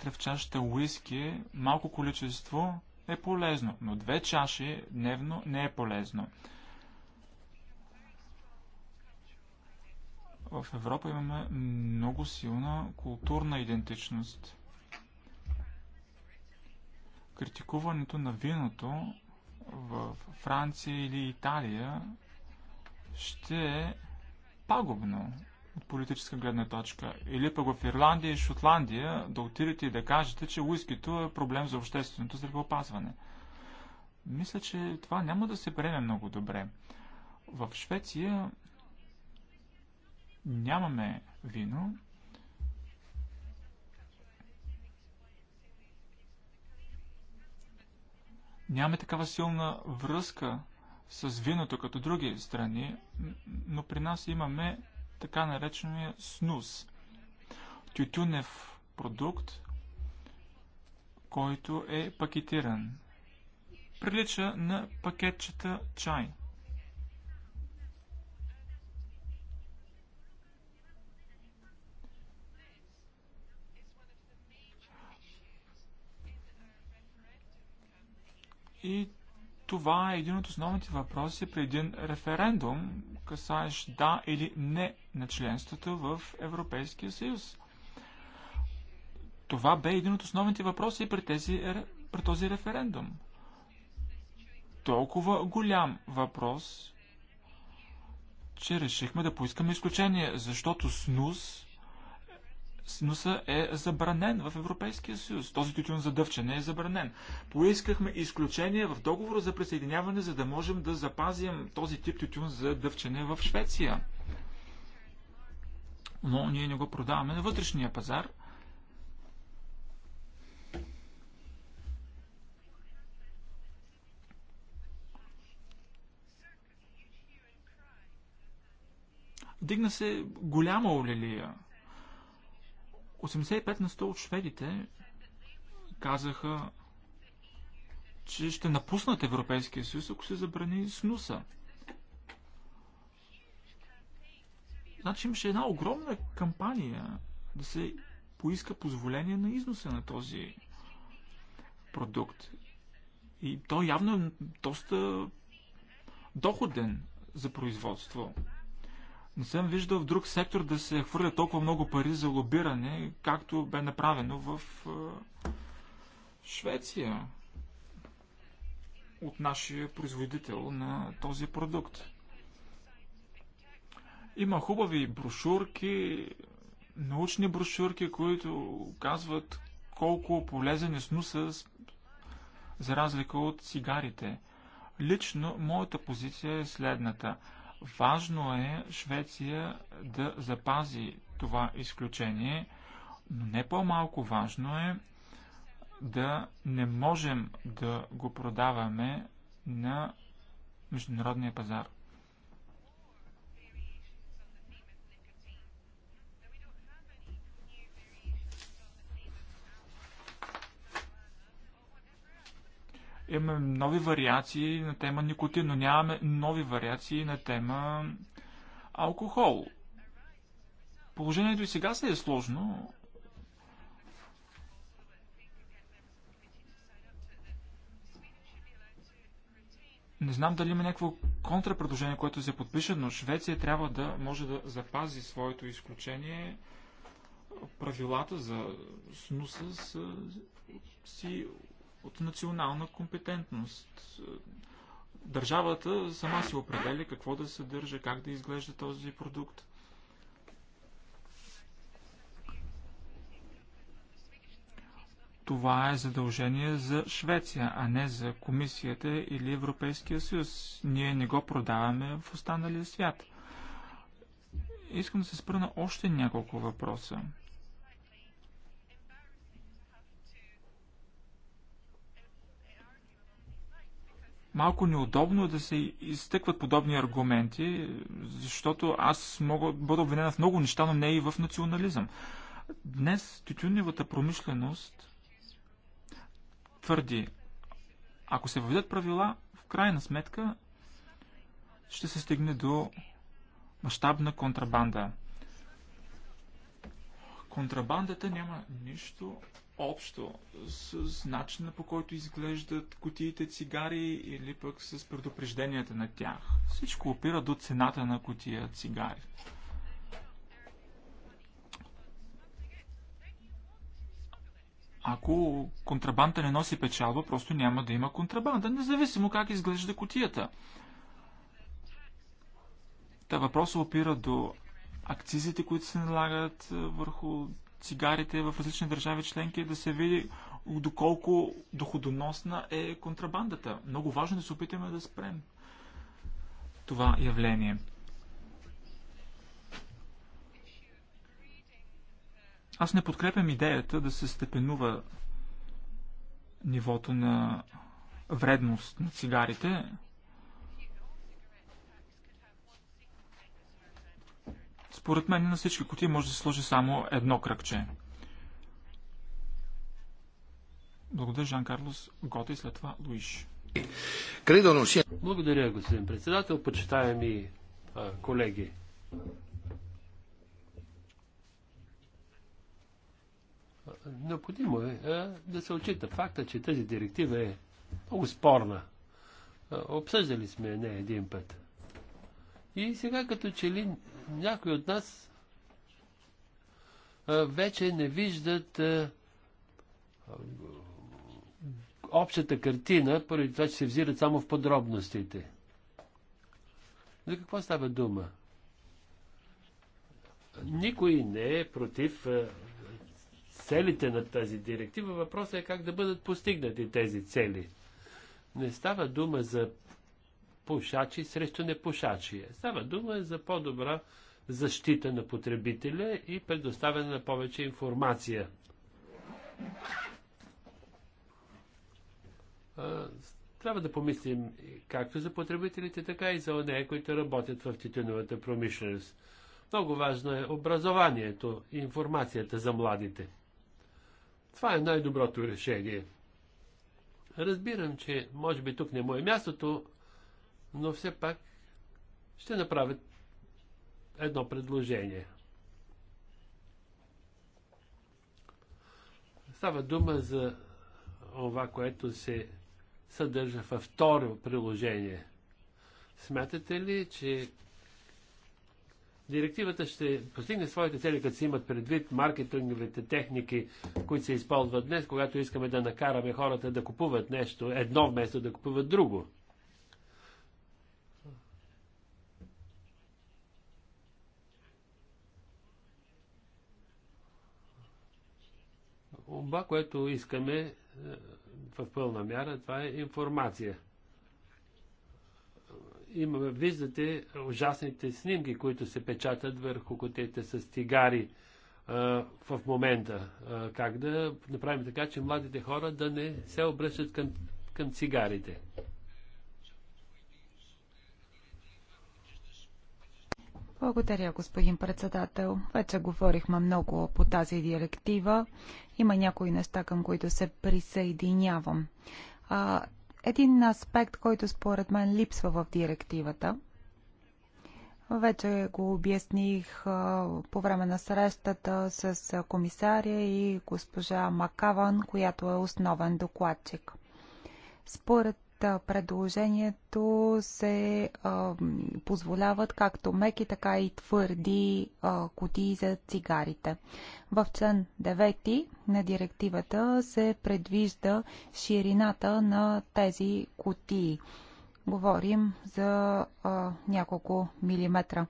Speaker 3: см в чашата уиски, малко количество е полезно, но две чаши дневно не е полезно. В Европа имаме много силна културна идентичност. Критикуването на виното в Франция или Италия ще е пагубно от политическа гледна точка. Или пък в Ирландия и Шотландия да отидете и да кажете, че уискито е проблем за общественото здравеопазване. Мисля, че това няма да се приеме много добре. В Швеция нямаме вино. Нямаме такава силна връзка с виното като други страни, но при нас имаме така наречения снус. Тютюнев продукт, който е пакетиран. Прилича на пакетчета чай. И това е един от основните въпроси при един референдум, касаещ да или не на членството в Европейския съюз. Това бе един от основните въпроси при, тези, при този референдум. Толкова голям въпрос, че решихме да поискаме изключение, защото СНУС носа е забранен в Европейския съюз. Този тютюн за дъвчене е забранен. Поискахме изключение в договора за присъединяване, за да можем да запазим този тип тютюн за дъвчене в Швеция. Но ние не го продаваме на вътрешния пазар. Дигна се голяма олелия. 85 на 100 от шведите казаха, че ще напуснат Европейския съюз, ако се забрани снуса. Значи имаше една огромна кампания да се поиска позволение на износа на този продукт. И то явно е доста доходен за производство. Не съм виждал в друг сектор да се хвърля толкова много пари за лобиране, както бе направено в Швеция от нашия производител на този продукт. Има хубави брошурки, научни брошурки, които казват колко полезен е снуса за разлика от цигарите. Лично моята позиция е следната – Важно е Швеция да запази това изключение, но не по-малко важно е да не можем да го продаваме на международния пазар. Имаме нови вариации на тема никотин, но нямаме нови вариации на тема алкохол. Положението и сега се е сложно, Не знам дали има някакво контрапредложение, което се подпише, но Швеция трябва да може да запази своето изключение. Правилата за снуса с си от национална компетентност. Държавата сама си определя какво да съдържа, как да изглежда този продукт. Това е задължение за Швеция, а не за Комисията или Европейския съюз. Ние не го продаваме в останалия свят. Искам да се спра на още няколко въпроса. Малко неудобно да се изтъкват подобни аргументи, защото аз мога да бъда обвинена в много неща, но не и в национализъм. Днес тютюневата промишленост твърди, ако се въведат правила, в крайна сметка ще се стигне до мащабна контрабанда. Контрабандата няма нищо общо с начина по който изглеждат кутиите цигари или пък с предупрежденията на тях. Всичко опира до цената на кутия цигари. Ако контрабанда не носи печалба, просто няма да има контрабанда, независимо как изглежда кутията. Та въпросът опира до акцизите, които се налагат върху цигарите в различни държави членки, да се види доколко доходоносна е контрабандата. Много важно е да се опитаме да спрем това явление. Аз не подкрепям идеята да се степенува нивото на вредност на цигарите, Според мен на всички кутии може да се сложи само едно кръгче. Благодаря, Жан Карлос Готи, след това Луиш.
Speaker 4: Благодаря, господин председател. Почитаеми а, колеги. Необходимо е а, да се отчита факта, че тази директива е много спорна. А, обсъждали сме не един път. И сега като че ли някои от нас вече не виждат общата картина, поради това, че се взират само в подробностите. За какво става дума? Никой не е против целите на тази директива. Въпросът е как да бъдат постигнати тези цели. Не става дума за пушачи срещу непушачи. Е. Става дума за по-добра защита на потребителя и предоставяне на повече информация. Трябва да помислим както за потребителите, така и за онея, които работят в титуновата промишленост. Много важно е образованието, информацията за младите. Това е най-доброто решение. Разбирам, че може би тук не му е мястото, но все пак ще направят едно предложение. Става дума за това, което се съдържа във второ приложение. Смятате ли, че директивата ще постигне своите цели, като се имат предвид маркетинговите техники, които се използват днес, когато искаме да накараме хората да купуват нещо едно вместо да купуват друго? Оба, което искаме е, в пълна мяра, това е информация. Има, виждате ужасните снимки, които се печатат върху котете с цигари е, в момента. Е, как да направим така, че младите хора да не се обръщат към, към цигарите.
Speaker 2: Благодаря, господин председател. Вече говорихме много по тази директива. Има някои неща, към които се присъединявам. А, един аспект, който според мен липсва в директивата, вече го обясних а, по време на срещата с комисаря и госпожа Макаван, която е основен докладчик. Според предложението се а, позволяват както меки, така и твърди а, кутии за цигарите. В член 9 на директивата се предвижда ширината на тези кутии. Говорим за а, няколко милиметра.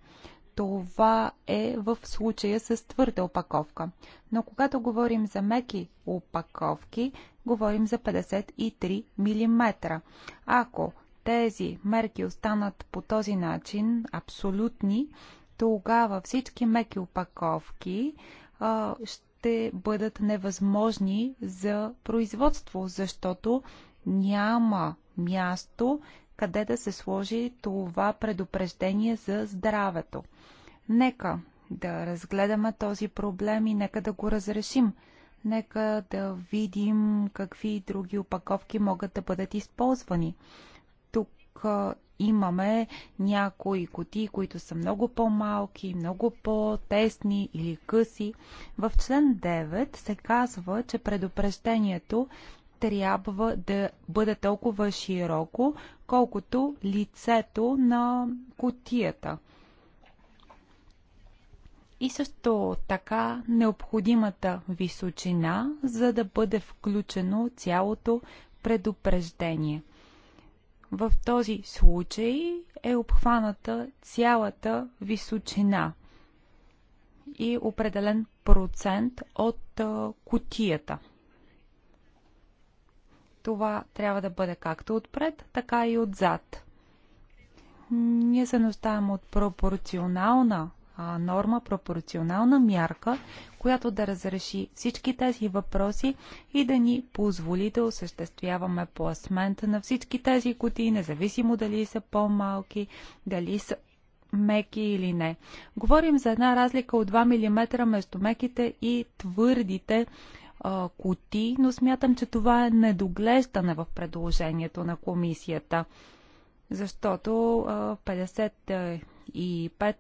Speaker 2: Това е в случая с твърда опаковка. Но когато говорим за меки опаковки, говорим за 53 мм. Ако тези мерки останат по този начин абсолютни, тогава всички меки опаковки а, ще бъдат невъзможни за производство, защото няма място къде да се сложи това предупреждение за здравето. Нека да разгледаме този проблем и нека да го разрешим. Нека да видим какви други опаковки могат да бъдат използвани. Тук имаме някои коти, които са много по-малки, много по-тесни или къси. В член 9 се казва, че предупреждението трябва да бъде толкова широко, колкото лицето на котията. И също така необходимата височина, за да бъде включено цялото предупреждение. В този случай е обхваната цялата височина и определен процент от кутията. Това трябва да бъде както отпред, така и отзад. Ние се нуждаем от пропорционална а, норма, пропорционална мярка, която да разреши всички тези въпроси и да ни позволи да осъществяваме пластмента на всички тези кутии, независимо дали са по-малки, дали са меки или не. Говорим за една разлика от 2 мм между меките и твърдите а, но смятам, че това е недоглеждане в предложението на комисията, защото а, 55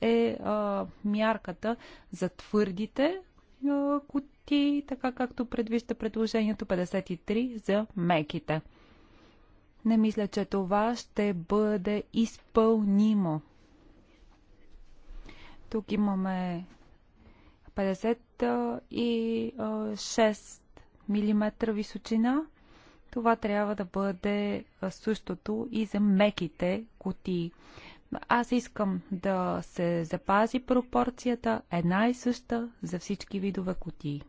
Speaker 2: е а, мярката за твърдите а, така както предвижда предложението 53 за меките. Не мисля, че това ще бъде изпълнимо. Тук имаме 50 6 мм височина. Това трябва да бъде същото и за меките кутии. Аз искам да се запази пропорцията една и съща за всички видове кутии.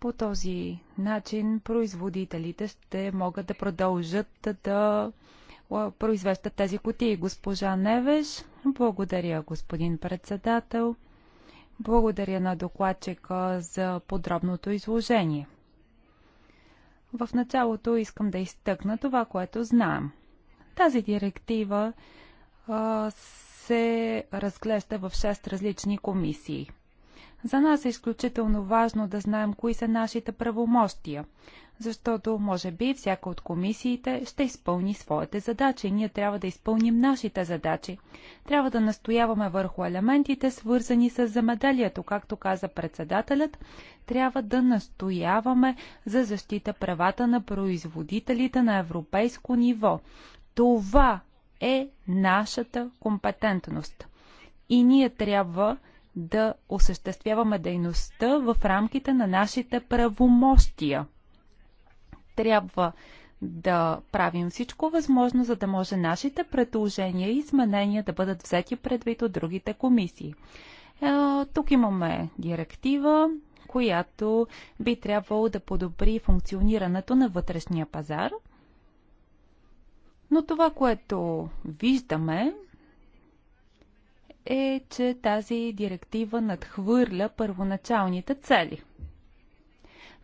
Speaker 2: По този начин производителите ще могат да продължат да произвеждат тези кутии. Госпожа Невеж, благодаря, господин председател. Благодаря на докладчика за подробното изложение. В началото искам да изтъкна това, което знам. Тази директива а, се разглежда в 6 различни комисии – за нас е изключително важно да знаем кои са нашите правомощия, защото може би всяка от комисиите ще изпълни своите задачи. Ние трябва да изпълним нашите задачи. Трябва да настояваме върху елементите, свързани с замеделието, както каза председателят. Трябва да настояваме за защита правата на производителите на европейско ниво. Това е нашата компетентност. И ние трябва да осъществяваме дейността в рамките на нашите правомощия. Трябва да правим всичко възможно, за да може нашите предложения и изменения да бъдат взети предвид от другите комисии. Е, тук имаме директива, която би трябвало да подобри функционирането на вътрешния пазар. Но това, което виждаме е, че тази директива надхвърля първоначалните цели –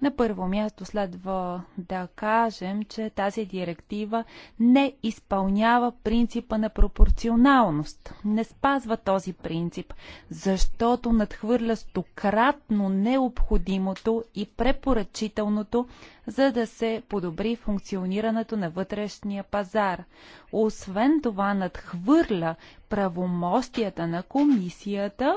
Speaker 2: на първо място следва да кажем, че тази директива не изпълнява принципа на пропорционалност. Не спазва този принцип, защото надхвърля стократно необходимото и препоръчителното, за да се подобри функционирането на вътрешния пазар. Освен това надхвърля правомощията на комисията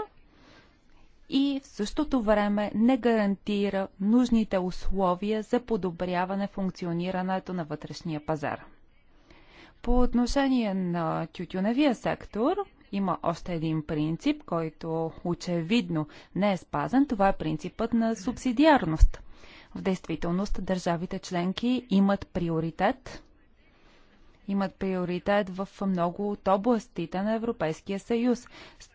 Speaker 2: и в същото време не гарантира нужните условия за подобряване функционирането на вътрешния пазар. По отношение на тютюневия сектор, има още един принцип, който очевидно не е спазен. Това е принципът на субсидиарност. В действителност държавите членки имат приоритет имат приоритет в много от областите на Европейския съюз.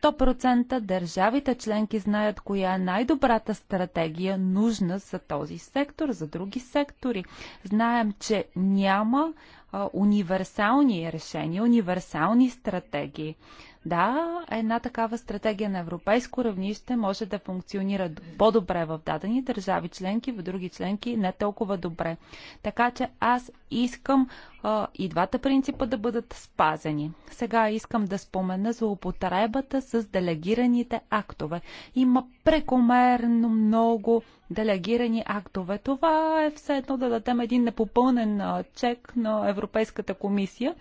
Speaker 2: 100% държавите членки знаят коя е най-добрата стратегия нужна за този сектор, за други сектори. Знаем, че няма а, универсални решения, универсални стратегии. Да, една такава стратегия на европейско равнище може да функционира по-добре в дадени държави членки, в други членки не толкова добре. Така че аз искам а, и двата принципа да бъдат спазени. Сега искам да спомена злоупотребата с делегираните актове. Има прекомерно много делегирани актове. Това е все едно да дадем един непопълнен чек на Европейската комисия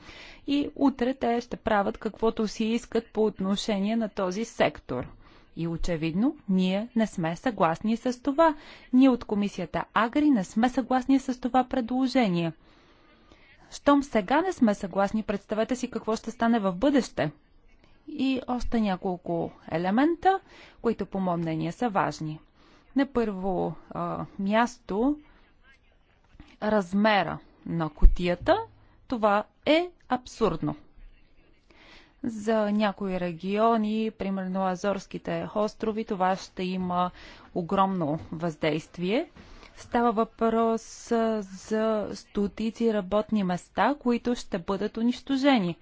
Speaker 2: и утре те ще правят каквото си искат по отношение на този сектор. И очевидно, ние не сме съгласни с това. Ние от комисията Агри не сме съгласни с това предложение. Щом сега не сме съгласни, представете си какво ще стане в бъдеще. И още няколко елемента, които по мое мнение са важни. На първо а, място размера на котията. Това е абсурдно. За някои региони, примерно Азорските острови, това ще има огромно въздействие. Става въпрос за стотици работни места, които ще бъдат унищожени.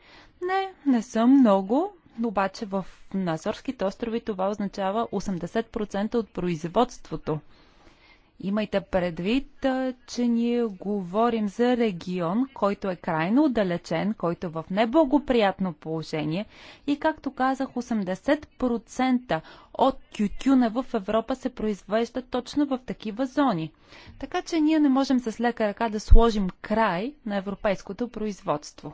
Speaker 2: Не, не съм много, обаче в Назорските острови това означава 80% от производството. Имайте предвид, че ние говорим за регион, който е крайно отдалечен, който е в неблагоприятно положение и, както казах, 80% от тютюна в Европа се произвежда точно в такива зони. Така че ние не можем с лека ръка да сложим край на европейското производство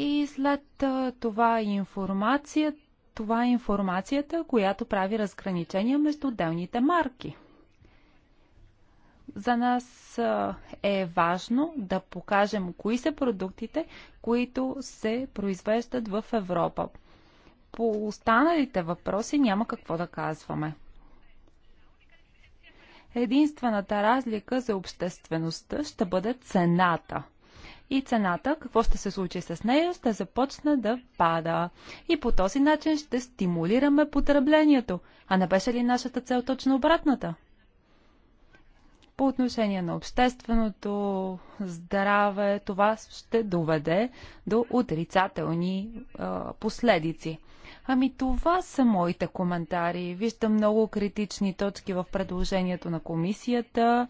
Speaker 2: и след това информация, това е информацията, която прави разграничения между отделните марки. За нас е важно да покажем кои са продуктите, които се произвеждат в Европа. По останалите въпроси няма какво да казваме. Единствената разлика за обществеността ще бъде цената – и цената, какво ще се случи с нея, ще започне да пада. И по този начин ще стимулираме потреблението. А не беше ли нашата цел точно обратната? По отношение на общественото здраве, това ще доведе до отрицателни е, последици. Ами това са моите коментари. Виждам много критични точки в предложението на комисията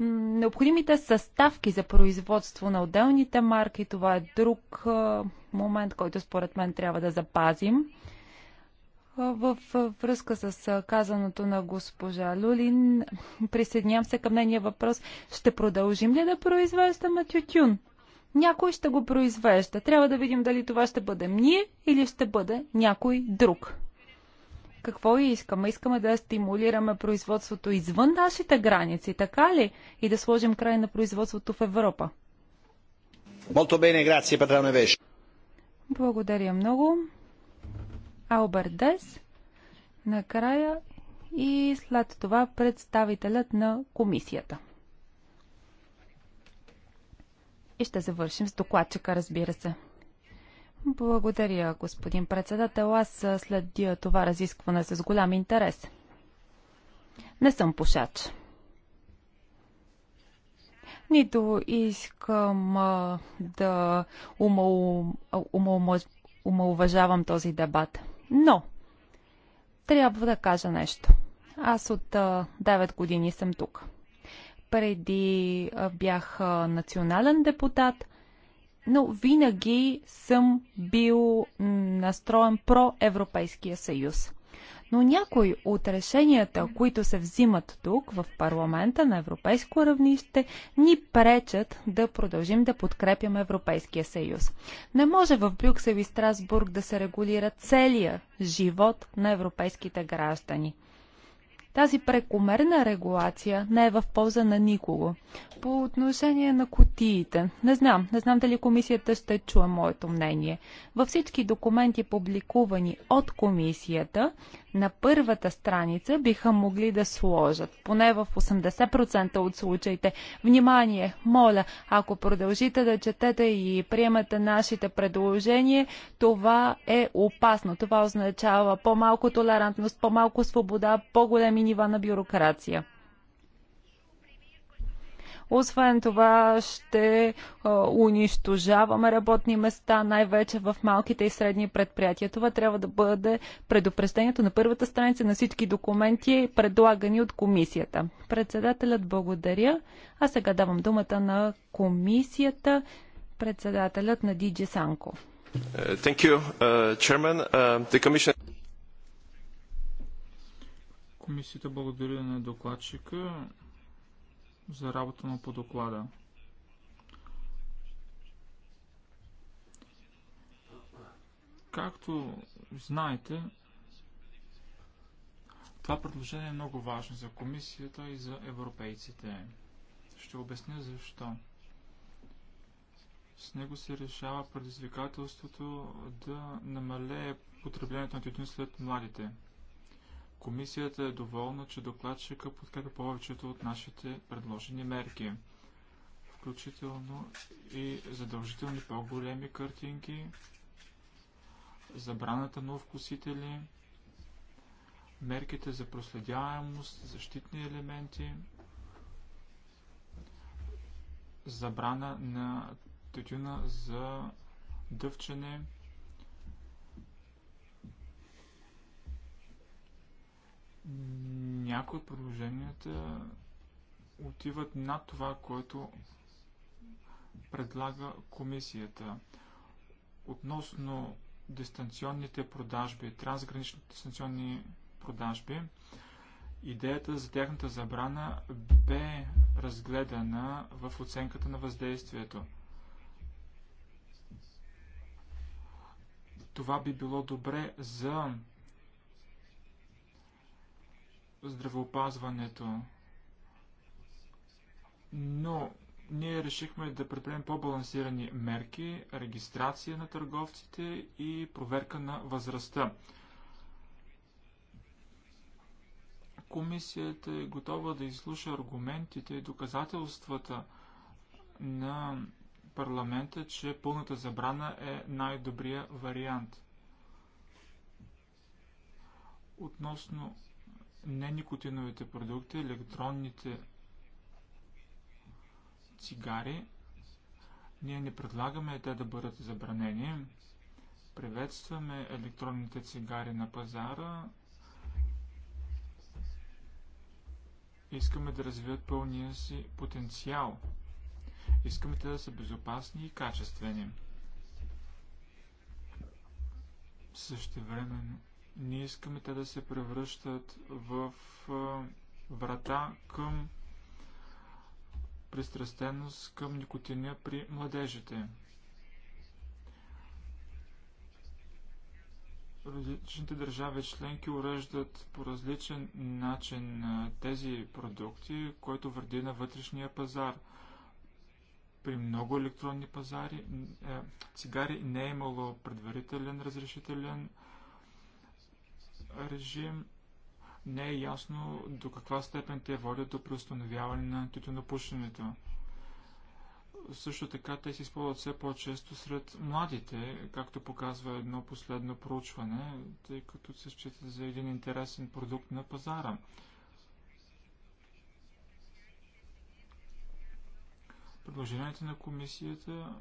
Speaker 2: необходимите съставки за производство на отделните марки. Това е друг момент, който според мен трябва да запазим. В връзка с казаното на госпожа Люлин, присъединявам се към нейния въпрос. Ще продължим ли да произвеждаме тютюн? Някой ще го произвежда. Трябва да видим дали това ще бъдем ние или ще бъде някой друг какво искаме? Искаме да стимулираме производството извън нашите граници, така ли? И да сложим край на производството в Европа.
Speaker 1: Molto bene, grazie, Петрано Веш.
Speaker 2: Благодаря много. Албер Дес. Накрая и след това представителят на комисията. И ще завършим с докладчика, разбира се. Благодаря, господин председател. Аз след това разискване с голям интерес. Не съм пушач. Нито искам а, да умалуважавам този дебат. Но, трябва да кажа нещо. Аз от а, 9 години съм тук. Преди а, бях а, национален депутат – но винаги съм бил настроен про Европейския съюз. Но някои от решенията, които се взимат тук в парламента на европейско равнище, ни пречат да продължим да подкрепяме Европейския съюз. Не може в Брюксел и Страсбург да се регулира целия живот на европейските граждани. Тази прекомерна регулация не е в полза на никого. По отношение на котиите, не знам, не знам дали комисията ще чуе моето мнение. Във всички документи, публикувани от комисията, на първата страница биха могли да сложат, поне в 80% от случаите. Внимание, моля, ако продължите да четете и приемате нашите предложения, това е опасно. Това означава по-малко толерантност, по-малко свобода, по-големи нива на бюрокрация. Освен това ще унищожаваме работни места, най-вече в малките и средни предприятия. Това трябва да бъде предупреждението на първата страница на всички документи, предлагани от комисията. Председателят благодаря. А сега давам думата на комисията, председателят на Диджи Санко.
Speaker 3: Uh, thank you, uh, Chairman. Uh, the Commission... Комисията благодаря на докладчика за работа му по доклада. Както знаете, това предложение е много важно за комисията и за европейците. Ще обясня защо. С него се решава предизвикателството да намалее потреблението на тютюн след младите. Комисията е доволна, че докладчика подкрепя повечето от нашите предложени мерки, включително и задължителни по-големи картинки, забраната на вкусители, мерките за проследяемост, защитни елементи, забрана на тютюна за дъвчене, някои от предложенията отиват над това, което предлага комисията. Относно дистанционните продажби, трансграничните дистанционни продажби, идеята за тяхната забрана бе разгледана в оценката на въздействието. Това би било добре за здравеопазването. Но ние решихме да предприемем по-балансирани мерки, регистрация на търговците и проверка на възрастта. Комисията е готова да изслуша аргументите и доказателствата на парламента, че пълната забрана е най-добрия вариант. Относно неникотиновите продукти, електронните цигари. Ние не предлагаме те да бъдат забранени. Приветстваме електронните цигари на пазара. Искаме да развият пълния си потенциал. Искаме те да са безопасни и качествени. време. Ние искаме те да се превръщат в врата към пристрастеност към никотиния при младежите. различните държави членки уреждат по различен начин тези продукти, който вреди на вътрешния пазар. При много електронни пазари, е, цигари не е имало предварителен разрешителен режим, не е ясно до каква степен те водят до преустановяване на тютюнопушенето. Също така те се използват все по-често сред младите, както показва едно последно проучване, тъй като се счита за един интересен продукт на пазара. Предложението на комисията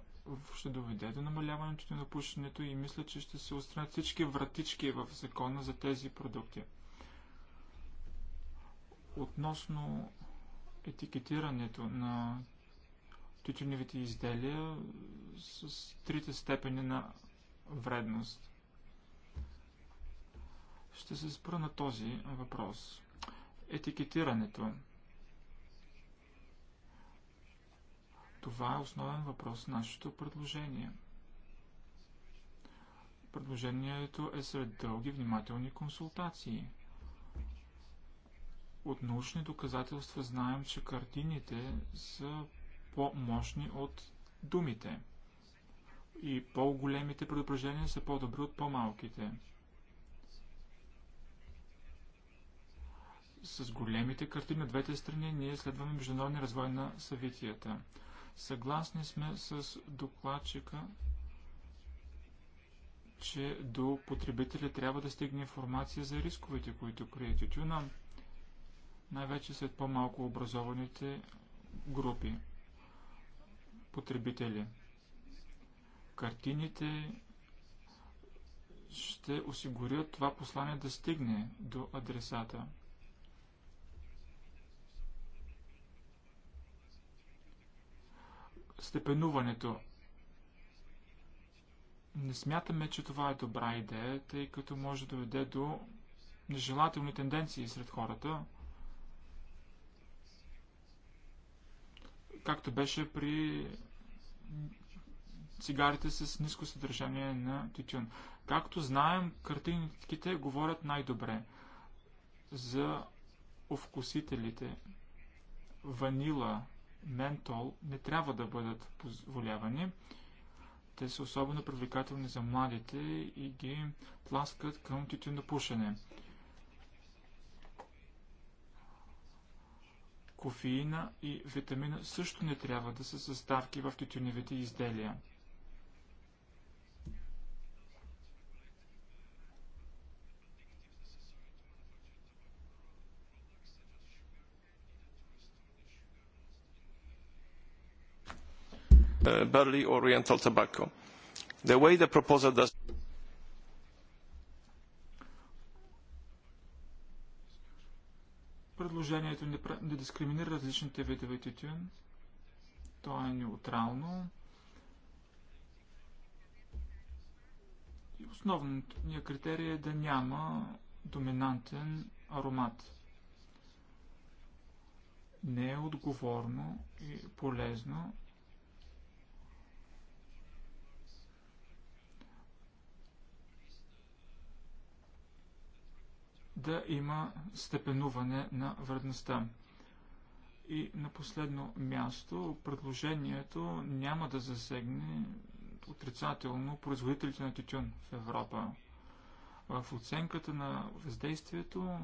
Speaker 3: ще доведе до е намаляването на напушенето и мисля, че ще се устранят всички вратички в закона за тези продукти. Относно етикетирането на тютюневите изделия с трите степени на вредност. Ще се спра на този въпрос. Етикетирането – Това е основен въпрос на нашето предложение. Предложението е сред дълги внимателни консултации. От научни доказателства знаем, че картините са по-мощни от думите и по-големите предупреждения са по-добри от по-малките. С големите картини на двете страни ние следваме международни развой на събитията. Съгласни сме с докладчика, че до потребителя трябва да стигне информация за рисковете, които крие тютюна, най-вече след по-малко образованите групи потребители. Картините ще осигурят това послание да стигне до адресата. степенуването. Не смятаме, че това е добра идея, тъй като може да доведе до нежелателни тенденции сред хората, както беше при цигарите с ниско съдържание на тютюн. Както знаем, картинките говорят най-добре за овкусителите. Ванила, ментол не трябва да бъдат позволявани. Те са особено привлекателни за младите и ги тласкат към пушене. Кофеина и витамина също не трябва да са съставки в тютюневите изделия.
Speaker 4: Uh, barley or oriental tobacco. The way the proposal does
Speaker 3: Предложението не, не дискриминира различните видове тютюн. То е неутрално. И основният критерий е да няма доминантен аромат. Не е отговорно и полезно да има степенуване на вредността. И на последно място, предложението няма да засегне отрицателно производителите на тютюн в Европа. В оценката на въздействието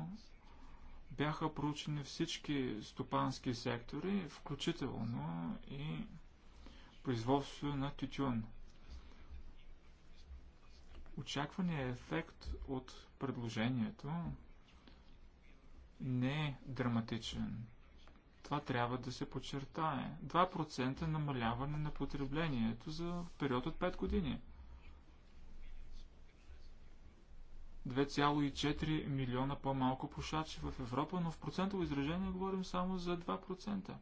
Speaker 3: бяха проучени всички стопански сектори, включително и производство на тютюн. Очаквания ефект от предложението не е драматичен. Това трябва да се подчертае. 2% намаляване на потреблението за период от 5 години. 2,4 милиона по-малко пушачи в Европа, но в процентово изражение говорим само за 2%.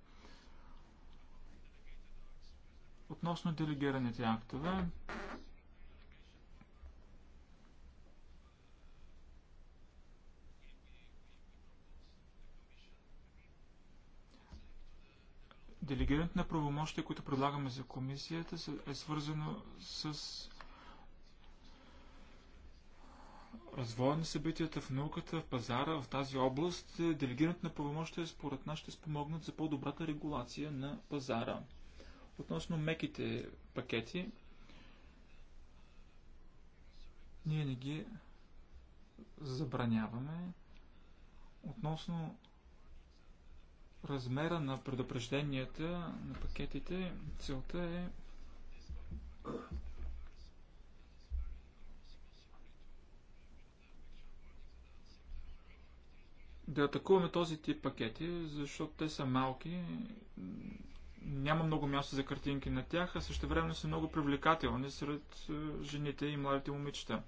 Speaker 3: Относно делегираните актове, Делегирането на правомощите, които предлагаме за комисията, е свързано с развоя на събитията в науката, в пазара, в тази област. Делегирането на правомощите според нас ще спомогнат за по-добрата регулация на пазара. Относно меките пакети, ние не ги забраняваме. Относно размера на предупрежденията на пакетите, целта е да атакуваме този тип пакети, защото те са малки, няма много място за картинки на тях, а също време са много привлекателни сред е, жените и младите момичета.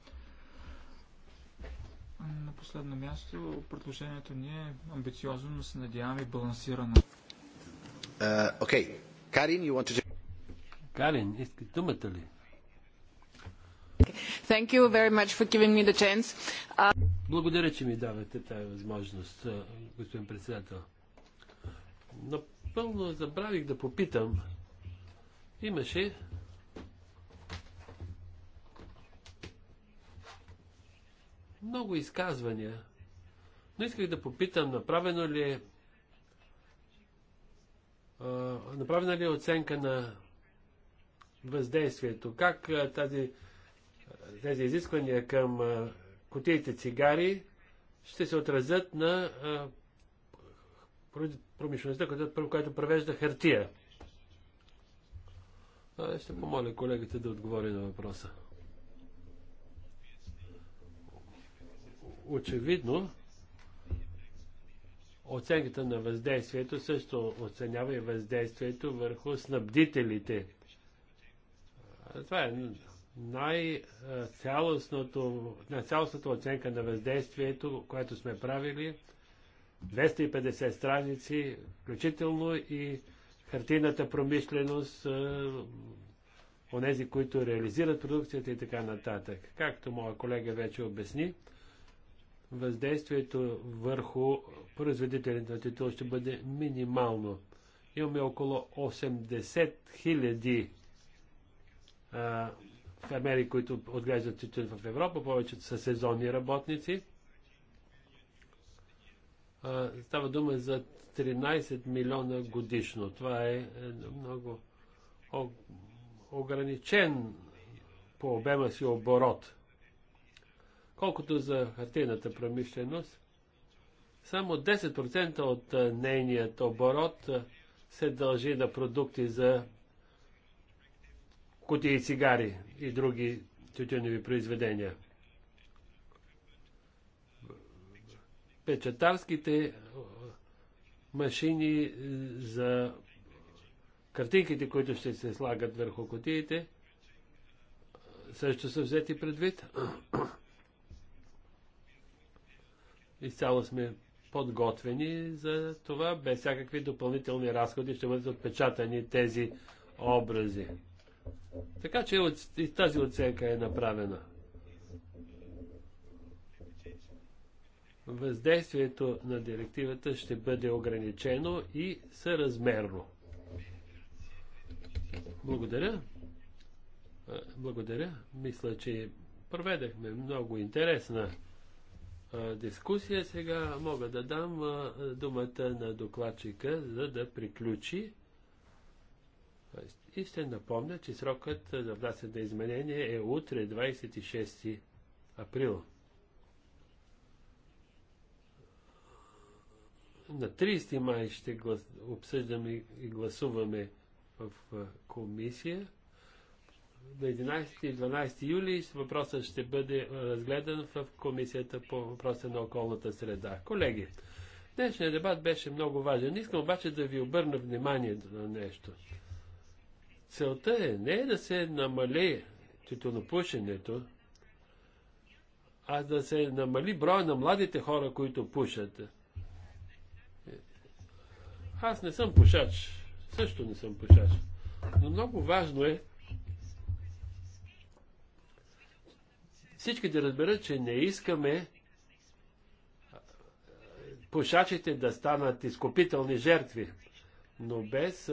Speaker 3: На последно място, предложението ни е амбициозно, но се надяваме балансирано.
Speaker 4: Е, окей. Карин, you want to... Карин, иска думата ли?
Speaker 3: Thank you very much for giving me the chance.
Speaker 4: Благодаря, че ми давате тази възможност, господин председател. Напълно забравих да попитам. Имаше Много изказвания. Но исках да попитам, направено ли е направена ли е оценка на въздействието? Как тази, тези изисквания към котиите цигари ще се отразят на промишлеността, която превежда хартия? Ще помоля колегите да отговори на въпроса. очевидно оценката на въздействието също оценява и въздействието върху снабдителите. Това е най цялостната оценка на въздействието, което сме правили. 250 страници, включително и хартийната промишленост, онези, които реализират продукцията и така нататък. Както моя колега вече обясни, въздействието върху производителите на титул ще бъде минимално. Имаме около 80 хиляди фермери, които отглеждат титул в Европа, повечето са сезонни работници. А, става дума за 13 милиона годишно. Това е, е много ограничен по обема си оборот. Колкото за хартиената промишленост, само 10% от нейният оборот се дължи на продукти за кутии цигари и други тютюневи произведения. Печатарските машини за картинките, които ще се слагат върху кутиите, също са взети предвид изцяло сме подготвени за това, без всякакви допълнителни разходи ще бъдат отпечатани тези образи. Така че и тази оценка е направена. Въздействието на директивата ще бъде ограничено и съразмерно. Благодаря. Благодаря. Мисля, че проведахме много интересна дискусия. Сега мога да дам думата на докладчика, за да приключи. И ще напомня, че срокът за внасяне на изменение е утре, 26 април. На 30 май ще глас... обсъждаме и гласуваме в комисия на 11 и 12 юли въпросът ще бъде разгледан в Комисията по въпроса на околната среда. Колеги, днешният дебат беше много важен. Искам обаче да ви обърна внимание на нещо. Целта е не да се намали тютюнопушенето, а да се намали броя на младите хора, които пушат. Аз не съм пушач. Също не съм пушач. Но много важно е всички да разберат, че не искаме пушачите да станат изкупителни жертви, но без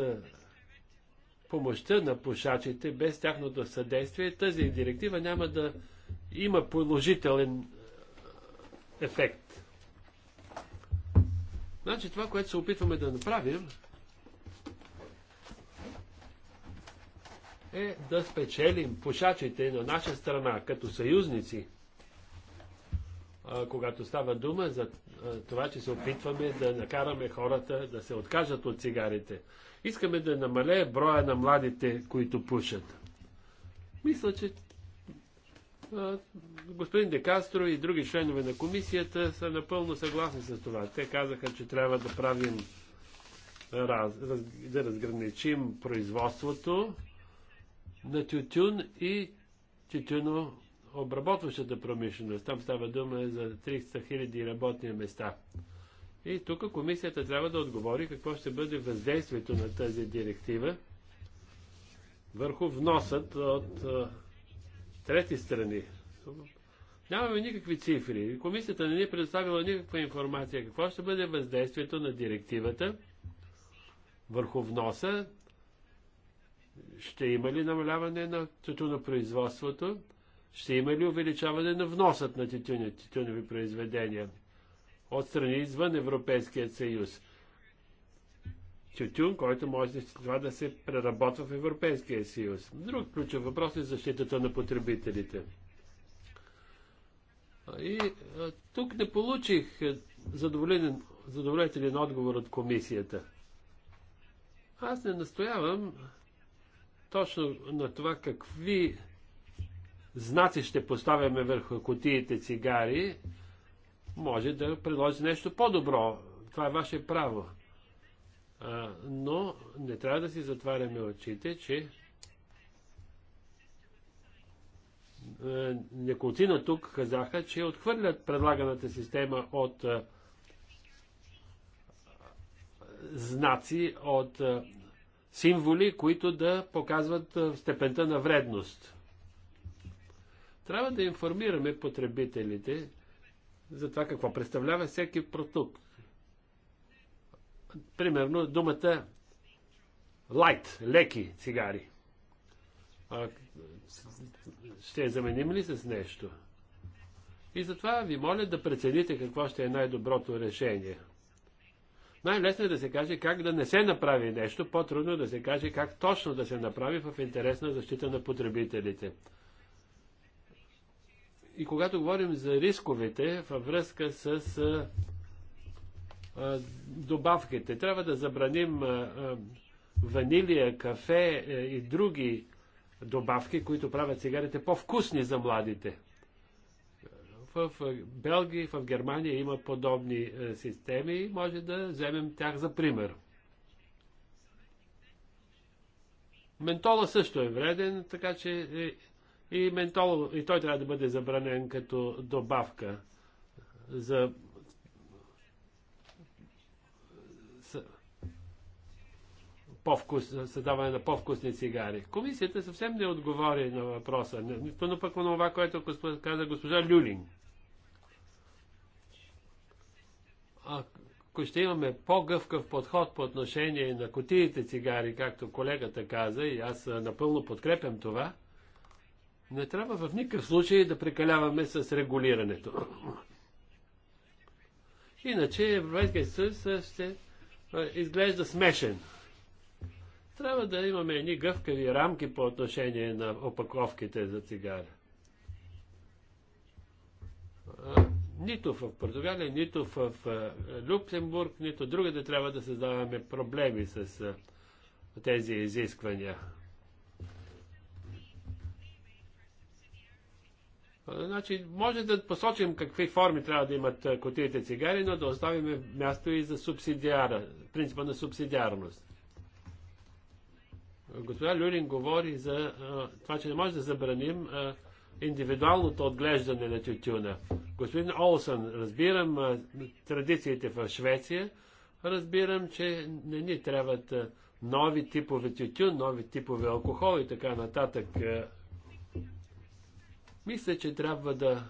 Speaker 4: помощта на пушачите, без тяхното съдействие, тази директива няма да има положителен ефект. Значи това, което се опитваме да направим, е да спечелим пушачите на наша страна като съюзници, когато става дума за това, че се опитваме да накараме хората да се откажат от цигарите. Искаме да намалее броя на младите, които пушат. Мисля, че господин Декастро и други членове на комисията са напълно съгласни с това. Те казаха, че трябва да правим да разграничим производството на тютюн и тютюно обработващата промишленост. Там става дума за 300 000 работни места. И тук комисията трябва да отговори какво ще бъде въздействието на тази директива върху вносът от а, трети страни. Нямаме никакви цифри. Комисията не ни е предоставила никаква информация какво ще бъде въздействието на директивата върху вноса ще има ли намаляване на тютюнопроизводството? Ще има ли увеличаване на вносът на тютюни, тютюневи произведения от страни извън Европейския съюз? Тютюн, който може това да се преработва в Европейския съюз. Друг ключов въпрос е защитата на потребителите. И а, тук не получих задоволен, задоволителен отговор от комисията. Аз не настоявам точно на това какви знаци ще поставяме върху котиите цигари, може да предложи нещо по-добро. Това е ваше право. А, но не трябва да си затваряме очите, че неколцина тук казаха, че отхвърлят предлаганата система от а, знаци, от символи, които да показват степента на вредност. Трябва да информираме потребителите за това какво представлява всеки продукт. Примерно думата лайт, леки цигари. А, ще заменим ли с нещо? И затова ви моля да прецените какво ще е най-доброто решение. Най-лесно е да се каже как да не се направи нещо, по-трудно е да се каже как точно да се направи в интерес на защита на потребителите. И когато говорим за рисковете във връзка с добавките. Трябва да забраним ванилия, кафе е, и други добавки, които правят цигарите по-вкусни за младите в Белгия и в Германия има подобни е, системи и може да вземем тях за пример. Ментола също е вреден, така че е, и ментол, и той трябва да бъде забранен като добавка за създаване на по-вкусни цигари. Комисията съвсем не отговори на въпроса, нито пък на това, което каза госпожа Люлин. ако ще имаме по-гъвкав подход по отношение на котиите цигари, както колегата каза, и аз напълно подкрепям това, не трябва в никакъв случай да прекаляваме с регулирането. Иначе Европейския съюз ще изглежда смешен. Трябва да имаме едни гъвкави рамки по отношение на опаковките за цигара. Нито в Португалия, нито в е, Люксембург, нито друга да трябва да създаваме проблеми с е, тези изисквания. Значи, може да посочим какви форми трябва да имат е, котиите цигари, но да оставим място и за субсидиара, принципа на субсидиарност. Господа Люлин говори за а, това, че не може да забраним а, индивидуалното отглеждане на тютюна. Господин Олсън, разбирам традициите в Швеция, разбирам, че не ни трябват нови типове тютюн, нови типове алкохол и така нататък. Мисля, че трябва да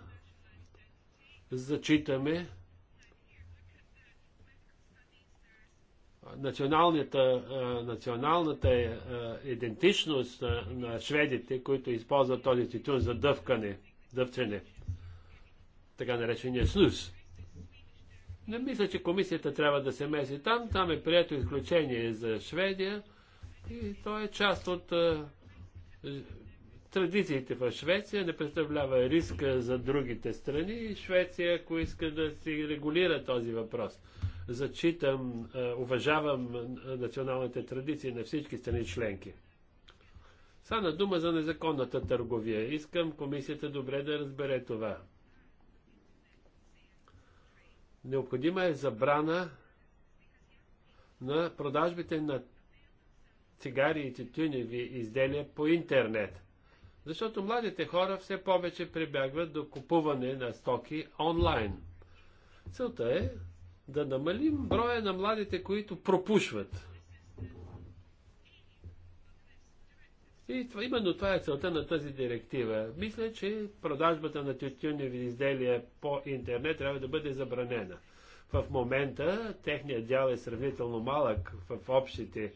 Speaker 4: зачитаме националната, националната е, идентичност на шведите, които използват този титун за дъвкане, дъвчене, така наречения слюз. Не мисля, че комисията трябва да се меси там. Там е прието изключение за Шведия и то е част от традициите в Швеция, не представлява риска за другите страни. и Швеция, ако иска да си регулира този въпрос зачитам, е, уважавам националните традиции на всички страни членки. Стана дума за незаконната търговия. Искам комисията добре да разбере това. Необходима е забрана на продажбите на цигари и тютюневи изделия по интернет. Защото младите хора все повече прибягват до купуване на стоки онлайн. Целта е да намалим броя на младите, които пропушват. И това, именно това е целта на тази директива. Мисля, че продажбата на тютюневи изделия по интернет трябва да бъде забранена. В момента техният дял е сравнително малък в общите,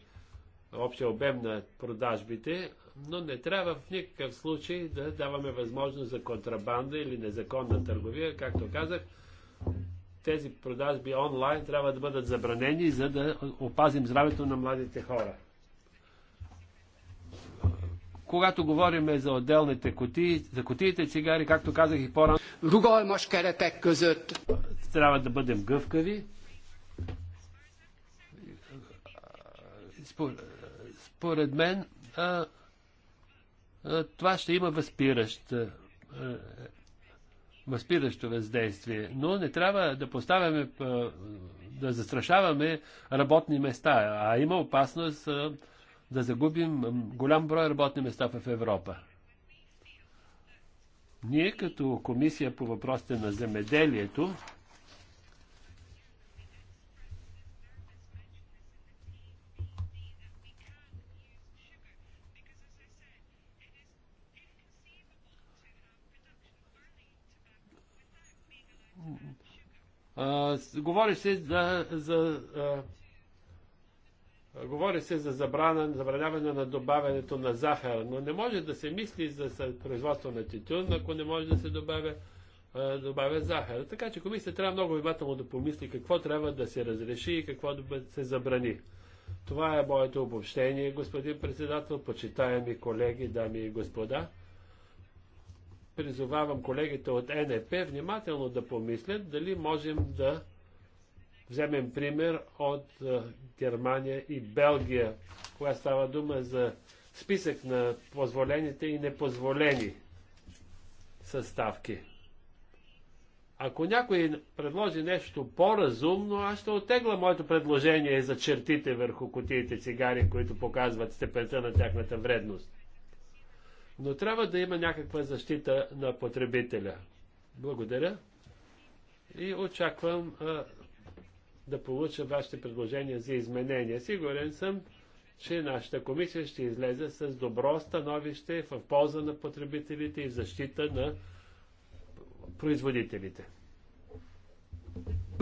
Speaker 4: общия обем на продажбите, но не трябва в никакъв случай да даваме възможност за контрабанда или незаконна търговия, както казах тези продажби онлайн трябва да бъдат забранени, за да опазим здравето на младите хора. Когато говорим за отделните кутии, за кутиите цигари, както казах и по-рано, трябва да бъдем гъвкави. Според, мен а, а, това ще има възпиращ а, възпиращо въздействие. Но не трябва да поставяме, да застрашаваме работни места, а има опасност да загубим голям брой работни места в Европа. Ние като комисия по въпросите на земеделието говори се за, за, а, говори се за забрана, забраняване на добавянето на захар, но не може да се мисли за производство на тютюн, ако не може да се добавя, а, добавя захар. Така че комисията трябва много внимателно да помисли какво трябва да се разреши и какво да се забрани. Това е моето обобщение, господин председател, почитаеми колеги, дами и господа призовавам колегите от НЕП внимателно да помислят дали можем да вземем пример от е, Германия и Белгия, която става дума за списък на позволените и непозволени съставки. Ако някой предложи нещо по-разумно, аз ще отегла моето предложение за чертите върху кутиите цигари, които показват степента на тяхната вредност. Но трябва да има някаква защита на потребителя. Благодаря и очаквам а, да получа вашите предложения за изменения. Сигурен съм, че нашата комисия ще излезе с добро становище в полза на потребителите и в защита на
Speaker 1: производителите.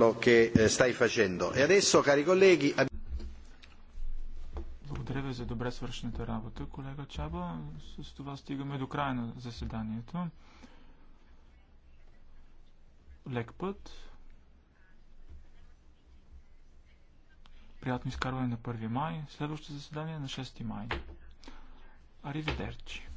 Speaker 1: Lo che eh, stai facendo. E adesso, cari colleghi,
Speaker 3: благодаря ви за добре свършената работа, колега Чаба. С това стигаме до края на заседанието. Лек път. Приятно изкарване на 1 май. Следващото заседание на 6 май. Аривидерчи.